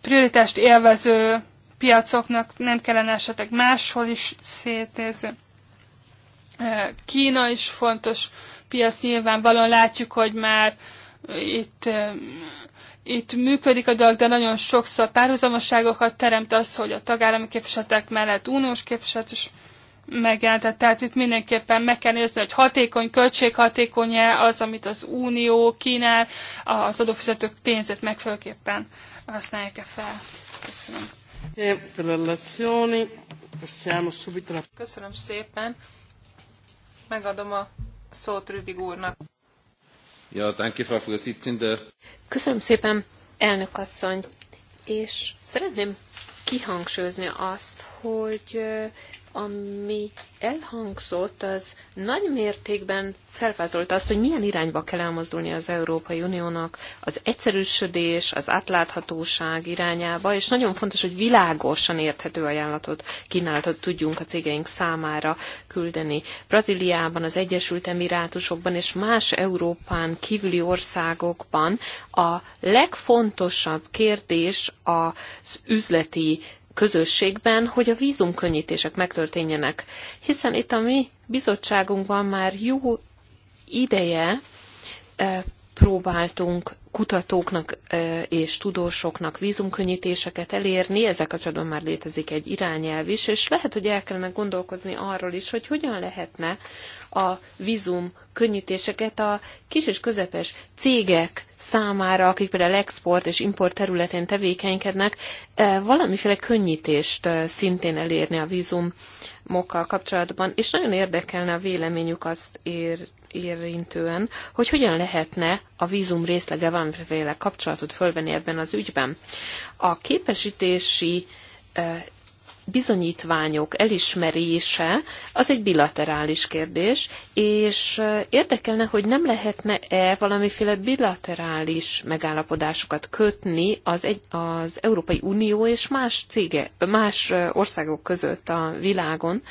prioritást élvező piacoknak, nem kellene esetleg máshol is szétnéző. Kína is fontos piac, nyilvánvalóan látjuk, hogy már itt, itt működik a dolog, de nagyon sokszor párhuzamosságokat teremt az, hogy a tagállami képviseletek mellett uniós képviselet is megjelentett. Tehát itt mindenképpen meg kell nézni, hogy hatékony, költséghatékony -e az, amit az Unió kínál, az adófizetők pénzét megfelelőképpen használják-e fel. Köszönöm. E, Köszönöm szépen. Megadom a szót Rübig úrnak. Ja, danke, Frau Köszönöm szépen, elnök asszony. És szeretném kihangsúlyozni azt, hogy ami elhangzott, az nagy mértékben felvázolta azt, hogy milyen irányba kell elmozdulni az Európai Uniónak az egyszerűsödés, az átláthatóság irányába, és nagyon fontos, hogy világosan érthető ajánlatot, kínálatot tudjunk a cégeink számára küldeni. Brazíliában, az Egyesült Emirátusokban és más Európán kívüli országokban a legfontosabb kérdés az üzleti közösségben, hogy a vízumkönnyítések megtörténjenek. Hiszen itt a mi bizottságunkban már jó ideje eh, próbáltunk kutatóknak és tudósoknak vízumkönnyítéseket elérni, a csodon már létezik egy irányelv is, és lehet, hogy el kellene gondolkozni arról is, hogy hogyan lehetne a vízum könnyítéseket a kis és közepes cégek számára, akik például export és import területén tevékenykednek, valamiféle könnyítést szintén elérni a vízumokkal kapcsolatban, és nagyon érdekelne a véleményük azt ér, érintően, hogy hogyan lehetne a vízum részlege valamiféle kapcsolatot fölvenni ebben az ügyben. A képesítési eh, bizonyítványok elismerése az egy bilaterális kérdés, és érdekelne, hogy nem lehetne-e valamiféle bilaterális megállapodásokat kötni az, egy, az Európai Unió és más cége, más országok között a világon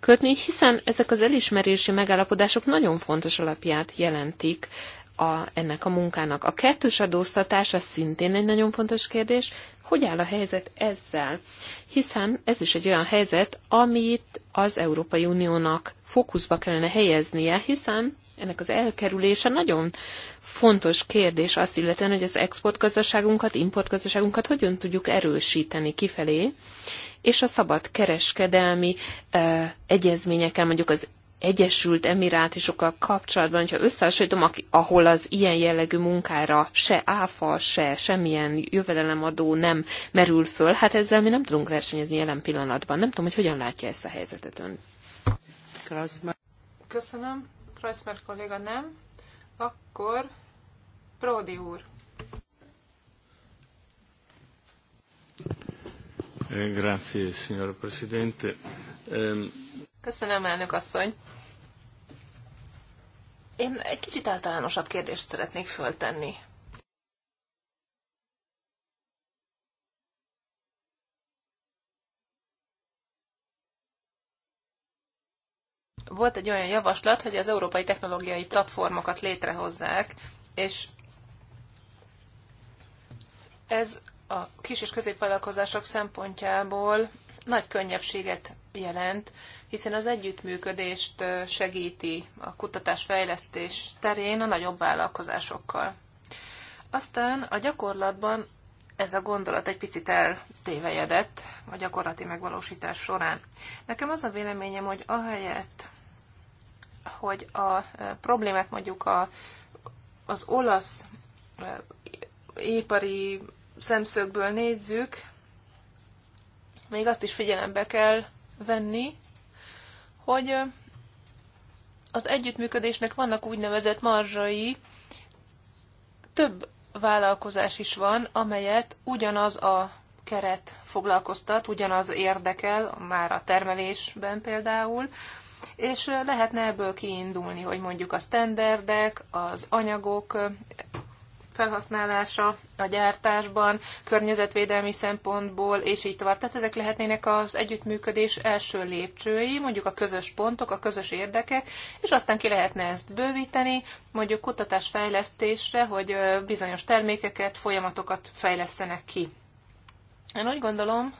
kötni, hiszen ezek az elismerési megállapodások nagyon fontos alapját jelentik a, ennek a munkának. A kettős adóztatás az szintén egy nagyon fontos kérdés, hogy áll a helyzet ezzel? Hiszen ez is egy olyan helyzet, amit az Európai Uniónak fókuszba kellene helyeznie, hiszen ennek az elkerülése nagyon fontos kérdés azt illetően, hogy az exportgazdaságunkat, importgazdaságunkat hogyan tudjuk erősíteni kifelé, és a szabad kereskedelmi uh, egyezményekkel, mondjuk az Egyesült Emirátusokkal kapcsolatban, hogyha összehasonlítom, ahol az ilyen jellegű munkára se áfa, se semmilyen jövedelemadó nem merül föl, hát ezzel mi nem tudunk versenyezni jelen pillanatban. Nem tudom, hogy hogyan látja ezt a helyzetet ön. Köszönöm. Kreuzmer kolléga nem. Akkor Pródi úr. Eh, grazie, signor Presidente. Ehm, Köszönöm, elnök asszony. Én egy kicsit általánosabb kérdést szeretnék föltenni. Volt egy olyan javaslat, hogy az európai technológiai platformokat létrehozzák, és ez a kis és középvállalkozások szempontjából nagy könnyebbséget jelent, hiszen az együttműködést segíti a kutatásfejlesztés terén a nagyobb vállalkozásokkal. Aztán a gyakorlatban ez a gondolat egy picit eltévejedett a gyakorlati megvalósítás során. Nekem az a véleményem, hogy ahelyett, hogy a problémát mondjuk a, az olasz ipari szemszögből nézzük, még azt is figyelembe kell venni, hogy az együttműködésnek vannak úgynevezett marzsai, több vállalkozás is van, amelyet ugyanaz a keret foglalkoztat, ugyanaz érdekel, már a termelésben például, és lehetne ebből kiindulni, hogy mondjuk a standardek, az anyagok felhasználása a gyártásban, környezetvédelmi szempontból, és így tovább. Tehát ezek lehetnének az együttműködés első lépcsői, mondjuk a közös pontok, a közös érdekek, és aztán ki lehetne ezt bővíteni, mondjuk kutatásfejlesztésre, hogy bizonyos termékeket, folyamatokat fejlesztenek ki. Én úgy gondolom,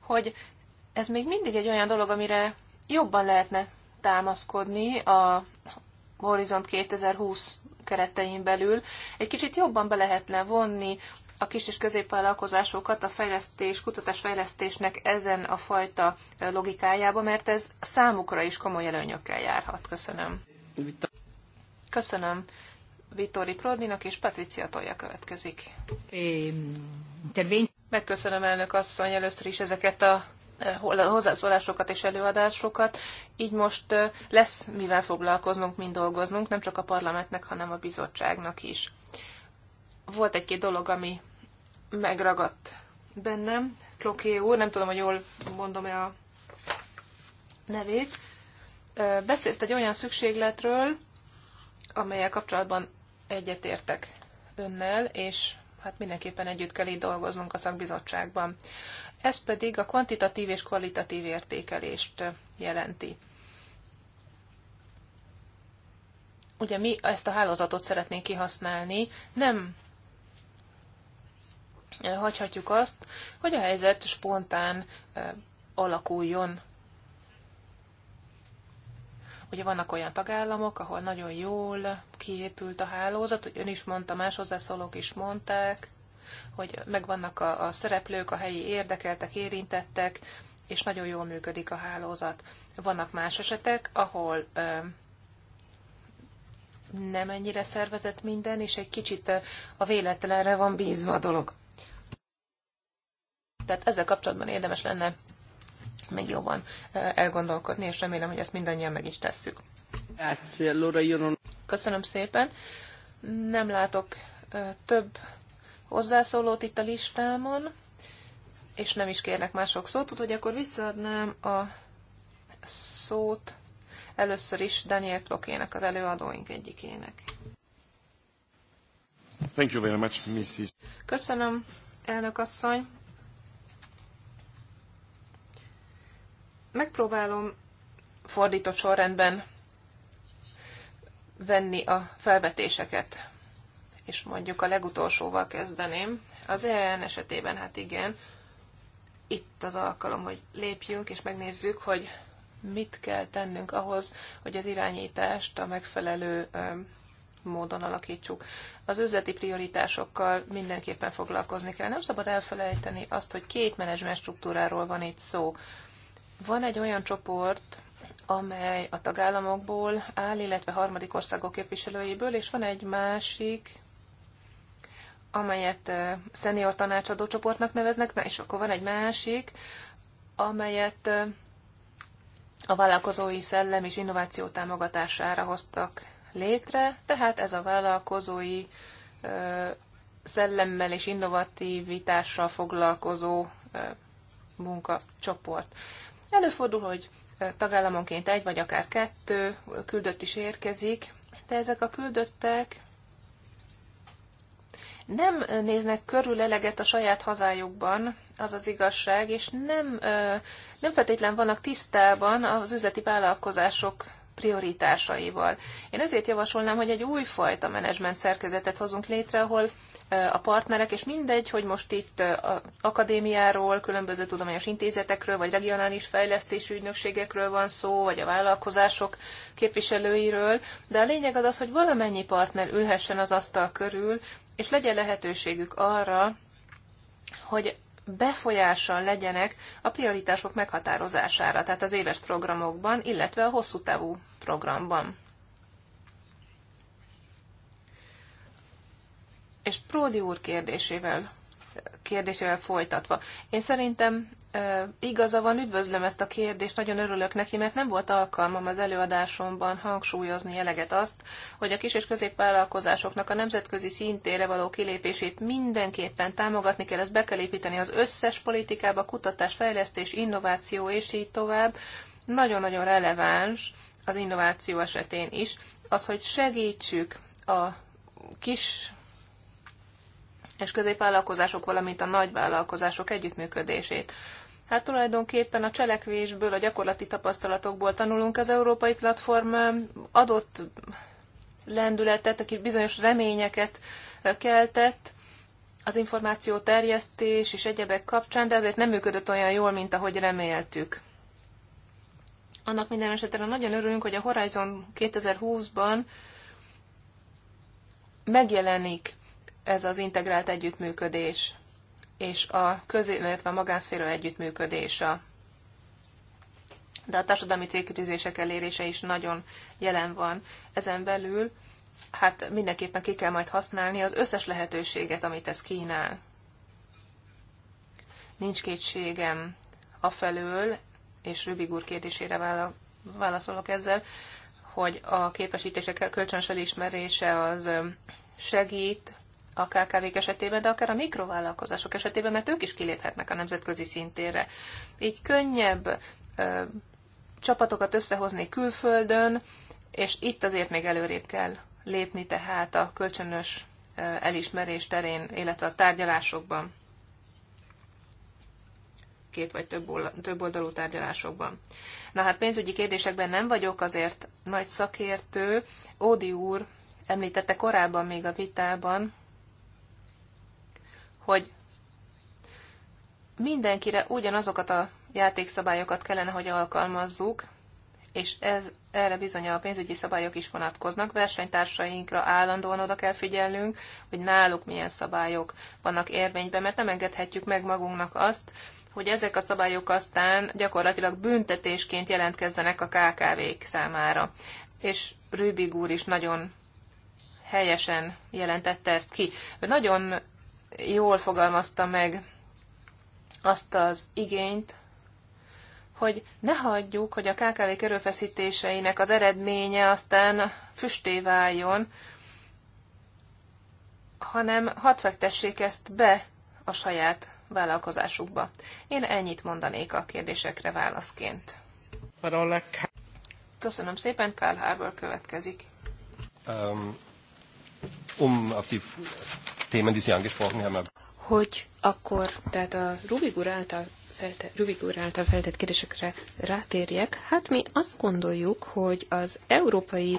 hogy ez még mindig egy olyan dolog, amire jobban lehetne támaszkodni a Horizont 2020 keretein belül egy kicsit jobban be lehetne vonni a kis és középvállalkozásokat a fejlesztés, kutatásfejlesztésnek ezen a fajta logikájába, mert ez számukra is komoly előnyökkel járhat. Köszönöm. Köszönöm. Vittori Prodinak és Patricia Tolja következik. Megköszönöm elnök asszony először is ezeket a hozzászólásokat és előadásokat, így most lesz mivel foglalkoznunk, mind dolgoznunk, nem csak a parlamentnek, hanem a bizottságnak is. Volt egy-két dolog, ami megragadt bennem. Kloké úr, nem tudom, hogy jól mondom-e a nevét, beszélt egy olyan szükségletről, amelyel kapcsolatban egyetértek önnel, és hát mindenképpen együtt kell így dolgoznunk a szakbizottságban. Ez pedig a kvantitatív és kvalitatív értékelést jelenti. Ugye mi ezt a hálózatot szeretnénk kihasználni, nem hagyhatjuk azt, hogy a helyzet spontán alakuljon. Ugye vannak olyan tagállamok, ahol nagyon jól kiépült a hálózat, hogy ön is mondta, más hozzászólók is mondták, hogy megvannak a, a szereplők, a helyi érdekeltek, érintettek, és nagyon jól működik a hálózat. Vannak más esetek, ahol ö, nem ennyire szervezett minden, és egy kicsit a véletlenre van bízva a dolog. Tehát ezzel kapcsolatban érdemes lenne még jobban elgondolkodni, és remélem, hogy ezt mindannyian meg is tesszük. Köszönöm szépen. Nem látok több hozzászólót itt a listámon, és nem is kérnek mások szót, úgyhogy akkor visszaadnám a szót először is Daniel Klokének, az előadóink egyikének. Thank you very much, Mrs. Köszönöm, elnök asszony. Megpróbálom fordított sorrendben venni a felvetéseket és mondjuk a legutolsóval kezdeném. Az EN esetében hát igen, itt az alkalom, hogy lépjünk és megnézzük, hogy mit kell tennünk ahhoz, hogy az irányítást a megfelelő módon alakítsuk. Az üzleti prioritásokkal mindenképpen foglalkozni kell. Nem szabad elfelejteni azt, hogy két menedzsment struktúráról van itt szó. Van egy olyan csoport, amely a tagállamokból áll, illetve harmadik országok képviselőiből, és van egy másik amelyet szenior tanácsadó csoportnak neveznek, na és akkor van egy másik, amelyet a vállalkozói szellem és innováció támogatására hoztak létre, tehát ez a vállalkozói szellemmel és innovativitással foglalkozó munkacsoport. Előfordul, hogy tagállamonként egy vagy akár kettő küldött is érkezik, de ezek a küldöttek nem néznek körül eleget a saját hazájukban, az az igazság, és nem, nem feltétlen vannak tisztában az üzleti vállalkozások prioritásaival. Én ezért javasolnám, hogy egy újfajta menedzsment szerkezetet hozunk létre, ahol a partnerek, és mindegy, hogy most itt akadémiáról, különböző tudományos intézetekről, vagy regionális fejlesztési ügynökségekről van szó, vagy a vállalkozások képviselőiről, de a lényeg az az, hogy valamennyi partner ülhessen az asztal körül, és legyen lehetőségük arra, hogy befolyással legyenek a prioritások meghatározására, tehát az éves programokban, illetve a hosszú távú programban. És Pródi úr kérdésével, kérdésével folytatva, én szerintem Igaza van, üdvözlöm ezt a kérdést, nagyon örülök neki, mert nem volt alkalmam az előadásomban hangsúlyozni eleget azt, hogy a kis- és középvállalkozásoknak a nemzetközi szintére való kilépését mindenképpen támogatni kell, ezt be kell építeni az összes politikába, kutatás, fejlesztés, innováció és így tovább. Nagyon-nagyon releváns az innováció esetén is az, hogy segítsük a kis és középvállalkozások, valamint a nagyvállalkozások együttműködését. Hát tulajdonképpen a cselekvésből, a gyakorlati tapasztalatokból tanulunk. Az európai platform adott lendületet, egy bizonyos reményeket keltett az információ terjesztés és egyebek kapcsán, de azért nem működött olyan jól, mint ahogy reméltük. Annak minden esetre nagyon örülünk, hogy a Horizon 2020-ban megjelenik ez az integrált együttműködés és a közé, illetve a magánszféra együttműködése. De a társadalmi célkitűzések elérése is nagyon jelen van. Ezen belül hát mindenképpen ki kell majd használni az összes lehetőséget, amit ez kínál. Nincs kétségem felől és Rübig úr kérdésére válaszolok ezzel, hogy a képesítések kölcsönös elismerése az segít a kkv esetében, de akár a mikrovállalkozások esetében, mert ők is kiléphetnek a nemzetközi szintére. Így könnyebb ö, csapatokat összehozni külföldön, és itt azért még előrébb kell lépni, tehát a kölcsönös elismerés terén, illetve a tárgyalásokban, két vagy több, több oldalú tárgyalásokban. Na hát pénzügyi kérdésekben nem vagyok azért nagy szakértő. Ódi úr említette korábban még a vitában, hogy mindenkire ugyanazokat a játékszabályokat kellene, hogy alkalmazzuk, és ez, erre bizony a pénzügyi szabályok is vonatkoznak. Versenytársainkra állandóan oda kell figyelnünk, hogy náluk milyen szabályok vannak érvényben, mert nem engedhetjük meg magunknak azt, hogy ezek a szabályok aztán gyakorlatilag büntetésként jelentkezzenek a KKV-k számára. És Rübig úr is nagyon helyesen jelentette ezt ki. Nagyon jól fogalmazta meg azt az igényt, hogy ne hagyjuk, hogy a KKV körülfeszítéseinek az eredménye aztán füsté váljon, hanem hadd fektessék ezt be a saját vállalkozásukba. Én ennyit mondanék a kérdésekre válaszként. Köszönöm szépen, Karl Harbour következik. Um, um a Themen, die Sie angesprochen haben. Hogy akkor, tehát a Rubik úr által feltett, Rubik úr által feltett kérdésekre rátérjek, hát mi azt gondoljuk, hogy az európai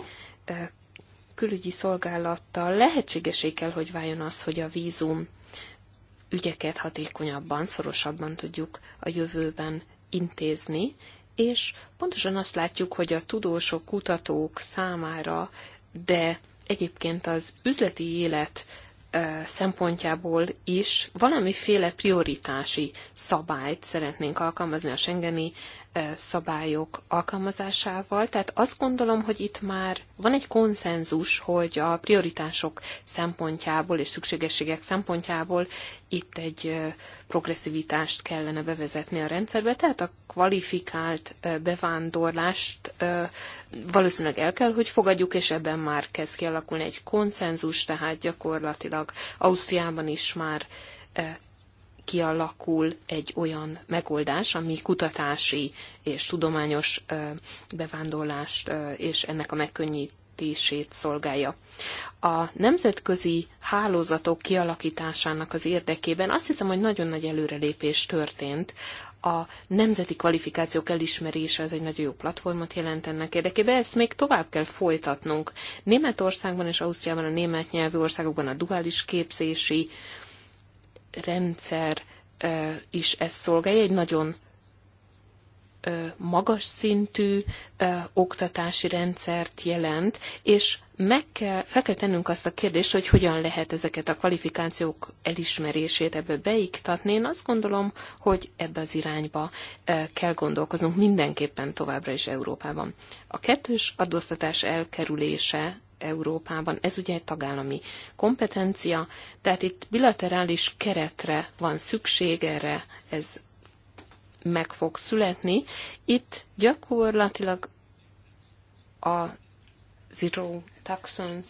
külügyi szolgálattal lehetségesé kell, hogy váljon az, hogy a vízum ügyeket hatékonyabban, szorosabban tudjuk a jövőben intézni, és pontosan azt látjuk, hogy a tudósok, kutatók számára, de egyébként az üzleti élet szempontjából is valamiféle prioritási szabályt szeretnénk alkalmazni a Schengeni szabályok alkalmazásával. Tehát azt gondolom, hogy itt már van egy konszenzus, hogy a prioritások szempontjából és szükségességek szempontjából itt egy progresszivitást kellene bevezetni a rendszerbe, tehát a kvalifikált bevándorlást valószínűleg el kell, hogy fogadjuk, és ebben már kezd kialakulni egy konszenzus, tehát gyakorlatilag Ausztriában is már kialakul egy olyan megoldás, ami kutatási és tudományos bevándorlást és ennek a megkönnyítését szolgálja. A nemzetközi hálózatok kialakításának az érdekében azt hiszem, hogy nagyon nagy előrelépés történt a nemzeti kvalifikációk elismerése az egy nagyon jó platformot jelent ennek érdekében, ezt még tovább kell folytatnunk. Németországban és Ausztriában a német nyelvű országokban a duális képzési rendszer is ezt szolgálja, egy nagyon magas szintű oktatási rendszert jelent, és meg kell, fel kell tennünk azt a kérdést, hogy hogyan lehet ezeket a kvalifikációk elismerését ebbe beiktatni. Én azt gondolom, hogy ebbe az irányba kell gondolkoznunk mindenképpen továbbra is Európában. A kettős adóztatás elkerülése Európában. Ez ugye egy tagállami kompetencia, tehát itt bilaterális keretre van szükség, erre ez meg fog születni. Itt gyakorlatilag a Zero Taxons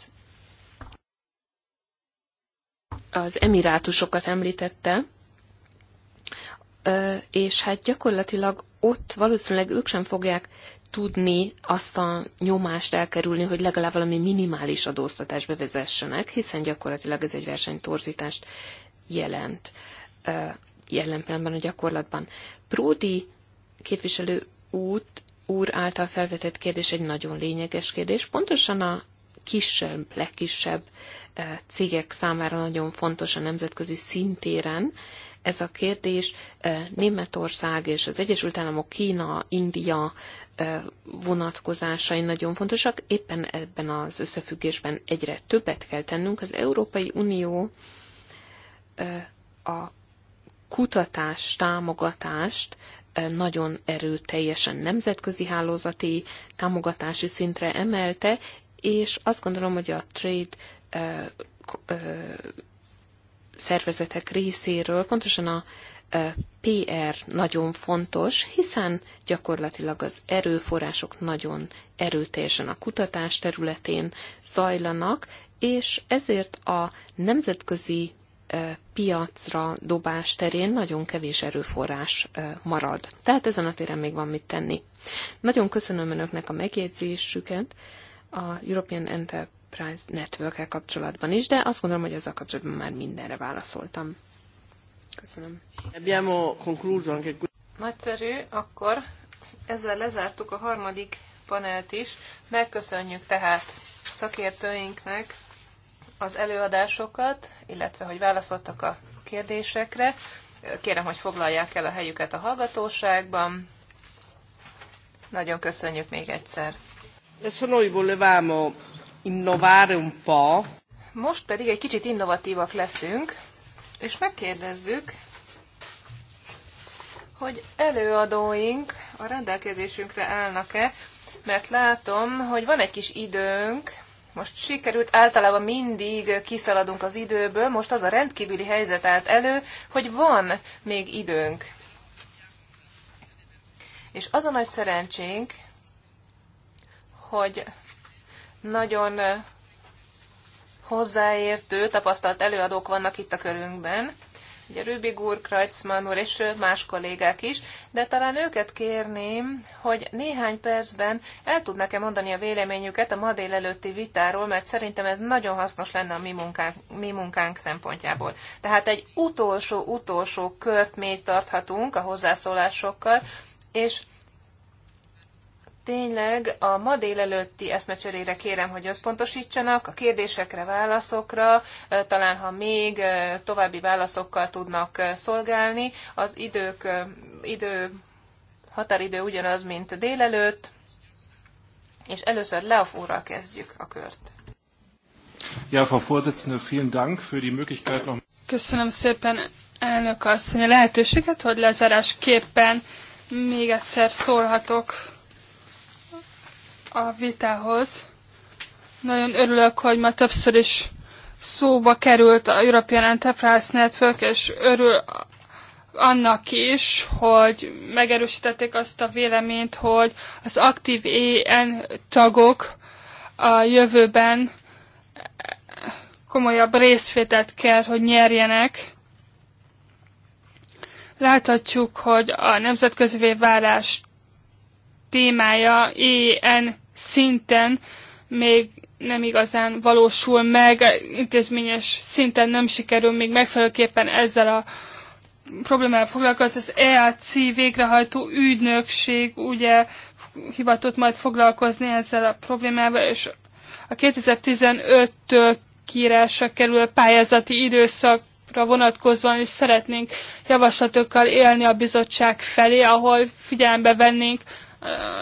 az emirátusokat említette, és hát gyakorlatilag ott valószínűleg ők sem fogják tudni azt a nyomást elkerülni, hogy legalább valami minimális adóztatást bevezessenek, hiszen gyakorlatilag ez egy versenytorzítást jelent jelen pillanatban a gyakorlatban. Pródi képviselő út úr által felvetett kérdés egy nagyon lényeges kérdés. Pontosan a kisebb, legkisebb cégek számára nagyon fontos a nemzetközi szintéren ez a kérdés eh, Németország és az Egyesült Államok, Kína, India eh, vonatkozásai nagyon fontosak. Éppen ebben az összefüggésben egyre többet kell tennünk. Az Európai Unió eh, a kutatás támogatást nagyon erőteljesen nemzetközi hálózati támogatási szintre emelte, és azt gondolom, hogy a trade szervezetek részéről pontosan a PR nagyon fontos, hiszen gyakorlatilag az erőforrások nagyon erőteljesen a kutatás területén zajlanak, és ezért a nemzetközi piacra dobás terén nagyon kevés erőforrás marad. Tehát ezen a téren még van mit tenni. Nagyon köszönöm Önöknek a megjegyzésüket. A European Enter Price network kapcsolatban is, de azt gondolom, hogy ezzel kapcsolatban már mindenre válaszoltam. Köszönöm. Abbiamo concluso anche Nagyszerű, akkor ezzel lezártuk a harmadik panelt is. Megköszönjük tehát szakértőinknek az előadásokat, illetve hogy válaszoltak a kérdésekre. Kérem, hogy foglalják el a helyüket a hallgatóságban. Nagyon köszönjük még egyszer. Adesso noi volevamo innovare un po'. Most pedig egy kicsit innovatívak leszünk, és megkérdezzük, hogy előadóink a rendelkezésünkre állnak-e, mert látom, hogy van egy kis időnk, most sikerült, általában mindig kiszaladunk az időből, most az a rendkívüli helyzet állt elő, hogy van még időnk. És az a nagy szerencsénk, hogy nagyon hozzáértő, tapasztalt előadók vannak itt a körünkben. Ugye Rübig úr, Kreutzmann úr és más kollégák is, de talán őket kérném, hogy néhány percben el tudnak-e mondani a véleményüket a ma délelőtti vitáról, mert szerintem ez nagyon hasznos lenne a mi munkánk, mi munkánk szempontjából. Tehát egy utolsó-utolsó kört még tarthatunk a hozzászólásokkal, és tényleg a ma délelőtti eszmecserére kérem, hogy összpontosítsanak a kérdésekre, válaszokra, talán ha még további válaszokkal tudnak szolgálni. Az idők, idő, határidő ugyanaz, mint délelőtt, és először Leof úrral kezdjük a kört. Ja, Frau Vorsitzende, vielen Dank für die Möglichkeit noch. Köszönöm szépen, elnök asszony, a lehetőséget, hogy lezárásképpen még egyszer szólhatok a vitához. Nagyon örülök, hogy ma többször is szóba került a European Enterprise Network, és örül annak is, hogy megerősítették azt a véleményt, hogy az aktív EN tagok a jövőben komolyabb részvételt kell, hogy nyerjenek. Láthatjuk, hogy a nemzetközi válás témája ilyen szinten még nem igazán valósul meg, intézményes szinten nem sikerül még megfelelőképpen ezzel a problémával foglalkozni. Az EAC végrehajtó ügynökség ugye hivatott majd foglalkozni ezzel a problémával, és a 2015-től kiírásra kerül pályázati időszakra vonatkozóan is szeretnénk javaslatokkal élni a bizottság felé, ahol figyelembe vennénk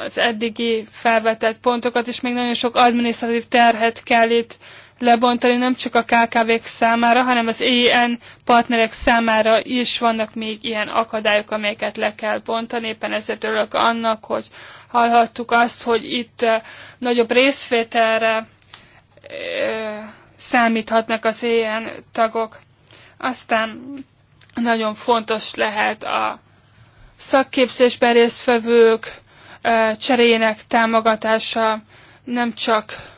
az eddigi felvetett pontokat, és még nagyon sok adminisztratív terhet kell itt lebontani, nem csak a KKV-k számára, hanem az EIN partnerek számára is vannak még ilyen akadályok, amelyeket le kell bontani. Éppen ezért örülök annak, hogy hallhattuk azt, hogy itt eh, nagyobb részvételre eh, számíthatnak az EN tagok. Aztán nagyon fontos lehet a szakképzésben résztvevők, cseréjének támogatása nem csak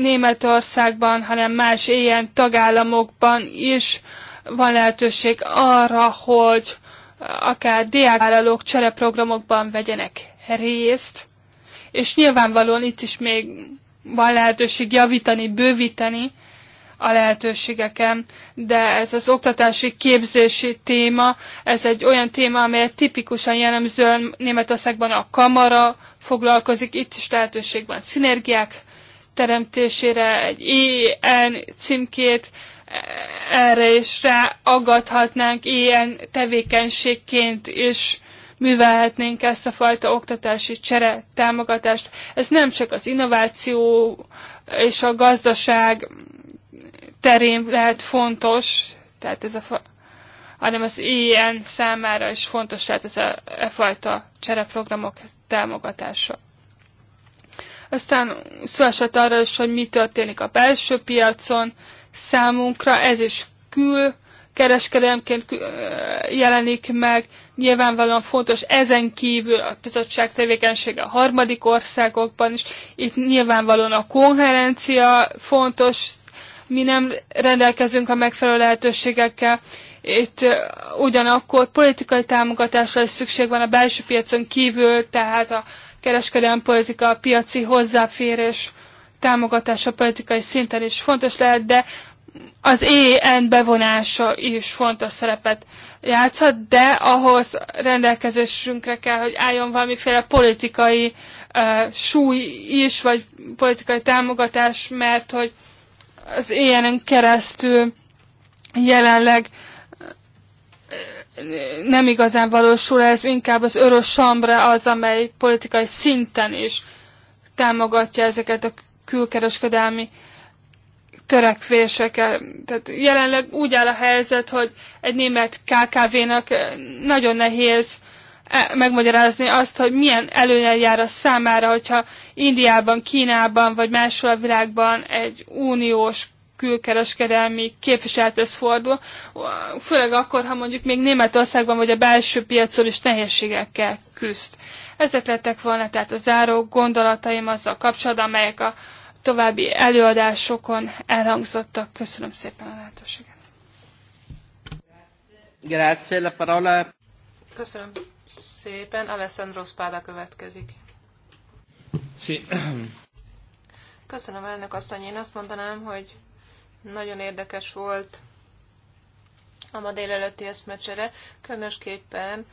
Németországban, hanem más ilyen tagállamokban is van lehetőség arra, hogy akár diákvállalók csereprogramokban vegyenek részt, és nyilvánvalóan itt is még van lehetőség javítani, bővíteni a lehetőségeken, de ez az oktatási képzési téma, ez egy olyan téma, amely tipikusan jellemzően Németországban a kamara foglalkozik, itt is lehetőség van szinergiák teremtésére, egy ilyen címkét, erre is rá aggathatnánk, ilyen tevékenységként is művelhetnénk ezt a fajta oktatási csere támogatást. Ez nem csak az innováció és a gazdaság terén lehet fontos, tehát ez a hanem az ilyen számára is fontos, tehát ez a, a e fajta csereprogramok támogatása. Aztán szó esett arra is, hogy mi történik a belső piacon számunkra, ez is kül kereskedelemként jelenik meg, nyilvánvalóan fontos ezen kívül a bizottság tevékenysége a harmadik országokban is, itt nyilvánvalóan a konherencia fontos mi nem rendelkezünk a megfelelő lehetőségekkel. Itt ugyanakkor politikai támogatásra is szükség van a belső piacon kívül, tehát a kereskedelmi politika, a piaci hozzáférés támogatása politikai szinten is fontos lehet, de az EN bevonása is fontos szerepet játszhat, de ahhoz rendelkezésünkre kell, hogy álljon valamiféle politikai uh, súly is, vagy politikai támogatás, mert hogy az éjjelen keresztül jelenleg eh, nem igazán valósul ez, inkább az örös Sambra az, amely politikai szinten is támogatja ezeket a külkereskedelmi törekvéseket. Tehát jelenleg úgy áll a helyzet, hogy egy német KKV-nak eh, nagyon nehéz E, megmagyarázni azt, hogy milyen előnyel jár a számára, hogyha Indiában, Kínában vagy máshol a világban egy uniós külkereskedelmi képviselethez fordul, főleg akkor, ha mondjuk még Németországban vagy a belső piacon is nehézségekkel küzd. Ezek lettek volna tehát a záró gondolataim azzal kapcsolatban, amelyek a további előadásokon elhangzottak. Köszönöm szépen a lehetőséget. Grazie, la parola. Köszönöm szépen. Alessandro Spada következik. Sí. Köszönöm, elnök asszony. Én azt mondanám, hogy nagyon érdekes volt a ma délelőtti eszmecsere, különösképpen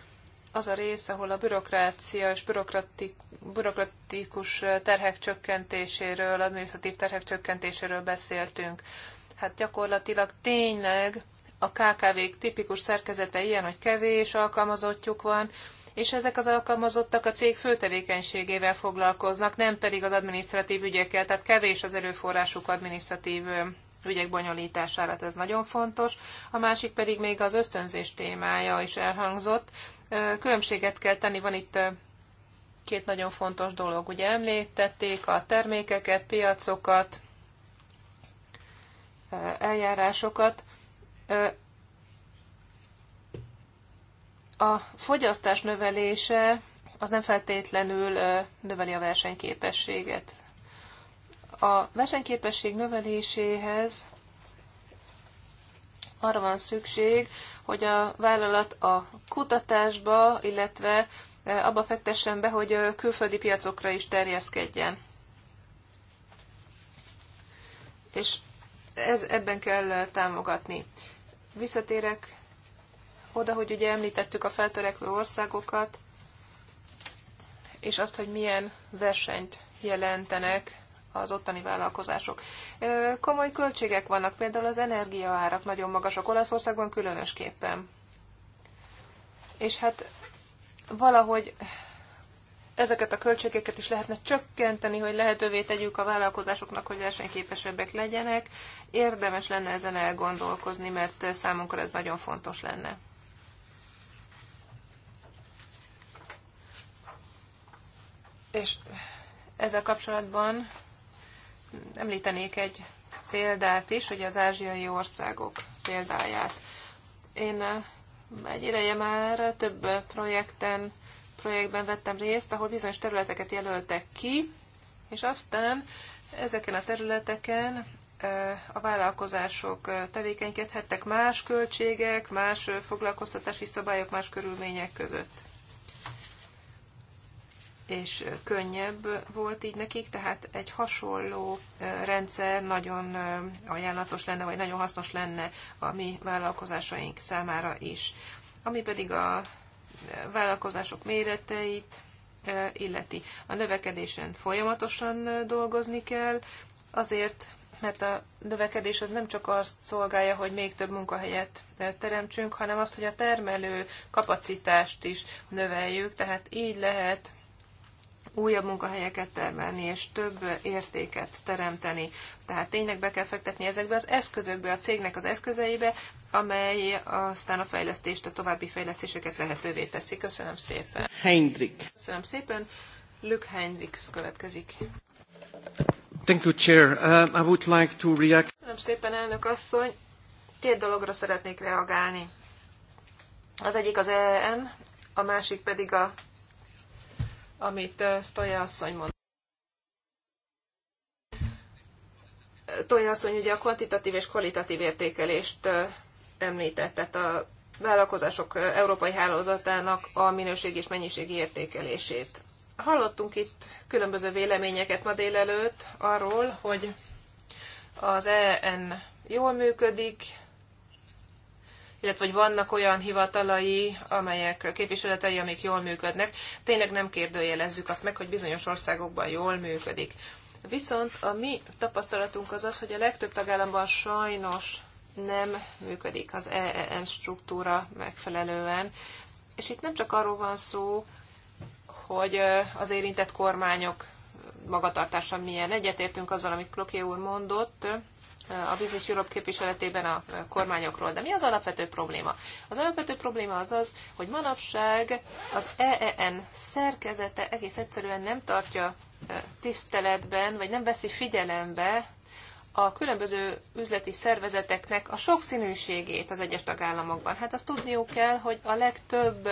az a rész, ahol a bürokrácia és bürokratik, bürokratikus terhek csökkentéséről, administratív terhek csökkentéséről beszéltünk. Hát gyakorlatilag tényleg a KKV-k tipikus szerkezete ilyen, hogy kevés alkalmazottjuk van, és ezek az alkalmazottak a cég főtevékenységével foglalkoznak, nem pedig az adminisztratív ügyekkel, tehát kevés az erőforrásuk adminisztratív ügyek bonyolítására, ez nagyon fontos. A másik pedig még az ösztönzés témája is elhangzott. Különbséget kell tenni, van itt két nagyon fontos dolog. Ugye említették a termékeket, piacokat, eljárásokat, a fogyasztás növelése az nem feltétlenül növeli a versenyképességet. A versenyképesség növeléséhez arra van szükség, hogy a vállalat a kutatásba, illetve abba fektessen be, hogy külföldi piacokra is terjeszkedjen. És ez, ebben kell támogatni. Visszatérek oda, hogy ugye említettük a feltörekvő országokat, és azt, hogy milyen versenyt jelentenek az ottani vállalkozások. Komoly költségek vannak, például az energiaárak nagyon magasak Olaszországban különösképpen. És hát valahogy ezeket a költségeket is lehetne csökkenteni, hogy lehetővé tegyük a vállalkozásoknak, hogy versenyképesebbek legyenek. Érdemes lenne ezen elgondolkozni, mert számunkra ez nagyon fontos lenne. És ezzel kapcsolatban említenék egy példát is, hogy az ázsiai országok példáját. Én egy ideje már több projekten projektben vettem részt, ahol bizonyos területeket jelöltek ki, és aztán ezeken a területeken a vállalkozások tevékenykedhettek más költségek, más foglalkoztatási szabályok, más körülmények között. És könnyebb volt így nekik, tehát egy hasonló rendszer nagyon ajánlatos lenne, vagy nagyon hasznos lenne a mi vállalkozásaink számára is. Ami pedig a vállalkozások méreteit illeti. A növekedésen folyamatosan dolgozni kell, azért, mert a növekedés az nem csak azt szolgálja, hogy még több munkahelyet teremtsünk, hanem azt, hogy a termelő kapacitást is növeljük, tehát így lehet újabb munkahelyeket termelni, és több értéket teremteni. Tehát tényleg be kell fektetni ezekbe az eszközökbe, a cégnek az eszközeibe, amely aztán a fejlesztést, a további fejlesztéseket lehetővé teszi. Köszönöm szépen. Hendrik. Köszönöm szépen. Luke Hendrik következik. Thank you, Chair. Uh, I would like to react. Köszönöm szépen, elnök asszony. Két dologra szeretnék reagálni. Az egyik az EN, a másik pedig a amit Stoja asszony mond. Tolja asszony ugye a kvantitatív és kvalitatív értékelést említett, tehát a vállalkozások európai hálózatának a minőség és mennyiségi értékelését. Hallottunk itt különböző véleményeket ma délelőtt arról, hogy az EN jól működik, illetve hogy vannak olyan hivatalai, amelyek képviseletei, amik jól működnek. Tényleg nem kérdőjelezzük azt meg, hogy bizonyos országokban jól működik. Viszont a mi tapasztalatunk az az, hogy a legtöbb tagállamban sajnos nem működik az EEN struktúra megfelelően. És itt nem csak arról van szó, hogy az érintett kormányok magatartása milyen. Egyetértünk azzal, amit Kloké úr mondott, a Business Europe képviseletében a kormányokról. De mi az alapvető probléma? Az alapvető probléma az az, hogy manapság az EEN szerkezete egész egyszerűen nem tartja tiszteletben, vagy nem veszi figyelembe a különböző üzleti szervezeteknek a sokszínűségét az egyes tagállamokban. Hát azt tudniuk kell, hogy a legtöbb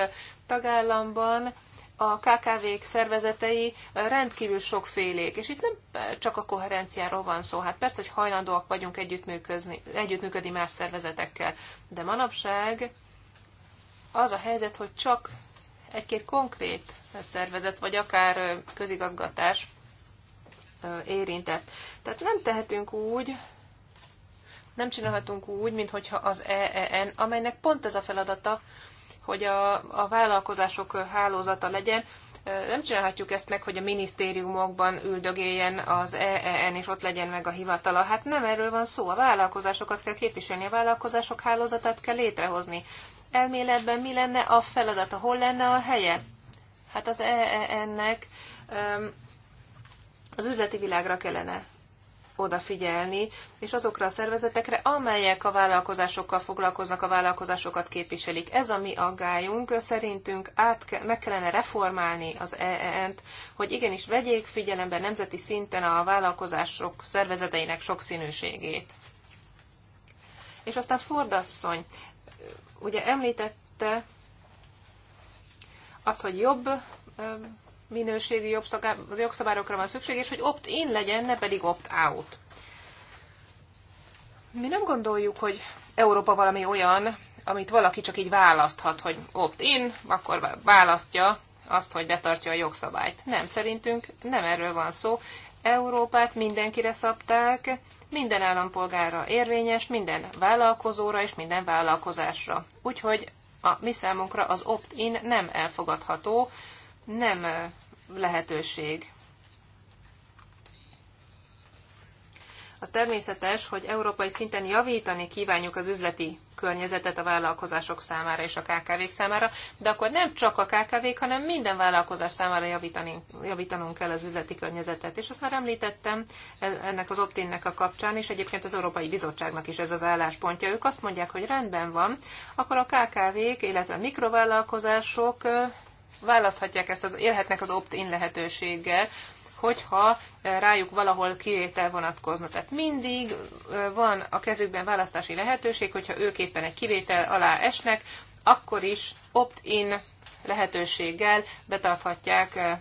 tagállamban a KKV-k szervezetei rendkívül sokfélék, és itt nem csak a koherenciáról van szó. Hát persze, hogy hajlandóak vagyunk együttműködni, együttműködni más szervezetekkel, de manapság az a helyzet, hogy csak egy-két konkrét szervezet, vagy akár közigazgatás érintett. Tehát nem tehetünk úgy, nem csinálhatunk úgy, mintha az EEN, amelynek pont ez a feladata, hogy a, a vállalkozások hálózata legyen. Nem csinálhatjuk ezt meg, hogy a minisztériumokban üldögéljen az EEN, és ott legyen meg a hivatala. Hát nem erről van szó. A vállalkozásokat kell képviselni, a vállalkozások hálózatát kell létrehozni. Elméletben mi lenne a feladata, hol lenne a helye? Hát az EEN-nek az üzleti világra kellene odafigyelni, és azokra a szervezetekre, amelyek a vállalkozásokkal foglalkoznak, a vállalkozásokat képviselik. Ez a mi aggályunk, szerintünk át ke- meg kellene reformálni az EEN-t, hogy igenis vegyék figyelembe nemzeti szinten a vállalkozások szervezeteinek sokszínűségét. És aztán Fordasszony, ugye említette azt, hogy jobb minőségi jogszabályokra van szükség, és hogy opt-in legyen, ne pedig opt-out. Mi nem gondoljuk, hogy Európa valami olyan, amit valaki csak így választhat, hogy opt-in, akkor választja azt, hogy betartja a jogszabályt. Nem, szerintünk nem erről van szó. Európát mindenkire szabták, minden állampolgára érvényes, minden vállalkozóra és minden vállalkozásra. Úgyhogy a mi számunkra az opt-in nem elfogadható, nem lehetőség. Az természetes, hogy európai szinten javítani kívánjuk az üzleti környezetet a vállalkozások számára és a KKV-k számára, de akkor nem csak a KKV-k, hanem minden vállalkozás számára javítani, javítanunk kell az üzleti környezetet. És azt már említettem e, ennek az optinnek a kapcsán, és egyébként az Európai Bizottságnak is ez az álláspontja. Ők azt mondják, hogy rendben van, akkor a KKV-k, illetve a mikrovállalkozások választhatják ezt, az, élhetnek az opt-in lehetőséggel, hogyha eh, rájuk valahol kivétel vonatkozna. Tehát mindig eh, van a kezükben választási lehetőség, hogyha ők éppen egy kivétel alá esnek, akkor is opt-in lehetőséggel betarthatják eh,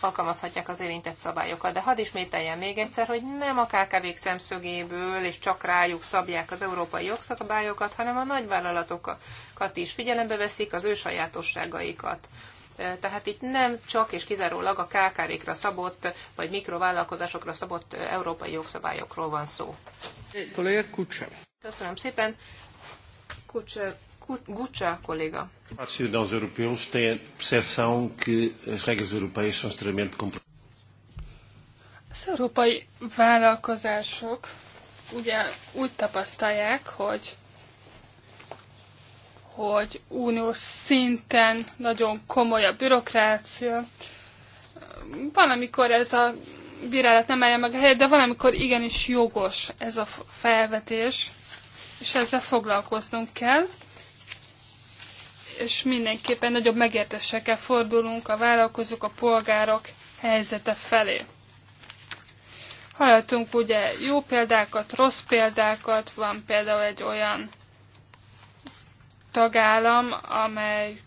alkalmazhatják az érintett szabályokat. De hadd ismételjem még egyszer, hogy nem a kkv szemszögéből és csak rájuk szabják az európai jogszabályokat, hanem a nagyvállalatokat is figyelembe veszik az ő sajátosságaikat. Tehát itt nem csak és kizárólag a KKV-kra szabott, vagy mikrovállalkozásokra szabott európai jogszabályokról van szó. Kolléga Kucsa. Köszönöm szépen. Kucsa, Gucsa kolléga. A cidadãos europeus têm a percepção que as regras europeias são extremamente Az európai vállalkozások ugye úgy tapasztalják, hogy hogy uniós szinten nagyon komoly a bürokrácia. Van, amikor ez a bírálat nem állja meg a helyet, de van, amikor igenis jogos ez a felvetés, és ezzel foglalkoznunk kell. És mindenképpen nagyobb megértésekkel fordulunk a vállalkozók, a polgárok helyzete felé. Hallottunk ugye jó példákat, rossz példákat, van például egy olyan tagállam, amely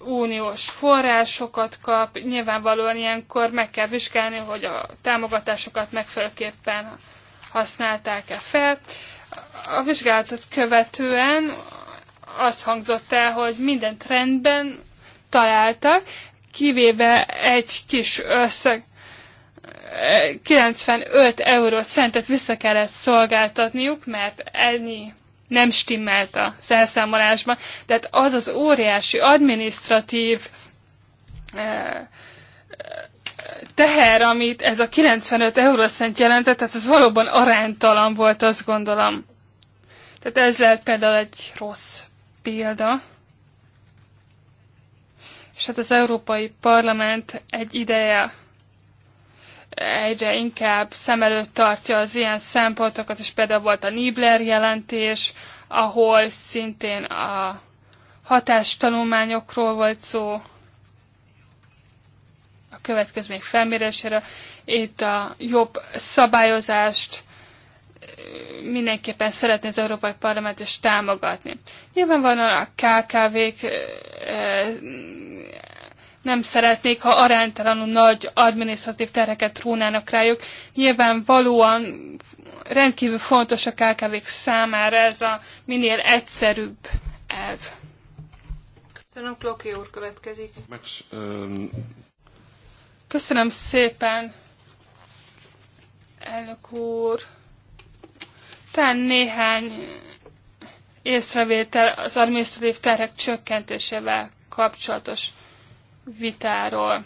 uniós forrásokat kap, nyilvánvalóan ilyenkor meg kell vizsgálni, hogy a támogatásokat megfelelőképpen használták-e fel. A vizsgálatot követően azt hangzott el, hogy minden trendben találtak, kivéve egy kis összeg 95 euró szentet vissza kellett szolgáltatniuk, mert ennyi nem stimmelt a felszámolásban. Tehát az az óriási administratív eh, teher, amit ez a 95 eurószent jelentett, tehát ez valóban aránytalan volt, azt gondolom. Tehát ez lehet például egy rossz példa. És hát az Európai Parlament egy ideje egyre inkább szem előtt tartja az ilyen szempontokat, és például volt a Nibler jelentés, ahol szintén a hatástanulmányokról volt szó, a még felmérésére, itt a jobb szabályozást mindenképpen szeretné az Európai Parlament is támogatni. Nyilvánvalóan a KKV-k nem szeretnék, ha aránytalanul nagy adminisztratív terheket rónának rájuk. Nyilvánvalóan rendkívül fontos a kkv számára ez a minél egyszerűbb elv. Köszönöm, Kloki úr következik. Um, Köszönöm szépen, elnök úr. Talán néhány észrevétel az adminisztratív terhek csökkentésével kapcsolatos vitáról.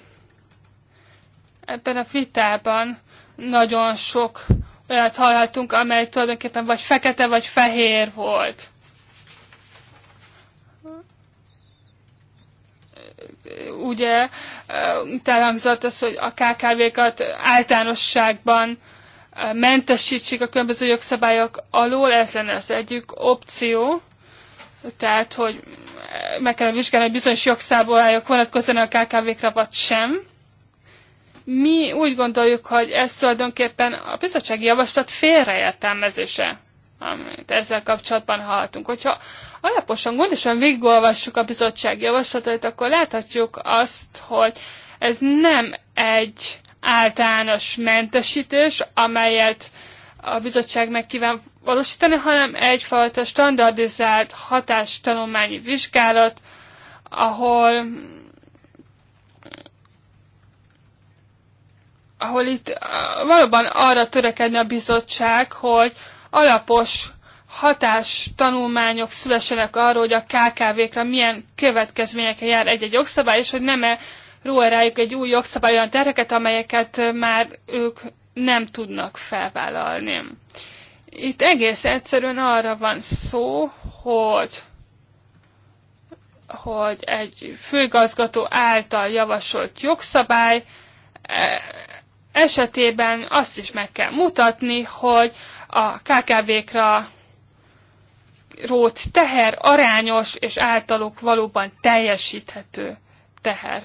Ebben a vitában nagyon sok olyat hallhatunk, amely tulajdonképpen vagy fekete, vagy fehér volt. Ugye itt elhangzott az, hogy a KKV-kat általánosságban eh, mentesítsék a különböző jogszabályok alól, ez lenne az egyik opció, tehát hogy meg kell vizsgálni, hogy bizonyos jogszabályok vonatkozóan a KKV-kra, vagy sem. Mi úgy gondoljuk, hogy ez tulajdonképpen a bizottsági javaslat félreértelmezése, amit ezzel kapcsolatban hallhatunk. Hogyha alaposan, gondosan végigolvassuk a bizottsági javaslatot, akkor láthatjuk azt, hogy ez nem egy általános mentesítés, amelyet a bizottság meg kíván valósítani, hanem egyfajta standardizált hatástanulmányi vizsgálat, ahol ahol itt valóban arra törekedne a bizottság, hogy alapos hatás tanulmányok szülessenek arról, hogy a KKV-kra milyen következményekkel jár egy-egy jogszabály, és hogy nem-e rájuk egy új jogszabály olyan terheket, amelyeket már ők nem tudnak felvállalni. Itt egész egyszerűen arra van szó, hogy hogy egy főgazgató által javasolt jogszabály e, esetében azt is meg kell mutatni, hogy a KKV-kra rót teher arányos és általuk valóban teljesíthető teher.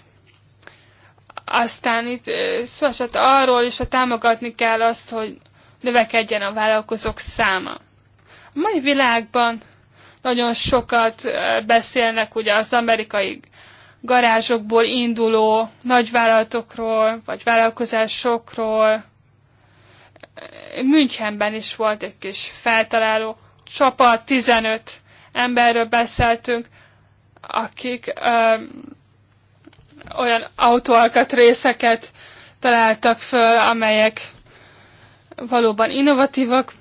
Aztán itt e, szó szóval arról is, hogy támogatni kell azt, hogy növekedjen a vállalkozók száma. A mai világban nagyon sokat beszélnek ugye az amerikai garázsokból induló nagyvállalatokról, vagy vállalkozásokról. Münchenben is volt egy kis feltaláló csapat, 15 emberről beszéltünk, akik ö, olyan autóalkatrészeket találtak föl, amelyek valóban innovatívak,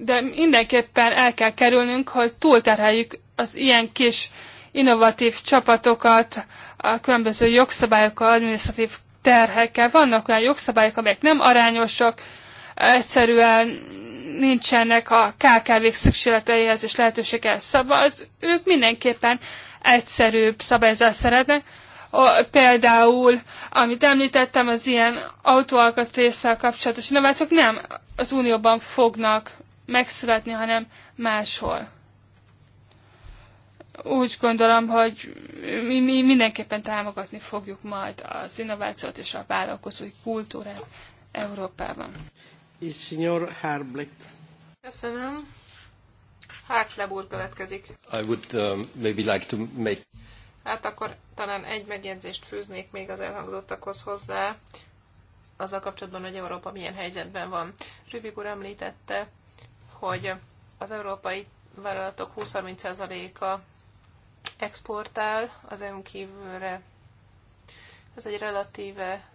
de mindenképpen el kell kerülnünk, hogy túlterheljük az ilyen kis innovatív csapatokat, a különböző jogszabályokkal, administratív terhekkel. Vannak olyan jogszabályok, amelyek nem arányosak, egyszerűen nincsenek a kkv szükségleteihez és lehetőséghez szabva, az ők mindenképpen egyszerűbb szabályzást szeretnek. A például, amit említettem, az ilyen autóalkatrészsel kapcsolatos innovációk nem az Unióban fognak megszületni, hanem máshol. Úgy gondolom, hogy mi, mi mindenképpen támogatni fogjuk majd az innovációt és a vállalkozói kultúrát Európában. És Signor Harblet. Köszönöm. Hartleb úr következik. I would um, maybe like to make... Hát akkor talán egy megjegyzést fűznék még az elhangzottakhoz hozzá, azzal kapcsolatban, hogy Európa milyen helyzetben van. Rübig úr említette, hogy az európai vállalatok 20-30%-a exportál az EU kívülre. Ez egy relatíve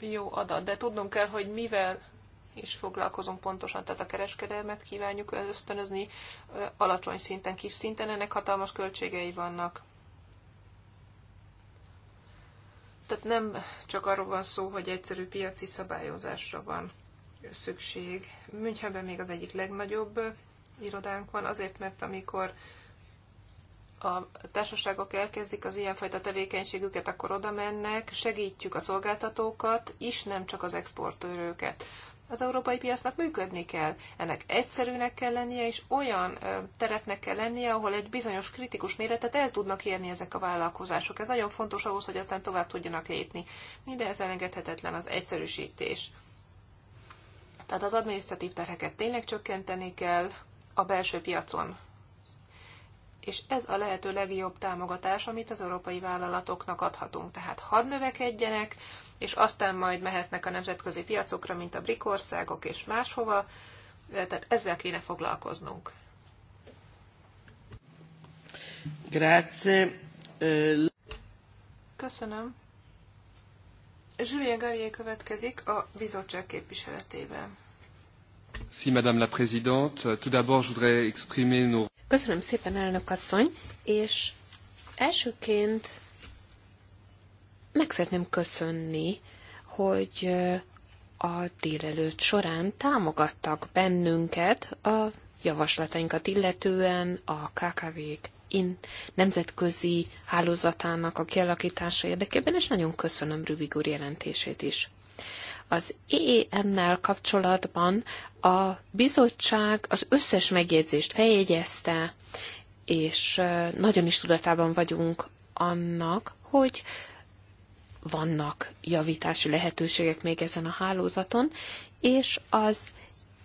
jó adat, de tudnunk kell, hogy mivel is foglalkozunk pontosan, tehát a kereskedelmet kívánjuk ösztönözni alacsony szinten, kis szinten, ennek hatalmas költségei vannak. Tehát nem csak arról van szó, hogy egyszerű piaci szabályozásra van szükség. Münchenben még az egyik legnagyobb irodánk van, azért, mert amikor a társaságok elkezdik az ilyenfajta tevékenységüket, akkor oda mennek, segítjük a szolgáltatókat is, nem csak az exportőröket az európai piacnak működni kell. Ennek egyszerűnek kell lennie, és olyan terepnek kell lennie, ahol egy bizonyos kritikus méretet el tudnak érni ezek a vállalkozások. Ez nagyon fontos ahhoz, hogy aztán tovább tudjanak lépni. Mindez elengedhetetlen az egyszerűsítés. Tehát az adminisztratív terheket tényleg csökkenteni kell a belső piacon. És ez a lehető legjobb támogatás, amit az európai vállalatoknak adhatunk. Tehát hadd növekedjenek, és aztán majd mehetnek a nemzetközi piacokra, mint a brik országok és máshova. Tehát ezzel kéne foglalkoznunk. Grazie. Köszönöm. Julien Garrier következik a bizottság képviseletében. Si, Madame la Présidente, tout d'abord, je voudrais exprimer nos... Köszönöm szépen, elnök asszony, és elsőként meg szeretném köszönni, hogy a délelőtt során támogattak bennünket a javaslatainkat illetően a KKV-k in nemzetközi hálózatának a kialakítása érdekében, és nagyon köszönöm Rübig úr jelentését is. Az EEM-mel kapcsolatban a bizottság az összes megjegyzést feljegyezte, és nagyon is tudatában vagyunk annak, hogy vannak javítási lehetőségek még ezen a hálózaton, és az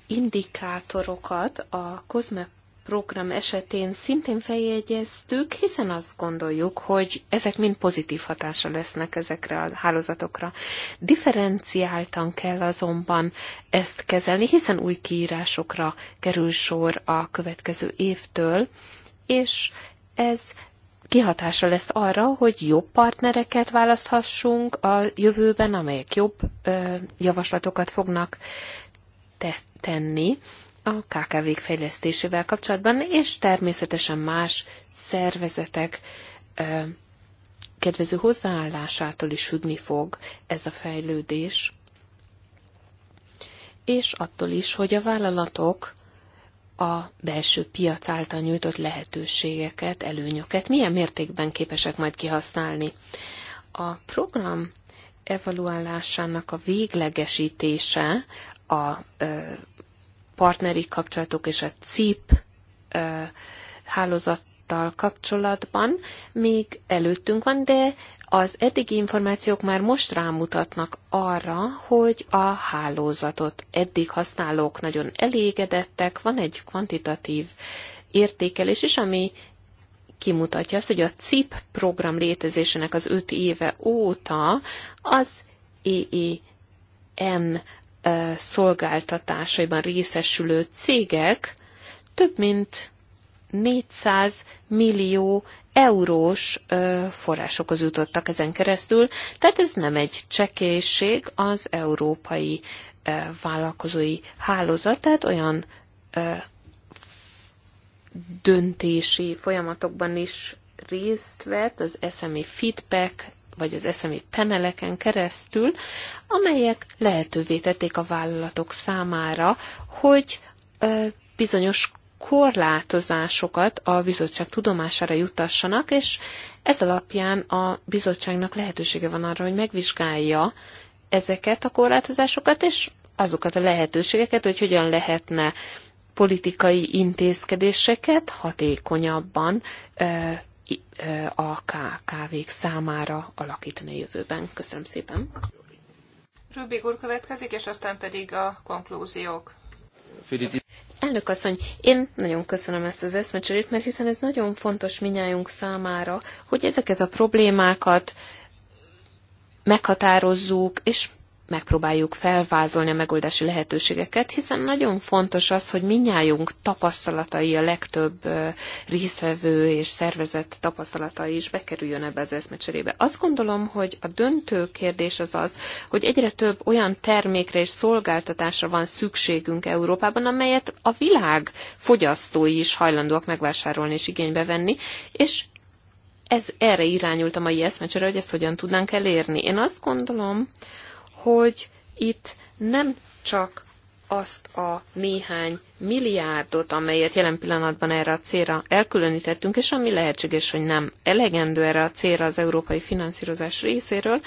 indikátorokat a COSME program esetén szintén feljegyeztük, hiszen azt gondoljuk, hogy ezek mind pozitív hatása lesznek ezekre a hálózatokra. Differenciáltan kell azonban ezt kezelni, hiszen új kiírásokra kerül sor a következő évtől, és ez kihatása lesz arra, hogy jobb partnereket választhassunk a jövőben, amelyek jobb ö, javaslatokat fognak te- tenni a kkv fejlesztésével kapcsolatban, és természetesen más szervezetek ö, kedvező hozzáállásától is függni fog ez a fejlődés, és attól is, hogy a vállalatok a belső piac által nyújtott lehetőségeket, előnyöket milyen mértékben képesek majd kihasználni. A program evaluálásának a véglegesítése a partneri kapcsolatok és a CIP hálózattal kapcsolatban még előttünk van, de az eddigi információk már most rámutatnak arra, hogy a hálózatot eddig használók nagyon elégedettek, van egy kvantitatív értékelés is, ami kimutatja azt, hogy a CIP program létezésének az öt éve óta az EEN szolgáltatásaiban részesülő cégek több mint 400 millió eurós forrásokhoz jutottak ezen keresztül, tehát ez nem egy csekélység az európai vállalkozói hálózat, tehát olyan döntési folyamatokban is részt vett az SME feedback vagy az SME paneleken keresztül, amelyek lehetővé tették a vállalatok számára, hogy bizonyos korlátozásokat a bizottság tudomására jutassanak, és ez alapján a bizottságnak lehetősége van arra, hogy megvizsgálja ezeket a korlátozásokat, és azokat a lehetőségeket, hogy hogyan lehetne politikai intézkedéseket hatékonyabban a KKV-k számára alakítani a jövőben. Köszönöm szépen. Rubik úr következik, és aztán pedig a konklúziók. Elnök asszony, én nagyon köszönöm ezt az eszmecserét, mert hiszen ez nagyon fontos minnyájunk számára, hogy ezeket a problémákat meghatározzuk, és megpróbáljuk felvázolni a megoldási lehetőségeket, hiszen nagyon fontos az, hogy minnyájunk tapasztalatai, a legtöbb részvevő és szervezet tapasztalatai is bekerüljön ebbe az eszmecserébe. Azt gondolom, hogy a döntő kérdés az az, hogy egyre több olyan termékre és szolgáltatásra van szükségünk Európában, amelyet a világ fogyasztói is hajlandóak megvásárolni és igénybe venni, és ez erre irányult a mai eszmecsere, hogy ezt hogyan tudnánk elérni. Én azt gondolom, hogy itt nem csak azt a néhány milliárdot, amelyet jelen pillanatban erre a célra elkülönítettünk, és ami lehetséges, hogy nem elegendő erre a célra az európai finanszírozás részéről,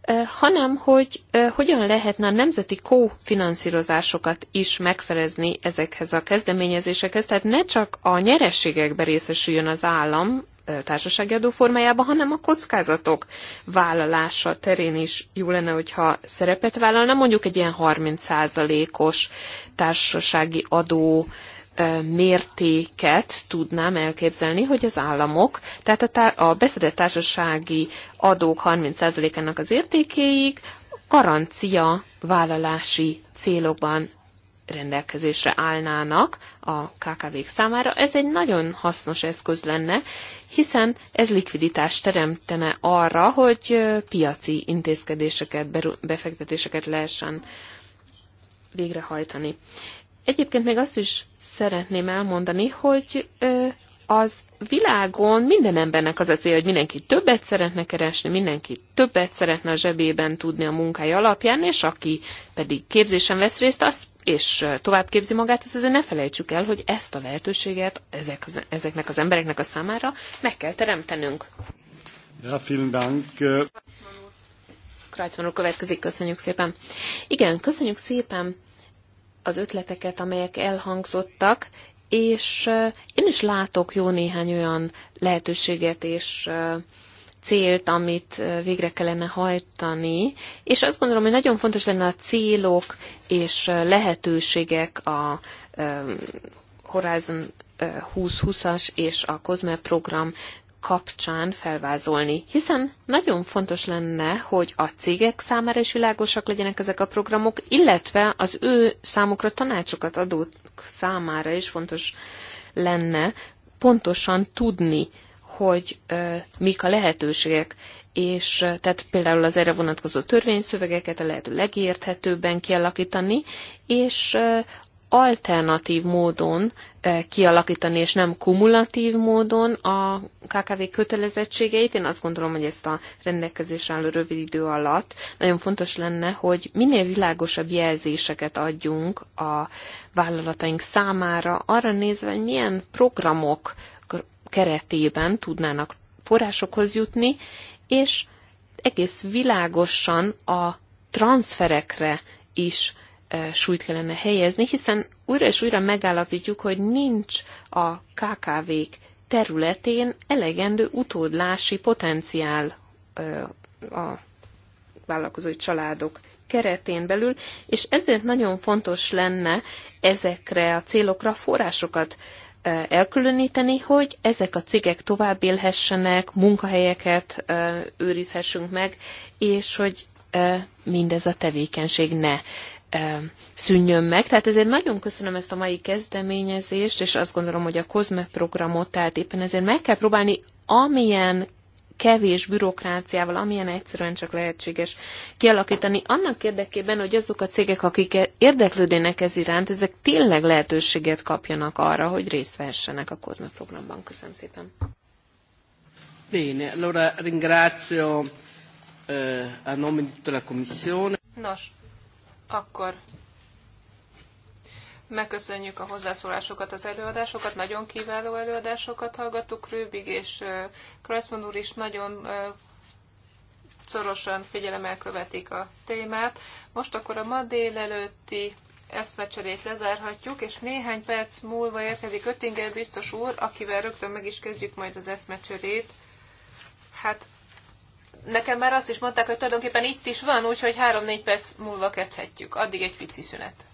eh, hanem hogy eh, hogyan lehetne a nemzeti kófinanszírozásokat is megszerezni ezekhez a kezdeményezésekhez, tehát ne csak a nyerességekbe részesüljön az állam társasági adó formájában, hanem a kockázatok vállalása terén is jó lenne, hogyha szerepet vállalna, mondjuk egy ilyen 30%-os társasági adó mértéket tudnám elképzelni, hogy az államok, tehát a, tár- a beszedett társasági adók 30%-ának az értékéig garancia vállalási célokban rendelkezésre állnának a KKV-k számára. Ez egy nagyon hasznos eszköz lenne, hiszen ez likviditást teremtene arra, hogy piaci intézkedéseket, befektetéseket lehessen végrehajtani. Egyébként még azt is szeretném elmondani, hogy az világon minden embernek az a cél, hogy mindenki többet szeretne keresni, mindenki többet szeretne a zsebében tudni a munkája alapján, és aki pedig képzésen vesz részt, az és tovább képzi magát, ez azért ne felejtsük el, hogy ezt a lehetőséget ezek, ezeknek az embereknek a számára meg kell teremtenünk. Ja, vielen Dank. Krajcman úr következik, köszönjük szépen. Igen, köszönjük szépen az ötleteket, amelyek elhangzottak, és eh, én is látok jó néhány olyan lehetőséget és eh, célt, amit eh, végre kellene hajtani, és azt gondolom, hogy nagyon fontos lenne a célok és lehetőségek a Horizon 2020-as és a COSME program kapcsán felvázolni, hiszen nagyon fontos lenne, hogy a cégek számára is világosak legyenek ezek a programok, illetve az ő számukra tanácsokat adó számára is fontos lenne pontosan tudni, hogy ö, mik a lehetőségek, és tehát például az erre vonatkozó törvényszövegeket a lehető legérthetőbben kialakítani, és alternatív módon eh, kialakítani, és nem kumulatív módon a KKV kötelezettségeit. Én azt gondolom, hogy ezt a rendelkezés álló rövid idő alatt nagyon fontos lenne, hogy minél világosabb jelzéseket adjunk a vállalataink számára, arra nézve, hogy milyen programok keretében tudnának forrásokhoz jutni, és egész világosan a transferekre is súlyt kellene helyezni, hiszen újra és újra megállapítjuk, hogy nincs a KKV-k területén elegendő utódlási potenciál a vállalkozói családok keretén belül, és ezért nagyon fontos lenne ezekre a célokra forrásokat elkülöníteni, hogy ezek a cégek tovább élhessenek, munkahelyeket őrizhessünk meg, és hogy mindez a tevékenység ne szűnjön meg. Tehát ezért nagyon köszönöm ezt a mai kezdeményezést, és azt gondolom, hogy a COSME programot, tehát éppen ezért meg kell próbálni, amilyen kevés bürokráciával, amilyen egyszerűen csak lehetséges kialakítani, annak érdekében, hogy azok a cégek, akik érdeklődének ez iránt, ezek tényleg lehetőséget kapjanak arra, hogy részt vehessenek a COSME programban. Köszönöm szépen. Bene, allora ringrazio eh, a nome di tutta la Commissione. Nos, akkor megköszönjük a hozzászólásokat, az előadásokat, nagyon kiváló előadásokat hallgattuk, Rübig és Kreuzmann úr is nagyon szorosan figyelemmel követik a témát. Most akkor a ma délelőtti eszmecserét lezárhatjuk, és néhány perc múlva érkezik Öttinger biztos úr, akivel rögtön meg is kezdjük majd az eszmecserét. Hát nekem már azt is mondták, hogy tulajdonképpen itt is van, úgyhogy 3-4 perc múlva kezdhetjük. Addig egy pici szünet.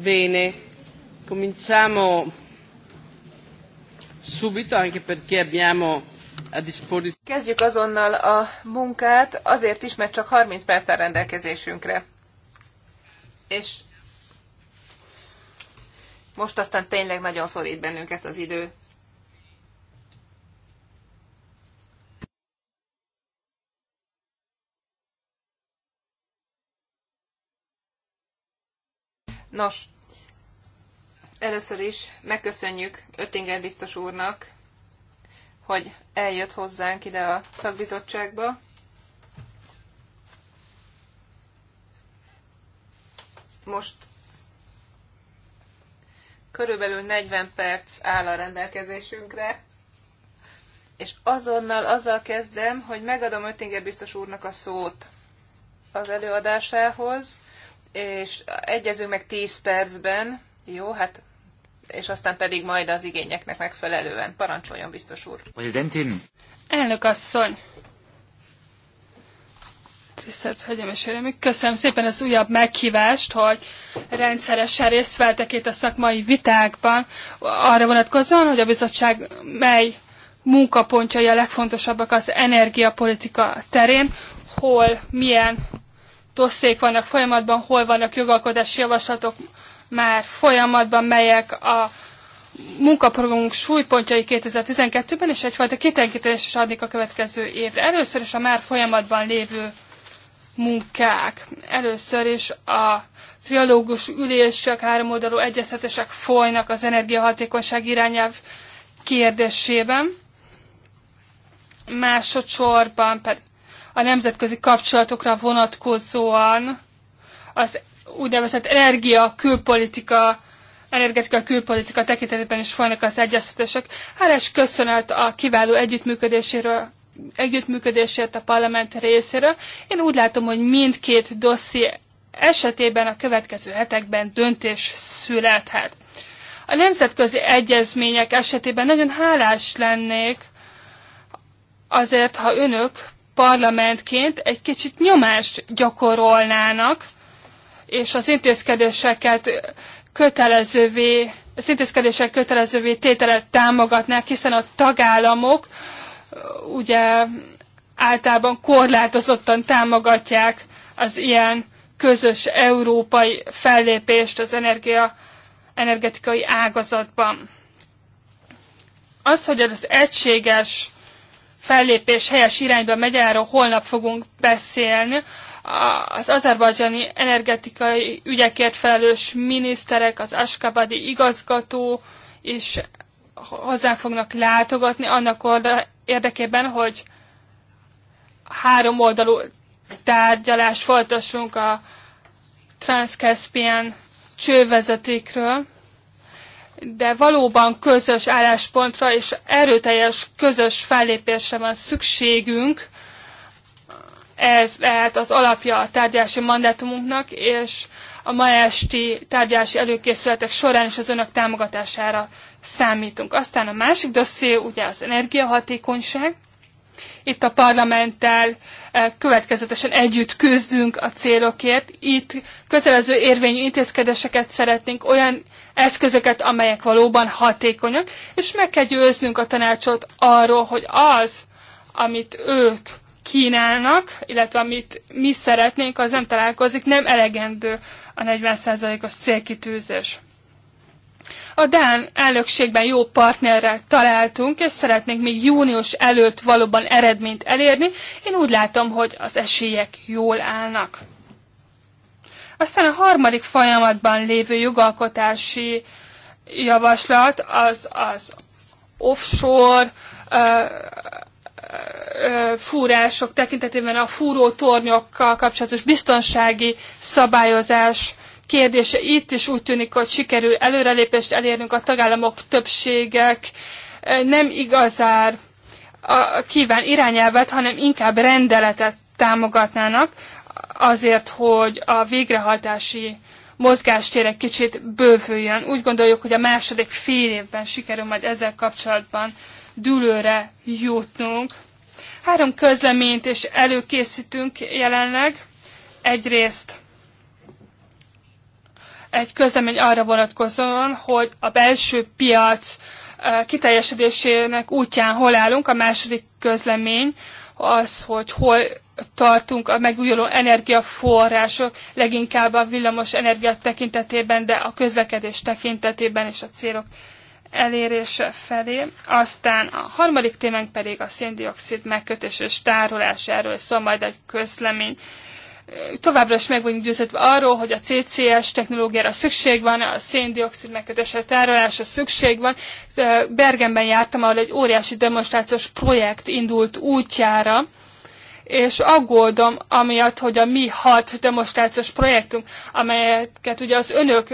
Bene, cominciamo subito anche perché abbiamo a disposizione. Kezdjük azonnal a munkát, azért is, mert csak 30 perc áll rendelkezésünkre. És most aztán tényleg nagyon szorít bennünket az idő. Nos, először is megköszönjük Öttinger biztos úrnak, hogy eljött hozzánk ide a szakbizottságba. Most körülbelül 40 perc áll a rendelkezésünkre, és azonnal azzal kezdem, hogy megadom Öttinger biztos úrnak a szót az előadásához, és egyezünk meg 10 percben, jó, hát és aztán pedig majd az igényeknek megfelelően. Parancsoljon, biztos úr. Prezidentin. Elnök asszony. Tisztelt Hölgyeim és Uraim, köszönöm szépen az újabb meghívást, hogy rendszeresen részt vettek itt a szakmai vitákban, arra vonatkozóan, hogy a bizottság mely munkapontjai a legfontosabbak az energiapolitika terén, hol milyen dosszék vannak folyamatban, hol vannak jogalkotási javaslatok már folyamatban, melyek a munkaprogramunk súlypontjai 2012-ben, és egyfajta kitenkítés is adnék a következő évre. Először is a már folyamatban lévő munkák. Először is a trialógus ülések, háromoldalú egyeztetések folynak az energiahatékonyság irányelv kérdésében. Másodszorban pedig a nemzetközi kapcsolatokra vonatkozóan az úgynevezett energia külpolitika energetika külpolitika tekintetében is folynak az egyeztetések. Hálás köszönet a kiváló együttműködéséről együttműködésért a parlament részéről. Én úgy látom, hogy mindkét dosszi esetében a következő hetekben döntés születhet. A nemzetközi egyezmények esetében nagyon hálás lennék azért, ha önök parlamentként egy kicsit nyomást gyakorolnának, és az intézkedéseket kötelezővé, az intézkedések kötelezővé tételet támogatnák, hiszen a tagállamok ugye általában korlátozottan támogatják az ilyen közös európai fellépést az energia, energetikai ágazatban. Az, hogy az egységes fellépés helyes irányba megy, erről holnap fogunk beszélni. Az azerbajdzsani energetikai ügyekért felelős miniszterek, az Askabadi igazgató is hozzánk fognak látogatni annak oldal érdekében, hogy három oldalú tárgyalás folytassunk a Transzkeszpián csővezetékről de valóban közös álláspontra és erőteljes közös fellépésre van szükségünk. Ez lehet az alapja a tárgyási mandátumunknak, és a ma esti tárgyási előkészületek során is az önök támogatására számítunk. Aztán a másik dosszé, ugye az energiahatékonyság. Itt a parlamenttel eh, következetesen együtt küzdünk a célokért. Itt kötelező érvényű intézkedéseket szeretnénk, olyan eszközöket, amelyek valóban hatékonyak, és meg kell győznünk a tanácsot arról, hogy az, amit ők kínálnak, illetve amit mi szeretnénk, az nem találkozik, nem elegendő a 40%-os célkitűzés. A Dán elnökségben jó partnerrel találtunk, és szeretnénk még június előtt valóban eredményt elérni. Én úgy látom, hogy az esélyek jól állnak. Aztán a harmadik folyamatban lévő jogalkotási javaslat az, az offshore ö, ö, fúrások tekintetében a fúró tornyokkal kapcsolatos biztonsági szabályozás kérdése. Itt is úgy tűnik, hogy sikerül előrelépést elérnünk a tagállamok többségek, nem igazán a, kíván irányelvet, hanem inkább rendeletet támogatnának azért, hogy a végrehajtási egy kicsit bővüljön. Úgy gondoljuk, hogy a második fél évben sikerül majd ezzel kapcsolatban dülőre jutnunk. Három közleményt is előkészítünk jelenleg. Egyrészt egy közlemény arra vonatkozóan, hogy a belső piac kiteljesedésének útján hol állunk, a második közlemény az, hogy hol tartunk a megújuló energiaforrások, leginkább a villamos energia tekintetében, de a közlekedés tekintetében és a célok elérése felé. Aztán a harmadik témánk pedig a széndiokszid megkötés és tárolásáról szól majd egy közlemény. Továbbra is meg vagyunk győződve arról, hogy a CCS technológiára szükség van, a széndiokszid megkötése tárolásra szükség van. Bergenben jártam, ahol egy óriási demonstrációs projekt indult útjára, és aggódom amiatt, hogy a mi hat demonstrációs projektünk, amelyeket ugye az önök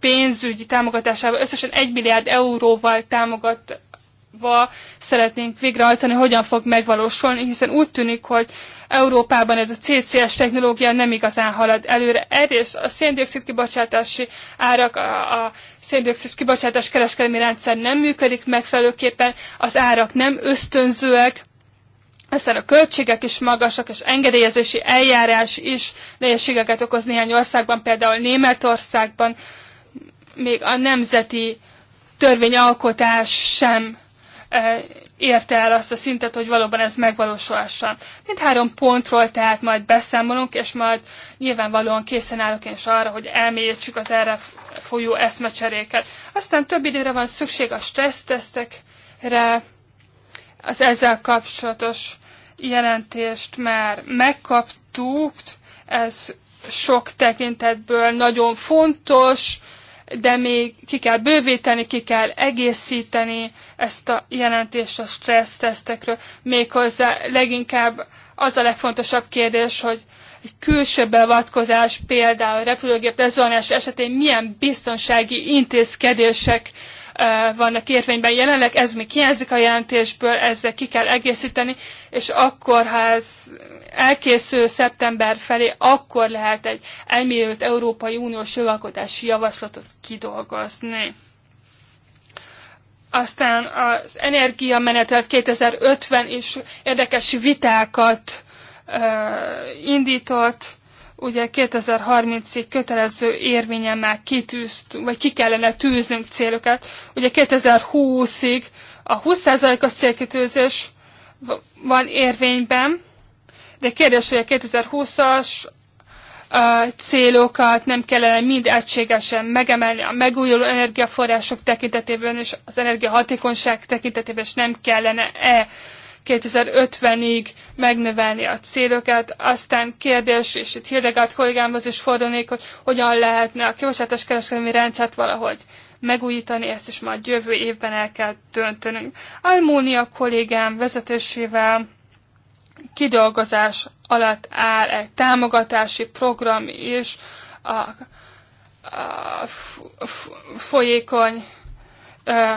pénzügyi támogatásával összesen 1 milliárd euróval támogatva szeretnénk végrehajtani, hogyan fog megvalósulni, hiszen úgy tűnik, hogy Európában ez a CCS technológia nem igazán halad előre. Egyrészt a széndiokszid kibocsátási árak, a, a széndiokszid kibocsátás kereskedelmi rendszer nem működik megfelelőképpen, az árak nem ösztönzőek, aztán a költségek is magasak, és engedélyezési eljárás is nehézségeket okoz néhány országban, például Németországban még a nemzeti törvényalkotás sem e, érte el azt a szintet, hogy valóban ez megvalósulhasson. három pontról tehát majd beszámolunk, és majd nyilvánvalóan készen állok én is arra, hogy elmélyítsük az erre folyó eszmecseréket. Aztán több időre van szükség a stressztesztekre, az ezzel kapcsolatos jelentést már megkaptuk, ez sok tekintetből nagyon fontos, de még ki kell bővíteni, ki kell egészíteni ezt a jelentést a stressztesztekről. Méghozzá leginkább az a legfontosabb kérdés, hogy egy külső beavatkozás, például repülőgép lezonás esetén milyen biztonsági intézkedések vannak érvényben jelenleg, ez még hiányzik a jelentésből, ezzel ki kell egészíteni, és akkor, ha ez elkészül szeptember felé, akkor lehet egy elmélyült Európai Uniós jogalkotási javaslatot kidolgozni. Aztán az energiamenetet 2050 is érdekes vitákat indított, ugye 2030-ig kötelező érvényen már kitűzt, vagy ki kellene tűznünk célokat. Ugye 2020-ig a 20%-os célkitűzés van érvényben, de kérdés, hogy a 2020-as célokat nem kellene mind egységesen megemelni a megújuló energiaforrások tekintetében és az energiahatékonyság tekintetében, és nem kellene-e 2050-ig megnövelni a célokat. Aztán kérdés, és itt hirdegált kollégámhoz is fordulnék, hogy hogyan lehetne a kibocsátás kereskedelmi rendszert valahogy megújítani, ezt is majd jövő évben el kell döntenünk. Almónia kollégám vezetésével kidolgozás alatt áll egy támogatási program is a, a folyékony a,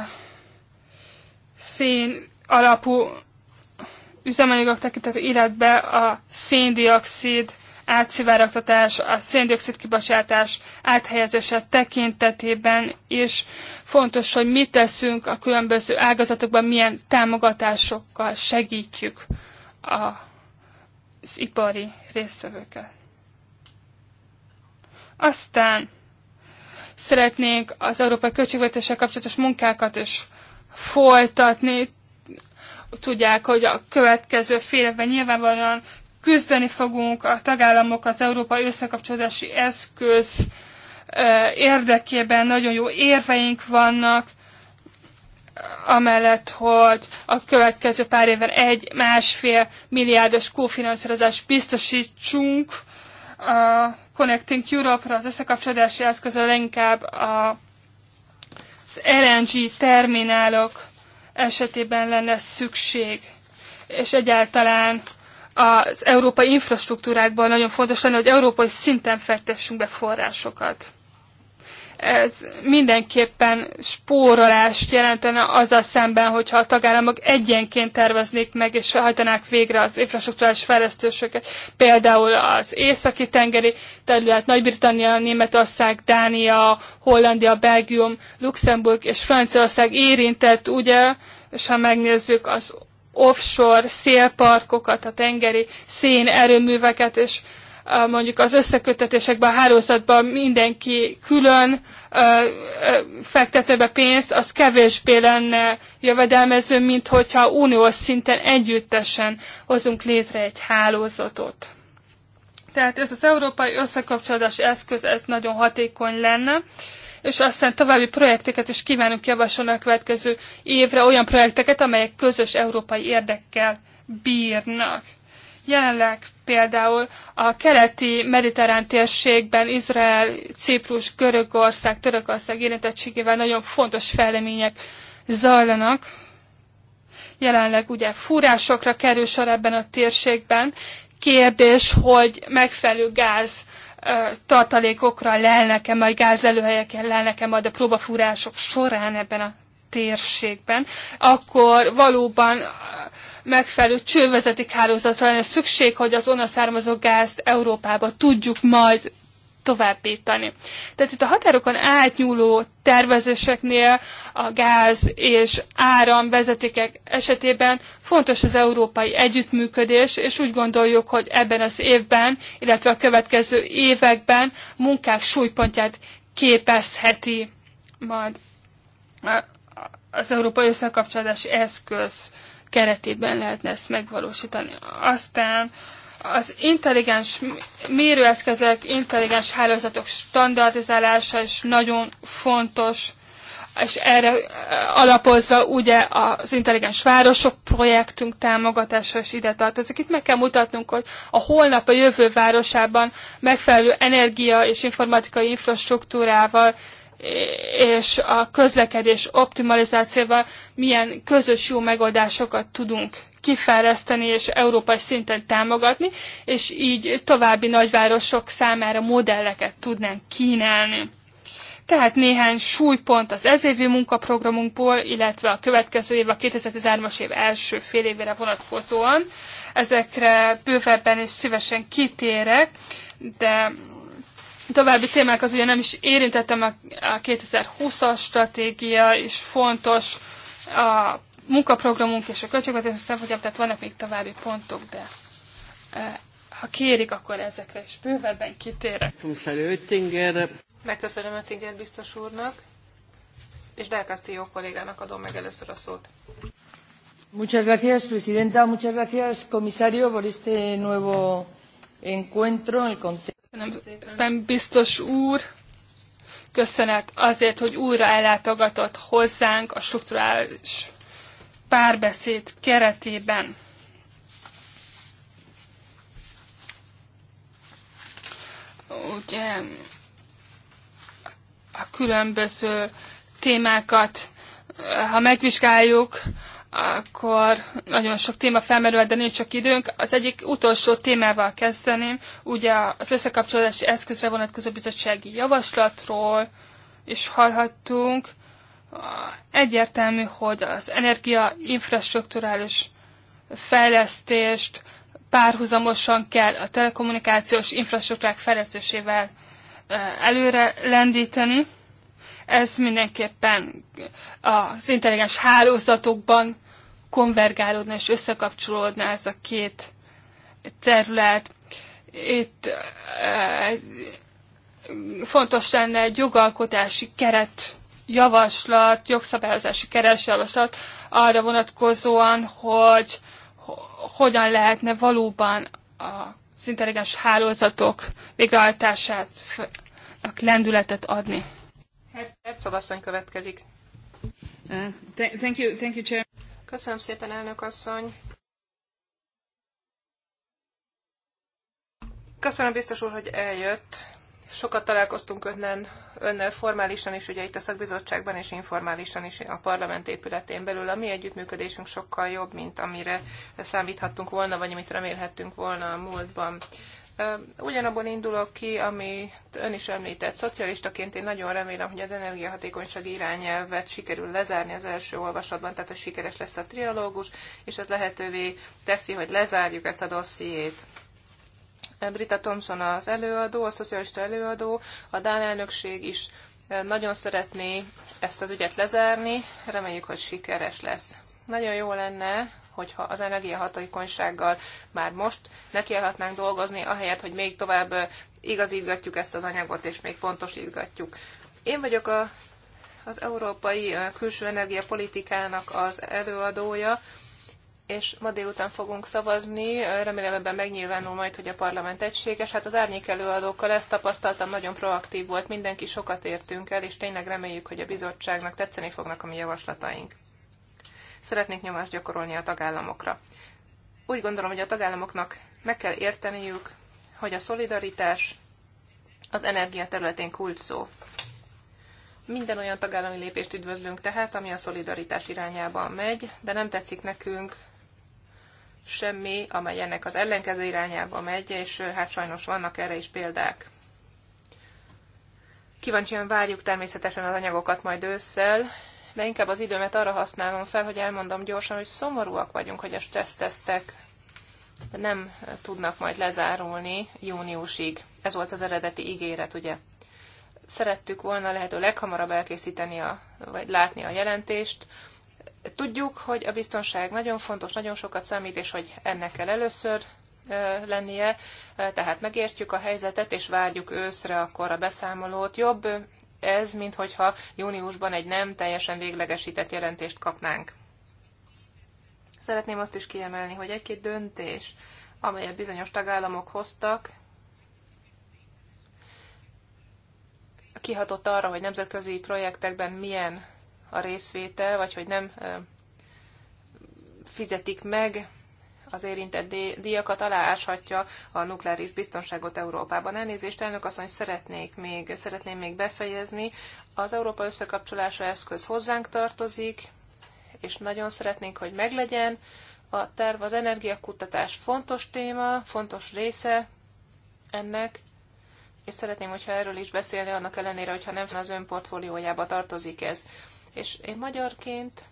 szén alapú üzemanyagok tekintető életbe a széndiokszid átszivárogtatás, a széndiokszid kibocsátás áthelyezése tekintetében és fontos, hogy mit teszünk a különböző ágazatokban, milyen támogatásokkal segítjük a, az ipari résztvevőket. Aztán szeretnénk az európai költségvetéssel kapcsolatos munkákat is folytatni tudják, hogy a következő fél évben nyilvánvalóan küzdeni fogunk a tagállamok az Európai Összekapcsolódási Eszköz érdekében. Nagyon jó érveink vannak, amellett, hogy a következő pár évben egy-másfél milliárdos kófinanszírozást biztosítsunk a Connecting Europe-ra, az összekapcsolási eszközön leginkább a, az LNG terminálok esetében lenne szükség, és egyáltalán az európai infrastruktúrákban nagyon fontos lenne, hogy európai szinten fektessünk be forrásokat ez mindenképpen spórolást jelentene azzal szemben, hogyha a tagállamok egyenként terveznék meg és hajtanák végre az infrastruktúrális fejlesztéseket, például az északi tengeri terület, Nagy-Britannia, Németország, Dánia, Hollandia, Belgium, Luxemburg és Franciaország érintett, ugye, és ha megnézzük az offshore szélparkokat, a tengeri szénerőműveket, és mondjuk az összekötetésekben, a hálózatban mindenki külön fektetne be pénzt, az kevésbé lenne jövedelmező, mint hogyha uniós szinten együttesen hozunk létre egy hálózatot. Tehát ez az európai összekapcsolódás eszköz, ez nagyon hatékony lenne és aztán további projekteket is kívánunk javasolni a következő évre, olyan projekteket, amelyek közös európai érdekkel bírnak. Jelenleg például a keleti mediterrán térségben Izrael, Ciprus, Görögország, Törökország érintettségével nagyon fontos fejlemények zajlanak. Jelenleg ugye fúrásokra kerül sor ebben a térségben. Kérdés, hogy megfelelő gáz tartalékokra lelnek-e majd, gáz előhelyeken, lelnek-e majd a próbafúrások során ebben a térségben, akkor valóban megfelelő csővezeték hálózatra lenne szükség, hogy az onnan származó gázt Európába tudjuk majd továbbítani. Tehát itt a határokon átnyúló tervezéseknél a gáz és áram vezetékek esetében fontos az európai együttműködés, és úgy gondoljuk, hogy ebben az évben, illetve a következő években munkák súlypontját képezheti majd az európai összekapcsolási eszköz keretében lehetne ezt megvalósítani. Aztán az intelligens mérőeszközök, intelligens hálózatok standardizálása is nagyon fontos, és erre eh, alapozva ugye az intelligens városok projektünk támogatása is ide tartozik. Itt meg kell mutatnunk, hogy a holnap a jövő városában megfelelő energia és informatikai infrastruktúrával és a közlekedés optimalizációval milyen közös jó megoldásokat tudunk kifejleszteni és európai szinten támogatni, és így további nagyvárosok számára modelleket tudnánk kínálni. Tehát néhány súlypont az ez évi munkaprogramunkból, illetve a következő év, a 2013-as év első fél évére vonatkozóan. Ezekre bővebben és szívesen kitérek, de További témákat ugye nem is érintettem, a 2020-as stratégia is fontos, a munkaprogramunk és a költségvetés szempontjából, tehát vannak még további pontok, de e, ha kérik, akkor ezekre is bővebben kitérek. Megköszönöm Öttinger biztos úrnak, és Del Castillo kollégának adom meg először a szót. Muchas gracias, presidenta. Muchas gracias, comisario, por este nuevo encuentro. El contexto. Köszönöm szépen, biztos úr! Köszönet azért, hogy újra ellátogatott hozzánk a strukturális párbeszéd keretében. Ugye a különböző témákat, ha megvizsgáljuk, akkor nagyon sok téma felmerül, de nincs csak időnk. Az egyik utolsó témával kezdeném, ugye az összekapcsolási eszközre vonatkozó bizottsági javaslatról is hallhattunk. Egyértelmű, hogy az energia infrastruktúrális fejlesztést párhuzamosan kell a telekommunikációs infrastruktúrák fejlesztésével eh, előre lendíteni ez mindenképpen az intelligens hálózatokban konvergálódna és összekapcsolódna ez a két terület. Itt eh, fontos lenne egy jogalkotási keret javaslat, jogszabályozási keresjavaslat arra vonatkozóan, hogy hogyan lehetne valóban az intelligens hálózatok végrehajtását lendületet adni. Uh, thank you, thank you, Chair. Köszönöm szépen, elnök asszony. Köszönöm biztos úr, hogy eljött. Sokat találkoztunk önnel, önnel formálisan is, ugye itt a szakbizottságban, és informálisan is a parlament épületén belül. A mi együttműködésünk sokkal jobb, mint amire számíthattunk volna, vagy amit remélhettünk volna a múltban. Ugyanabból indulok ki, amit ön is említett. Szocialistaként én nagyon remélem, hogy az energiahatékonyság irányelvet sikerül lezárni az első olvasatban, tehát hogy sikeres lesz a trialógus, és ez lehetővé teszi, hogy lezárjuk ezt a dossziét. Brita Thompson az előadó, a szocialista előadó, a Dán elnökség is nagyon szeretné ezt az ügyet lezárni, reméljük, hogy sikeres lesz. Nagyon jó lenne, hogyha az energiahatékonysággal már most nekiállhatnánk dolgozni, ahelyett, hogy még tovább igazítgatjuk ezt az anyagot, és még fontosítgatjuk. Én vagyok a, az európai külső energiapolitikának az előadója, és ma délután fogunk szavazni. Remélem ebben megnyilvánul majd, hogy a parlament egységes. Hát az árnyék előadókkal ezt tapasztaltam, nagyon proaktív volt, mindenki sokat értünk el, és tényleg reméljük, hogy a bizottságnak tetszeni fognak a mi javaslataink szeretnék nyomást gyakorolni a tagállamokra. Úgy gondolom, hogy a tagállamoknak meg kell érteniük, hogy a szolidaritás az energia területén kult szó. Minden olyan tagállami lépést üdvözlünk tehát, ami a szolidaritás irányába megy, de nem tetszik nekünk semmi, amely ennek az ellenkező irányába megy, és hát sajnos vannak erre is példák. Kíváncsian várjuk természetesen az anyagokat majd ősszel, de inkább az időmet arra használom fel, hogy elmondom gyorsan, hogy szomorúak vagyunk, hogy a stressztesztek nem tudnak majd lezárulni júniusig. Ez volt az eredeti ígéret, ugye? Szerettük volna lehető leghamarabb elkészíteni, a, vagy látni a jelentést. Tudjuk, hogy a biztonság nagyon fontos, nagyon sokat számít, és hogy ennek kell először lennie, tehát megértjük a helyzetet, és várjuk őszre akkor a beszámolót. Jobb ez, minthogyha júniusban egy nem teljesen véglegesített jelentést kapnánk. Szeretném azt is kiemelni, hogy egy-két döntés, amelyet bizonyos tagállamok hoztak, kihatott arra, hogy nemzetközi projektekben milyen a részvétel, vagy hogy nem fizetik meg az érintett díjakat alááshatja a nukleáris biztonságot Európában. Elnézést, elnök asszony, szeretnék még, szeretném még befejezni. Az Európa összekapcsolása eszköz hozzánk tartozik, és nagyon szeretnénk, hogy meglegyen. A terv az energiakutatás fontos téma, fontos része ennek, és szeretném, hogyha erről is beszélni, annak ellenére, hogyha nem az ön portfóliójába tartozik ez. És én magyarként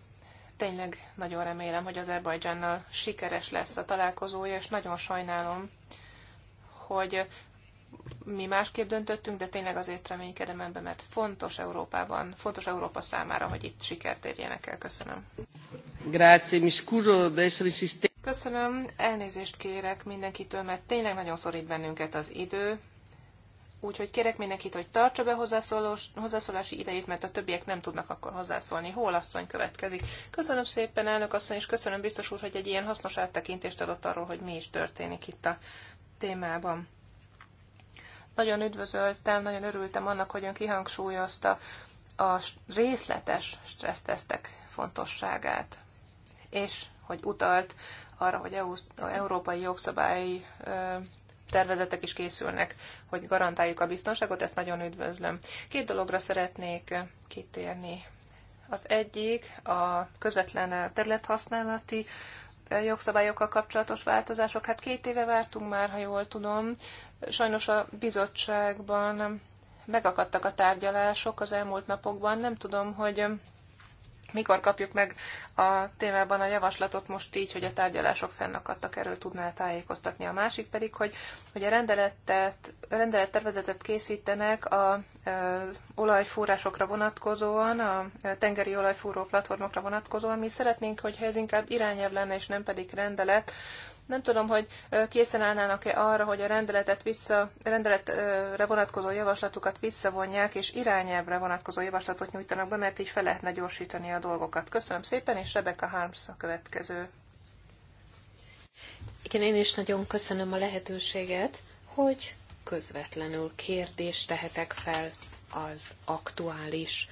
tényleg nagyon remélem, hogy Azerbajdzsánnal sikeres lesz a találkozója, és nagyon sajnálom, hogy mi másképp döntöttünk, de tényleg azért reménykedem ebben, mert fontos Európában, fontos Európa számára, hogy itt sikert érjenek el. Köszönöm. mi scuso Köszönöm, elnézést kérek mindenkitől, mert tényleg nagyon szorít bennünket az idő. Úgyhogy kérek mindenkit, hogy tartsa be hozzászólási idejét, mert a többiek nem tudnak akkor hozzászólni. Hol asszony következik? Köszönöm szépen, elnök asszony, és köszönöm biztos úr, hogy egy ilyen hasznos áttekintést adott arról, hogy mi is történik itt a témában. Nagyon üdvözöltem, nagyon örültem annak, hogy ön kihangsúlyozta a részletes stressztesztek fontosságát, és hogy utalt arra, hogy EU, európai jogszabályi tervezetek is készülnek, hogy garantáljuk a biztonságot, ezt nagyon üdvözlöm. Két dologra szeretnék kitérni. Az egyik a közvetlen területhasználati jogszabályokkal kapcsolatos változások. Hát két éve vártunk már, ha jól tudom. Sajnos a bizottságban megakadtak a tárgyalások az elmúlt napokban. Nem tudom, hogy mikor kapjuk meg a témában a javaslatot most így, hogy a tárgyalások fennakadtak, erről tudná tájékoztatni. A másik pedig, hogy, hogy a rendeletet, rendelettervezetet készítenek a olajfúrásokra vonatkozóan, a tengeri olajfúró platformokra vonatkozóan. Mi szeretnénk, hogyha ez inkább irányelv lenne, és nem pedig rendelet, nem tudom, hogy készen állnának-e arra, hogy a rendeletet vissza, rendeletre vonatkozó javaslatukat visszavonják, és irányelvre vonatkozó javaslatot nyújtanak be, mert így fel lehetne gyorsítani a dolgokat. Köszönöm szépen, és Rebecca Harms a következő. Igen, én is nagyon köszönöm a lehetőséget, hogy közvetlenül kérdést tehetek fel az aktuális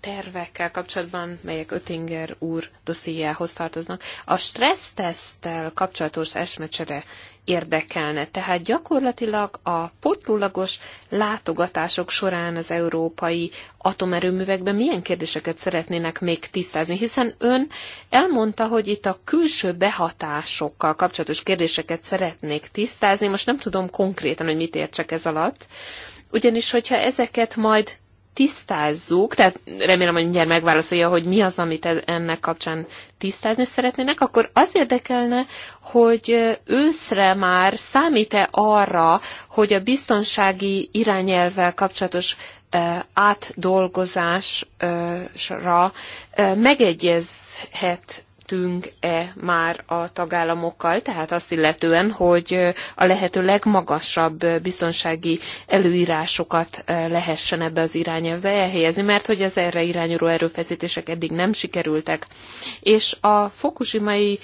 tervekkel kapcsolatban, melyek Ötinger úr dossziéjához tartoznak. A stressztesztel kapcsolatos esmecsere érdekelne. Tehát gyakorlatilag a potlulagos látogatások során az európai atomerőművekben milyen kérdéseket szeretnének még tisztázni, hiszen ön elmondta, hogy itt a külső behatásokkal kapcsolatos kérdéseket szeretnék tisztázni, most nem tudom konkrétan, hogy mit értsek ez alatt, ugyanis hogyha ezeket majd tisztázzuk, tehát remélem, hogy mindjárt megválaszolja, hogy mi az, amit e- ennek kapcsán tisztázni szeretnének, akkor az érdekelne, hogy őszre már számít-e arra, hogy a biztonsági irányelvvel kapcsolatos e, átdolgozásra e, megegyezhet egyeztettünk-e már a tagállamokkal, tehát azt illetően, hogy a lehető legmagasabb biztonsági előírásokat lehessen ebbe az irányelvbe elhelyezni, mert hogy az erre irányuló erőfeszítések eddig nem sikerültek. És a fokusimai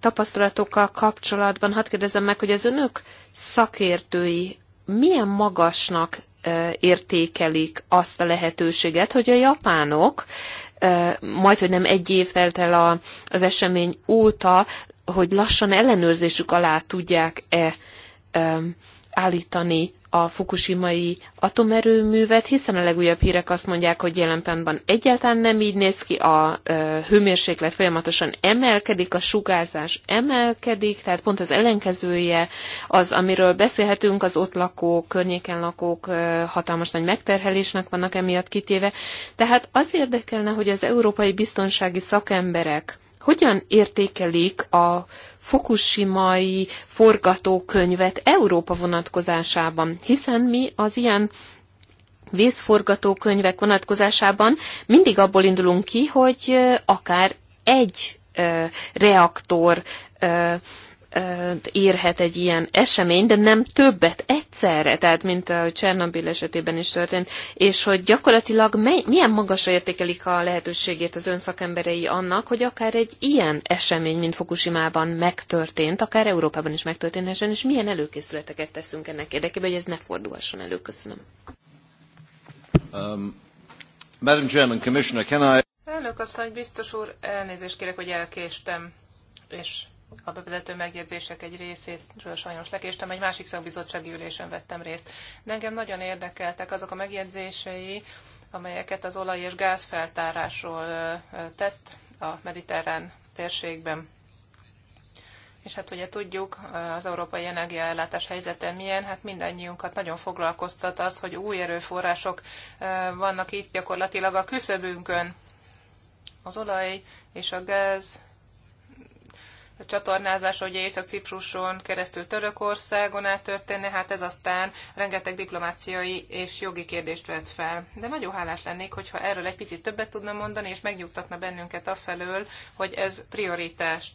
tapasztalatokkal kapcsolatban hadd kérdezem meg, hogy az önök szakértői milyen magasnak értékelik azt a lehetőséget, hogy a japánok majd, hogy nem egy év telt el az esemény óta, hogy lassan ellenőrzésük alá tudják-e állítani a fukushimai atomerőművet, hiszen a legújabb hírek azt mondják, hogy jelen pillanatban egyáltalán nem így néz ki, a hőmérséklet folyamatosan emelkedik, a sugárzás emelkedik, tehát pont az ellenkezője az, amiről beszélhetünk, az ott lakók, környéken lakók hatalmas nagy megterhelésnek vannak emiatt kitéve. Tehát az érdekelne, hogy az európai biztonsági szakemberek hogyan értékelik a fukushimai forgatókönyvet Európa vonatkozásában, hiszen mi az ilyen vészforgatókönyvek vonatkozásában mindig abból indulunk ki, hogy akár egy reaktor érhet egy ilyen esemény, de nem többet egyszerre, tehát mint a Csernobil esetében is történt, és hogy gyakorlatilag mely, milyen magasra értékelik a lehetőségét az önszakemberei annak, hogy akár egy ilyen esemény, mint Fukushima-ban megtörtént, akár Európában is megtörténhessen, és milyen előkészületeket teszünk ennek érdekében, hogy ez ne fordulhasson elő. Köszönöm. Um, Madam Chairman, Commissioner, can I... Elnök asszony, biztos úr, elnézést kérek, hogy elkéstem, és a bevezető megjegyzések egy részétről sajnos lekéstem, egy másik szakbizottsági ülésen vettem részt. De engem nagyon érdekeltek azok a megjegyzései, amelyeket az olaj- és gázfeltárásról tett a mediterrán térségben. És hát ugye tudjuk, az európai energiaellátás helyzete milyen, hát mindannyiunkat nagyon foglalkoztat az, hogy új erőforrások vannak itt gyakorlatilag a küszöbünkön. Az olaj és a gáz csatornázása, ugye Észak-Cipruson keresztül Törökországon át történne, hát ez aztán rengeteg diplomáciai és jogi kérdést vet fel. De nagyon hálás lennék, hogyha erről egy picit többet tudna mondani, és megnyugtatna bennünket afelől, hogy ez prioritást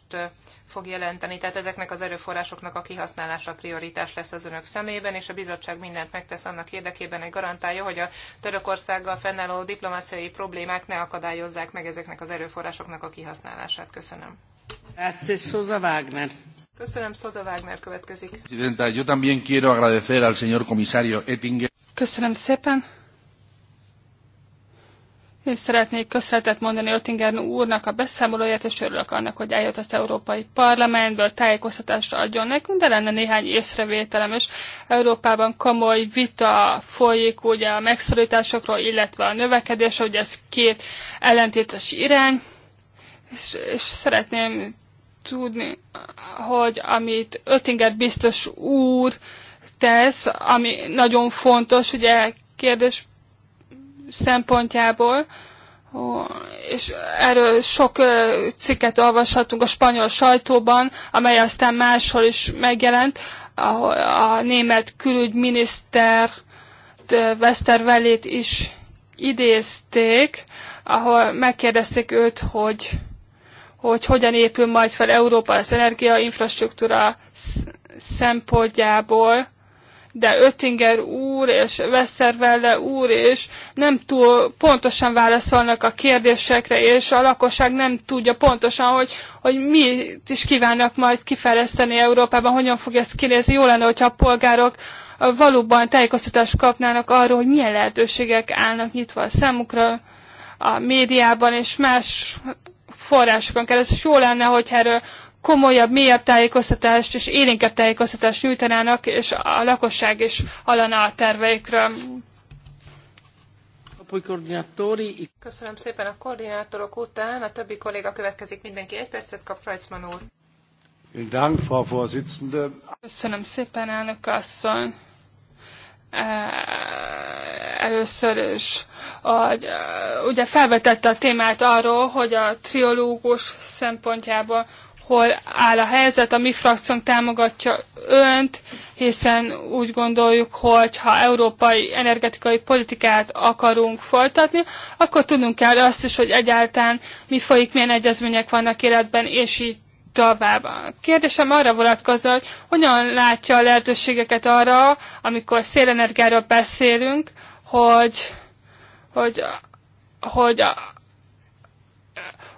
fog jelenteni. Tehát ezeknek az erőforrásoknak a kihasználása prioritás lesz az önök szemében, és a bizottság mindent megtesz annak érdekében, hogy garantálja, hogy a Törökországgal fennálló diplomáciai problémák ne akadályozzák meg ezeknek az erőforrásoknak a kihasználását. Köszönöm. Köszönöm, Sosa Wagner következik. Presidenta, yo también quiero agradecer al señor comisario Ettinger. Köszönöm szépen. Én szeretnék köszönetet mondani Oettinger úrnak a beszámolóját, és örülök annak, hogy eljött az Európai Parlamentből, tájékoztatásra adjon nekünk, de lenne néhány észrevételem, és Európában komoly vita folyik ugye a megszorításokról, illetve a növekedés, hogy ez két ellentétes irány, és, és szeretném tudni, hogy amit Öttinger biztos úr tesz, ami nagyon fontos, ugye kérdés szempontjából, és erről sok cikket olvashatunk a spanyol sajtóban, amely aztán máshol is megjelent, ahol a német külügyminiszter Westervelét is idézték, ahol megkérdezték őt, hogy hogy hogyan épül majd fel Európa az energiainfrastruktúra szempontjából, de Öttinger úr és Westerwelle úr is nem túl pontosan válaszolnak a kérdésekre, és a lakosság nem tudja pontosan, hogy, hogy mi is kívánnak majd kifejleszteni Európában, hogyan fog ezt kinézni. Jó lenne, hogyha a polgárok valóban tájékoztatást kapnának arról, hogy milyen lehetőségek állnak nyitva a számukra a médiában és más forrásokon keresztül, és jó lenne, hogy erről komolyabb, mélyebb tájékoztatást és élénkebb tájékoztatást nyújtanának, és a lakosság is alana a terveikről. Köszönöm szépen a koordinátorok után. A többi kolléga következik, mindenki egy percet kap, Rajcman úr. Köszönöm szépen, elnök asszony először is. A, ugye felvetette a témát arról, hogy a triológus szempontjából hol áll a helyzet. A mi frakciónk támogatja önt, hiszen úgy gondoljuk, hogy ha európai energetikai politikát akarunk folytatni, akkor tudnunk kell azt is, hogy egyáltalán mi folyik, milyen egyezmények vannak életben, és így tovább. A kérdésem arra vonatkozna, hogy hogyan látja a lehetőségeket arra, amikor szélenergiáról beszélünk, hogy, hogy, hogy,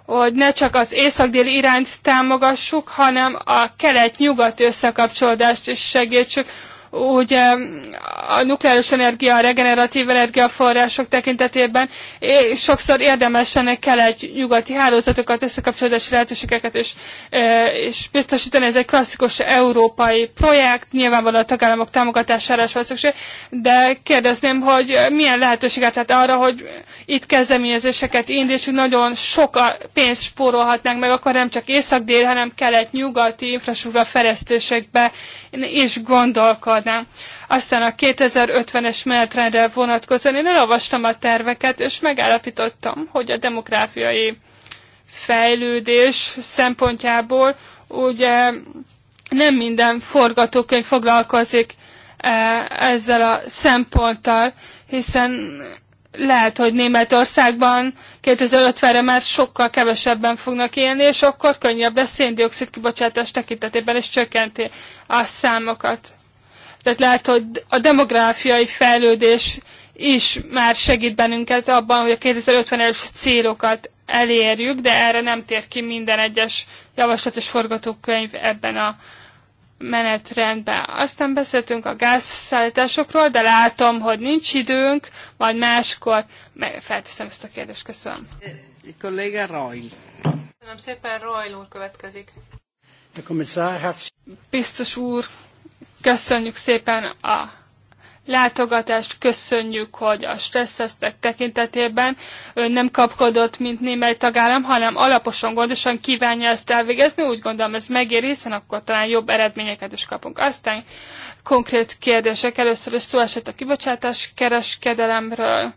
hogy ne csak az észak-déli irányt támogassuk, hanem a kelet-nyugat összekapcsolódást is segítsük, ugye a nukleáris energia, a regeneratív energiaforrások tekintetében sokszor érdemesenek kell egy nyugati hálózatokat, összekapcsolódási lehetőségeket és, és biztosítani. Ez egy klasszikus európai projekt, nyilvánvalóan a tagállamok támogatására is szükség, de kérdezném, hogy milyen lehetőséget lehet arra, hogy itt kezdeményezéseket indítsunk, nagyon sok a pénzt spórolhatnánk meg, akkor nem csak észak-dél, hanem kelet-nyugati infrastruktúra fejlesztésekbe és gondolkodni elfogadnám. Aztán a 2050-es menetrendre vonatkozóan én elolvastam a terveket, és megállapítottam, hogy a demográfiai fejlődés szempontjából ugye nem minden forgatókönyv foglalkozik e, ezzel a szemponttal, hiszen lehet, hogy Németországban 2050-re már sokkal kevesebben fognak élni, és akkor könnyebb lesz széndiokszid kibocsátás tekintetében is csökkenti a számokat. Tehát lehet, hogy a demográfiai fejlődés is már segít bennünket abban, hogy a 2050-es célokat elérjük, de erre nem tér ki minden egyes javaslat és forgatókönyv ebben a menetrendben. Aztán beszéltünk a gázszállításokról, de látom, hogy nincs időnk, majd máskor felteszem ezt a kérdést. Köszönöm. Eh, kolléga Roy. Köszönöm szépen, Roy úr következik. Biztos úr, Köszönjük szépen a látogatást, köszönjük, hogy a stresszesztek tekintetében ő nem kapkodott, mint némely tagállam, hanem alaposan, gondosan kívánja ezt elvégezni. Úgy gondolom, ez megér, hiszen akkor talán jobb eredményeket is kapunk. Aztán konkrét kérdések. Először is szó esett a kibocsátás kereskedelemről.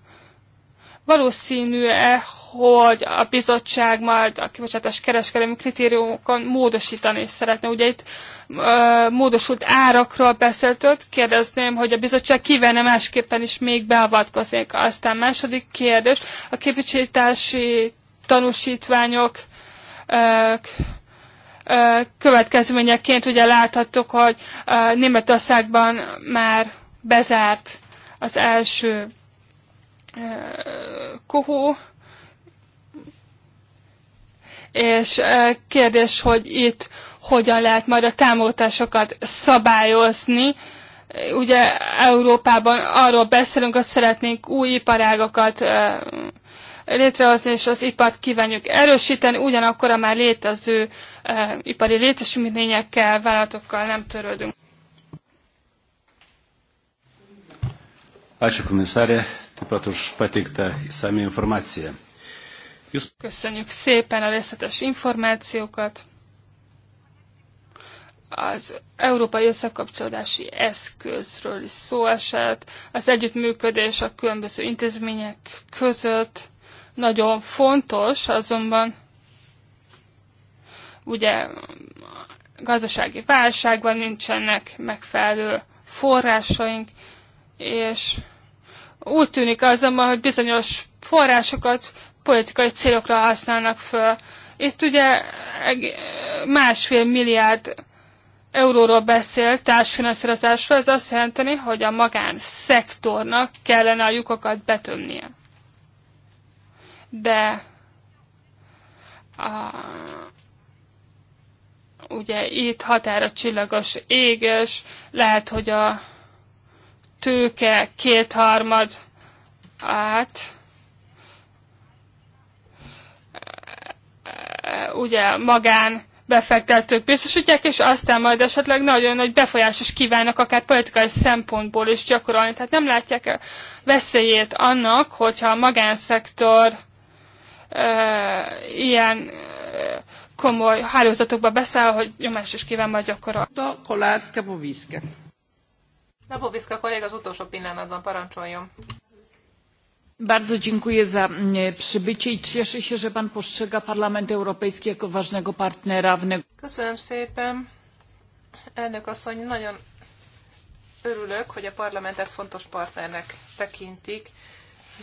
Valószínű-e, hogy a bizottság majd a kibocsátás kereskedelmi kritériumokon módosítani szeretne. Ugye itt ö, módosult árakról beszéltött, kérdezném, hogy a bizottság kívánna másképpen is még beavatkozni. Aztán második kérdés, a képvisítási tanúsítványok ö, ö, következményeként ugye láthattuk, hogy ö, Németországban már bezárt az első kohó, és kérdés, hogy itt hogyan lehet majd a támogatásokat szabályozni. Ugye Európában arról beszélünk, hogy szeretnénk új iparágokat létrehozni, és az ipart kívánjuk erősíteni, ugyanakkor a már létező ipari létesítményekkel, vállalatokkal nem törődünk. Ačiū komisarė, taip pat už pateiktą įsami informaciją. Köszönjük szépen a részletes információkat. Az Európai Összekapcsolódási Eszközről is szó esett, az együttműködés a különböző intézmények között nagyon fontos, azonban ugye gazdasági válságban nincsenek megfelelő forrásaink, és úgy tűnik azonban, hogy bizonyos forrásokat politikai célokra használnak föl. Itt ugye másfél milliárd euróról beszél társfinanszírozásról, ez azt jelenteni, hogy a szektornak kellene a lyukokat betömnie. De a, ugye itt határa csillagos éges, lehet, hogy a tőke kétharmad át, ugye magán befektetők biztosítják, és aztán majd esetleg nagyon nagy befolyás is kívánnak akár politikai szempontból is gyakorolni. Tehát nem látják a veszélyét annak, hogyha a magánszektor e, ilyen e, komoly hálózatokba beszáll, hogy nyomás is kíván majd gyakorolni. Da Kolászka Boviszka. Na, Boviszka kolléga az utolsó pillanatban parancsoljon. Bardzo dziękuję za mm, e, przybycie i cieszę się, że pan postrzega Parlament Europejski jako ważnego partnera w negocjacjach. nagyon örülök, hogy a parlamentet fontos partnernek tekintik,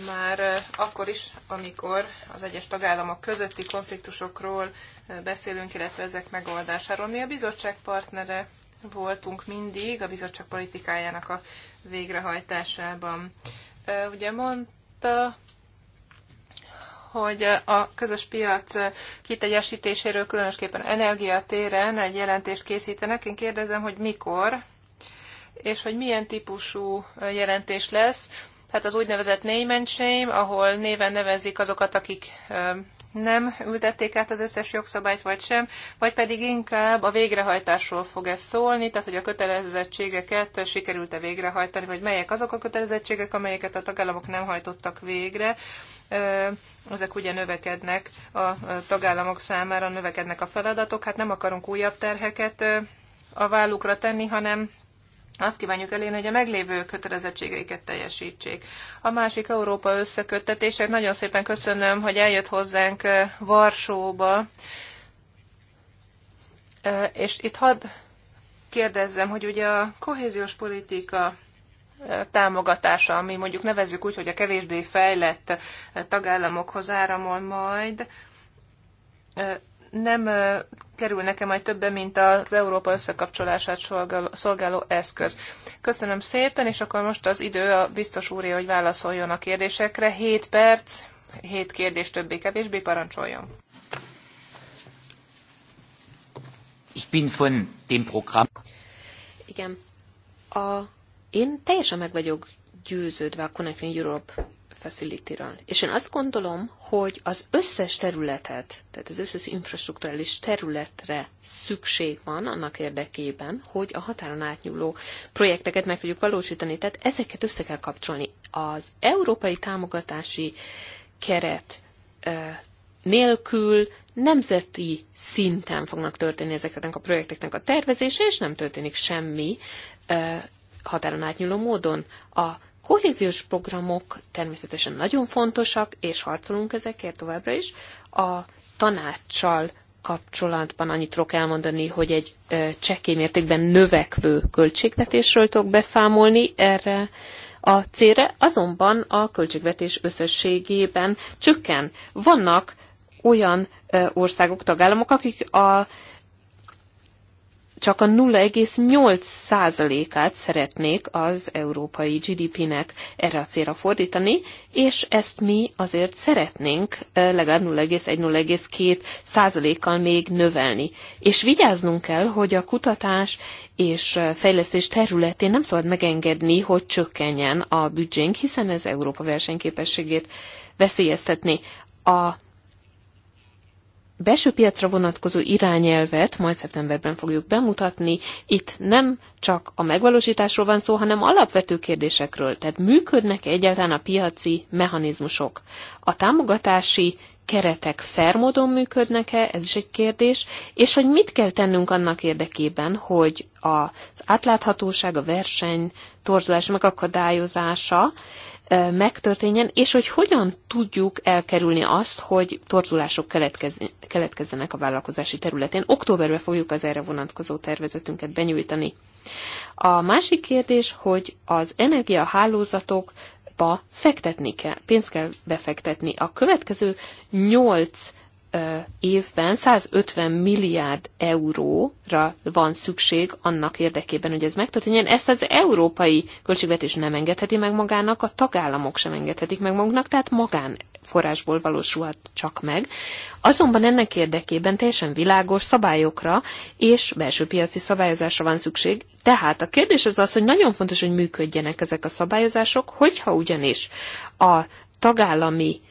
már e, akkor is, amikor az egyes tagállamok közötti konfliktusokról e, beszélünk, illetve ezek megoldásáról. Mi a bizottság partnere voltunk mindig a bizottság politikájának a végrehajtásában. Ugye mondta, elmondta, hogy a közös piac kitegyesítéséről különösképpen energiatéren egy jelentést készítenek. Én kérdezem, hogy mikor, és hogy milyen típusú jelentés lesz. Hát az úgynevezett name and shame, ahol néven nevezik azokat, akik nem ültették át az összes jogszabályt, vagy sem, vagy pedig inkább a végrehajtásról fog ez szólni, tehát hogy a kötelezettségeket sikerült-e végrehajtani, vagy melyek azok a kötelezettségek, amelyeket a tagállamok nem hajtottak végre. Ezek ugye növekednek a tagállamok számára, növekednek a feladatok, hát nem akarunk újabb terheket a vállukra tenni, hanem azt kívánjuk elérni, hogy a meglévő kötelezettségeiket teljesítsék. A másik Európa összeköttetések. nagyon szépen köszönöm, hogy eljött hozzánk eh, Varsóba, eh, és itt hadd kérdezzem, hogy ugye a kohéziós politika eh, támogatása, ami mondjuk nevezzük úgy, hogy a kevésbé fejlett tagállamokhoz áramol majd, nem kerül nekem majd többe, mint az Európa összekapcsolását szolgáló eszköz. Köszönöm szépen, és akkor most az idő a biztos úré, hogy válaszoljon a kérdésekre. 7 perc, 7 kérdés többé-kevésbé parancsoljon. Ich bin von dem Programm. Igen. A, én teljesen meg vagyok győződve a Connecting Europe Facility-ről. És én azt gondolom, hogy az összes területet, tehát az összes infrastruktúrális területre szükség van annak érdekében, hogy a határon átnyúló projekteket meg tudjuk valósítani. Tehát ezeket össze kell kapcsolni. Az európai támogatási keret nélkül nemzeti szinten fognak történni ezeknek a projekteknek a tervezése, és nem történik semmi határon átnyúló módon. A kohéziós programok természetesen nagyon fontosak, és harcolunk ezekért továbbra is. A tanácssal kapcsolatban annyit tudok elmondani, hogy egy csekély mértékben növekvő költségvetésről tudok beszámolni erre a célra, azonban a költségvetés összességében csökken. Vannak olyan országok, tagállamok, akik a csak a 0,8%-át szeretnék az európai GDP-nek erre a célra fordítani, és ezt mi azért szeretnénk legalább 0,1-0,2%-kal még növelni. És vigyáznunk kell, hogy a kutatás és fejlesztés területén nem szabad megengedni, hogy csökkenjen a büdzsénk, hiszen ez Európa versenyképességét veszélyeztetni. A belső piacra vonatkozó irányelvet majd szeptemberben fogjuk bemutatni. Itt nem csak a megvalósításról van szó, hanem alapvető kérdésekről. Tehát működnek -e egyáltalán a piaci mechanizmusok. A támogatási keretek fermódon működnek-e, ez is egy kérdés, és hogy mit kell tennünk annak érdekében, hogy az átláthatóság, a verseny torzulás megakadályozása megtörténjen, és hogy hogyan tudjuk elkerülni azt, hogy torzulások keletkezz keletkezzenek a vállalkozási területén. Októberben fogjuk az erre vonatkozó tervezetünket benyújtani. A másik kérdés, hogy az energiahálózatok fektetni kell, pénzt kell befektetni. A következő nyolc évben 150 milliárd euróra van szükség annak érdekében, hogy ez megtörténjen. Ezt az európai költségvetés nem engedheti meg magának, a tagállamok sem engedhetik meg maguknak, tehát magán forrásból valósulhat csak meg. Azonban ennek érdekében teljesen világos szabályokra és belső piaci szabályozásra van szükség. Tehát a kérdés az az, hogy nagyon fontos, hogy működjenek ezek a szabályozások, hogyha ugyanis a tagállami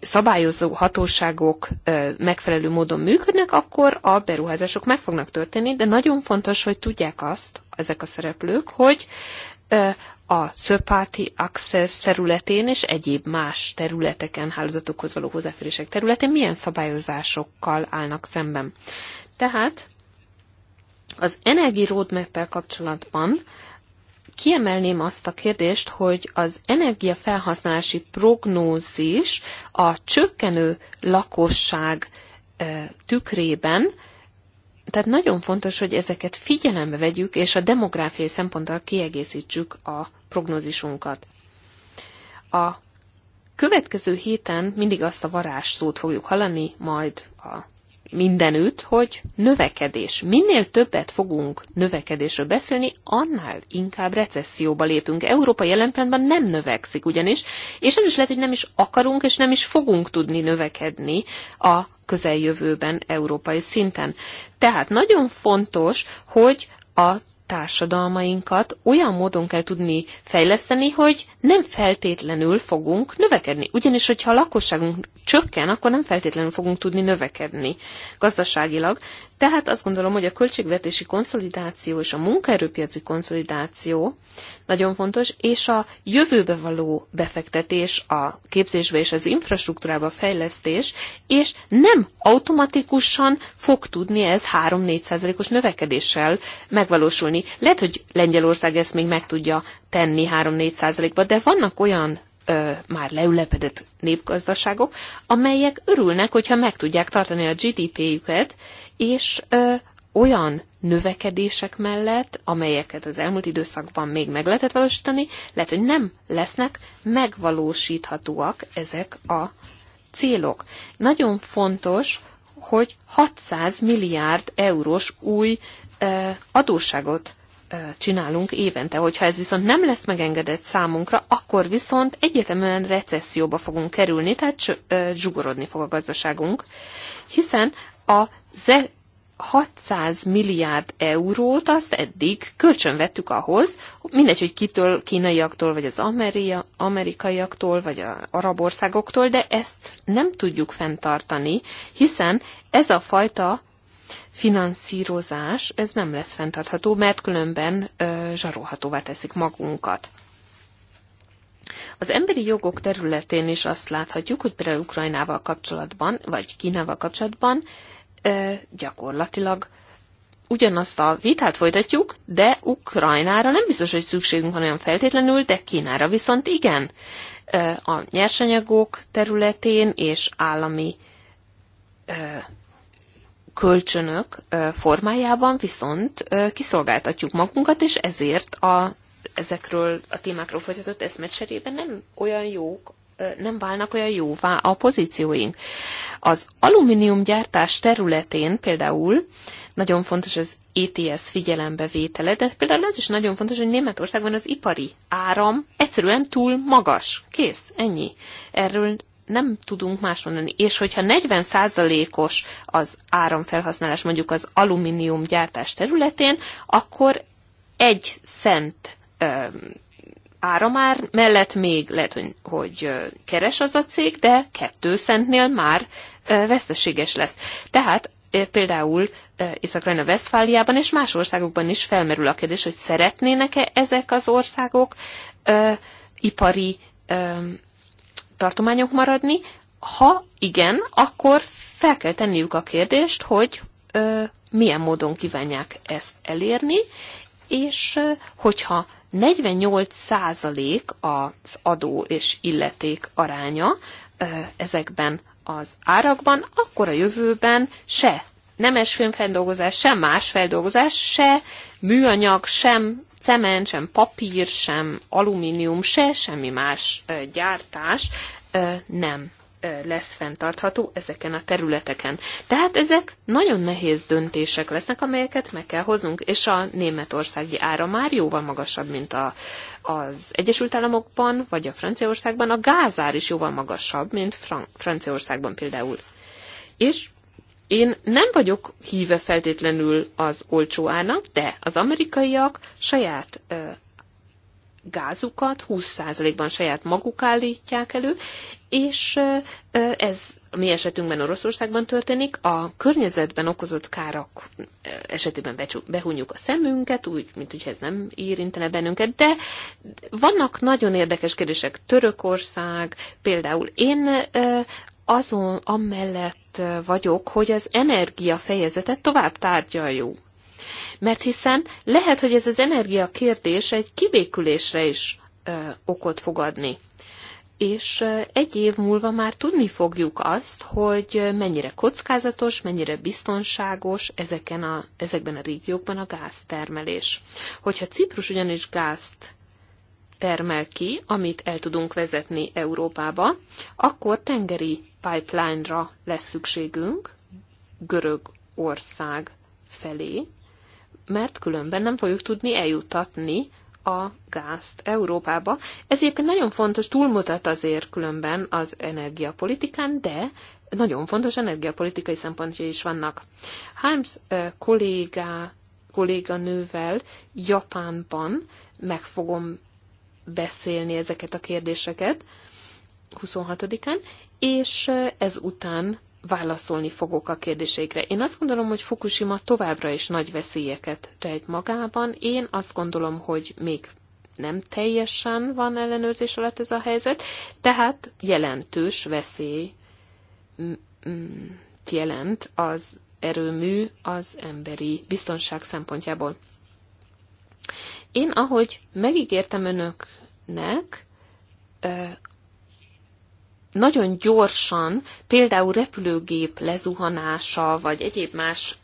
szabályozó hatóságok megfelelő módon működnek, akkor a beruházások meg fognak történni, de nagyon fontos, hogy tudják azt ezek a szereplők, hogy a third party access területén és egyéb más területeken, hálózatokhoz való hozzáférések területén milyen szabályozásokkal állnak szemben. Tehát az Energy roadmap kapcsolatban kiemelném azt a kérdést, hogy az energiafelhasználási prognózis a csökkenő lakosság tükrében, tehát nagyon fontos, hogy ezeket figyelembe vegyük, és a demográfiai szemponttal kiegészítsük a prognózisunkat. A következő héten mindig azt a varázsszót fogjuk hallani, majd a mindenütt, hogy növekedés. Minél többet fogunk növekedésről beszélni, annál inkább recesszióba lépünk. Európa jelen pillanatban nem növekszik ugyanis, és ez is lehet, hogy nem is akarunk és nem is fogunk tudni növekedni a közeljövőben európai szinten. Tehát nagyon fontos, hogy a társadalmainkat olyan módon kell tudni fejleszteni, hogy nem feltétlenül fogunk növekedni. Ugyanis, hogyha a lakosságunk csökken, akkor nem feltétlenül fogunk tudni növekedni gazdaságilag. Tehát azt gondolom, hogy a költségvetési konszolidáció és a munkaerőpiaci konszolidáció nagyon fontos, és a jövőbe való befektetés, a képzésbe és az infrastruktúrába fejlesztés, és nem automatikusan fog tudni ez 3-4 százalékos növekedéssel megvalósulni javítani. Lehet, hogy Lengyelország ezt még meg tudja tenni 3-4 százalékba, de vannak olyan ö, már leülepedett népgazdaságok, amelyek örülnek, hogyha meg tudják tartani a GDP-jüket, és ö, olyan növekedések mellett, amelyeket az elmúlt időszakban még meg lehetett valósítani, lehet, hogy nem lesznek megvalósíthatóak ezek a célok. Nagyon fontos, hogy 600 milliárd eurós új adósságot csinálunk évente. Hogyha ez viszont nem lesz megengedett számunkra, akkor viszont egyetemen recesszióba fogunk kerülni, tehát zsugorodni fog a gazdaságunk, hiszen a 600 milliárd eurót azt eddig kölcsönvettük ahhoz, mindegy, hogy kitől, kínaiaktól, vagy az ameria, amerikaiaktól, vagy az arab országoktól, de ezt nem tudjuk fenntartani, hiszen ez a fajta finanszírozás, ez nem lesz fenntartható, mert különben zsarolhatóvá teszik magunkat. Az emberi jogok területén is azt láthatjuk, hogy például Ukrajnával kapcsolatban, vagy Kínával kapcsolatban gyakorlatilag ugyanazt a vitát folytatjuk, de Ukrajnára nem biztos, hogy szükségünk van olyan feltétlenül, de Kínára viszont igen. A nyersanyagok területén és állami kölcsönök formájában viszont kiszolgáltatjuk magunkat, és ezért a, ezekről a témákról folytatott eszmecserében nem olyan jók nem válnak olyan jóvá a pozícióink. Az alumíniumgyártás területén például nagyon fontos az ETS figyelembevétele, de például az is nagyon fontos, hogy Németországban az ipari áram egyszerűen túl magas. Kész, ennyi. Erről nem tudunk más mondani. És hogyha 40%-os az áramfelhasználás mondjuk az alumínium gyártás területén, akkor egy cent ö, áramár mellett még lehet, hogy, hogy keres az a cég, de kettő centnél már ö, veszteséges lesz. Tehát például Észak-Rajna Vesztfáliában és más országokban is felmerül a kérdés, hogy szeretnének-e ezek az országok ö, ipari ö, tartományok maradni? Ha igen, akkor fel kell tenniük a kérdést, hogy ö, milyen módon kívánják ezt elérni, és ö, hogyha 48% az adó és illeték aránya ö, ezekben az árakban, akkor a jövőben se nemes filmfeldolgozás, sem más feldolgozás, se műanyag, sem cement, sem papír, sem alumínium, se semmi más gyártás nem lesz fenntartható ezeken a területeken. Tehát ezek nagyon nehéz döntések lesznek, amelyeket meg kell hoznunk, és a németországi ára már jóval magasabb, mint a, az Egyesült Államokban, vagy a Franciaországban, a gázár is jóval magasabb, mint Fran- Franciaországban például. És én nem vagyok híve feltétlenül az olcsó árnak, de az amerikaiak saját gázukat 20%-ban saját maguk állítják elő, és ez a mi esetünkben Oroszországban történik, a környezetben okozott károk esetében behunjuk a szemünket, úgy, mint hogy ez nem érintene bennünket, de vannak nagyon érdekes kérdések. Törökország például. Én azon amellett vagyok, hogy az energia fejezetet tovább tárgyaljuk. Mert hiszen lehet, hogy ez az energia kérdés egy kibékülésre is ö, okot fog adni. És ö, egy év múlva már tudni fogjuk azt, hogy mennyire kockázatos, mennyire biztonságos ezeken a, ezekben a régiókban a gáztermelés. Hogyha Ciprus ugyanis gázt termel ki, amit el tudunk vezetni Európába, akkor tengeri pipeline-ra lesz szükségünk Görögország felé, mert különben nem fogjuk tudni eljutatni a gázt Európába. Ez egyébként nagyon fontos, túlmutat azért különben az energiapolitikán, de nagyon fontos energiapolitikai szempontjai is vannak. Harms eh, kollégá, kolléganővel Japánban meg fogom beszélni ezeket a kérdéseket 26-án, és ez után válaszolni fogok a kérdéseikre. Én azt gondolom, hogy Fukushima továbbra is nagy veszélyeket rejt magában. Én azt gondolom, hogy még nem teljesen van ellenőrzés alatt ez a helyzet, tehát jelentős veszély jelent az erőmű az emberi biztonság szempontjából. Én, ahogy megígértem önöknek, nagyon gyorsan, például repülőgép lezuhanása, vagy egyéb más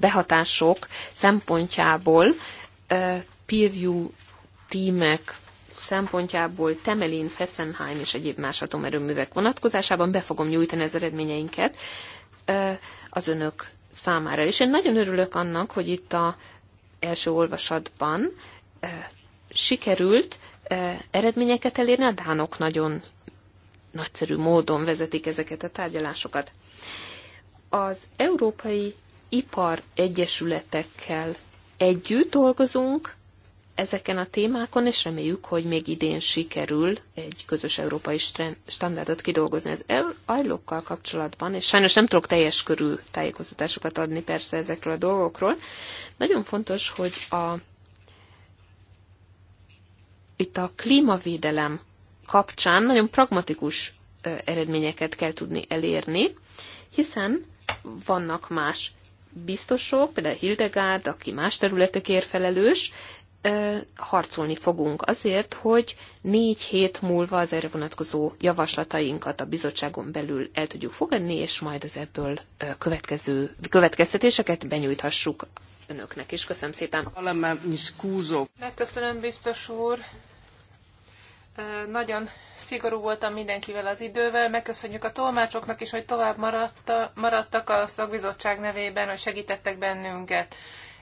behatások szempontjából, peer review tímek szempontjából Temelin, Fessenheim és egyéb más atomerőművek vonatkozásában be fogom nyújtani az eredményeinket az önök számára. És én nagyon örülök annak, hogy itt a első olvasatban sikerült eredményeket elérni, a dánok nagyon nagyszerű módon vezetik ezeket a tárgyalásokat. Az Európai Ipar Egyesületekkel együtt dolgozunk ezeken a témákon, és reméljük, hogy még idén sikerül egy közös európai standardot kidolgozni az ajlókkal kapcsolatban, és sajnos nem tudok teljes körű tájékoztatásokat adni persze ezekről a dolgokról. Nagyon fontos, hogy a itt a klímavédelem kapcsán nagyon pragmatikus eredményeket kell tudni elérni, hiszen vannak más biztosok, például Hildegárd, aki más területekért felelős, harcolni fogunk azért, hogy négy hét múlva az erre vonatkozó javaslatainkat a bizottságon belül el tudjuk fogadni, és majd az ebből következő következtetéseket benyújthassuk önöknek is. Köszönöm szépen. Megköszönöm, biztos úr nagyon szigorú voltam mindenkivel az idővel. Megköszönjük a tolmácsoknak is, hogy tovább maradta, maradtak a szakbizottság nevében, hogy segítettek bennünket.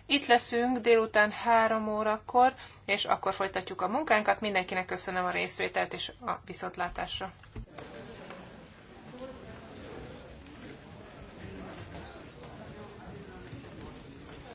Itt leszünk délután három órakor, és akkor folytatjuk a munkánkat. Mindenkinek köszönöm a részvételt és a viszontlátásra.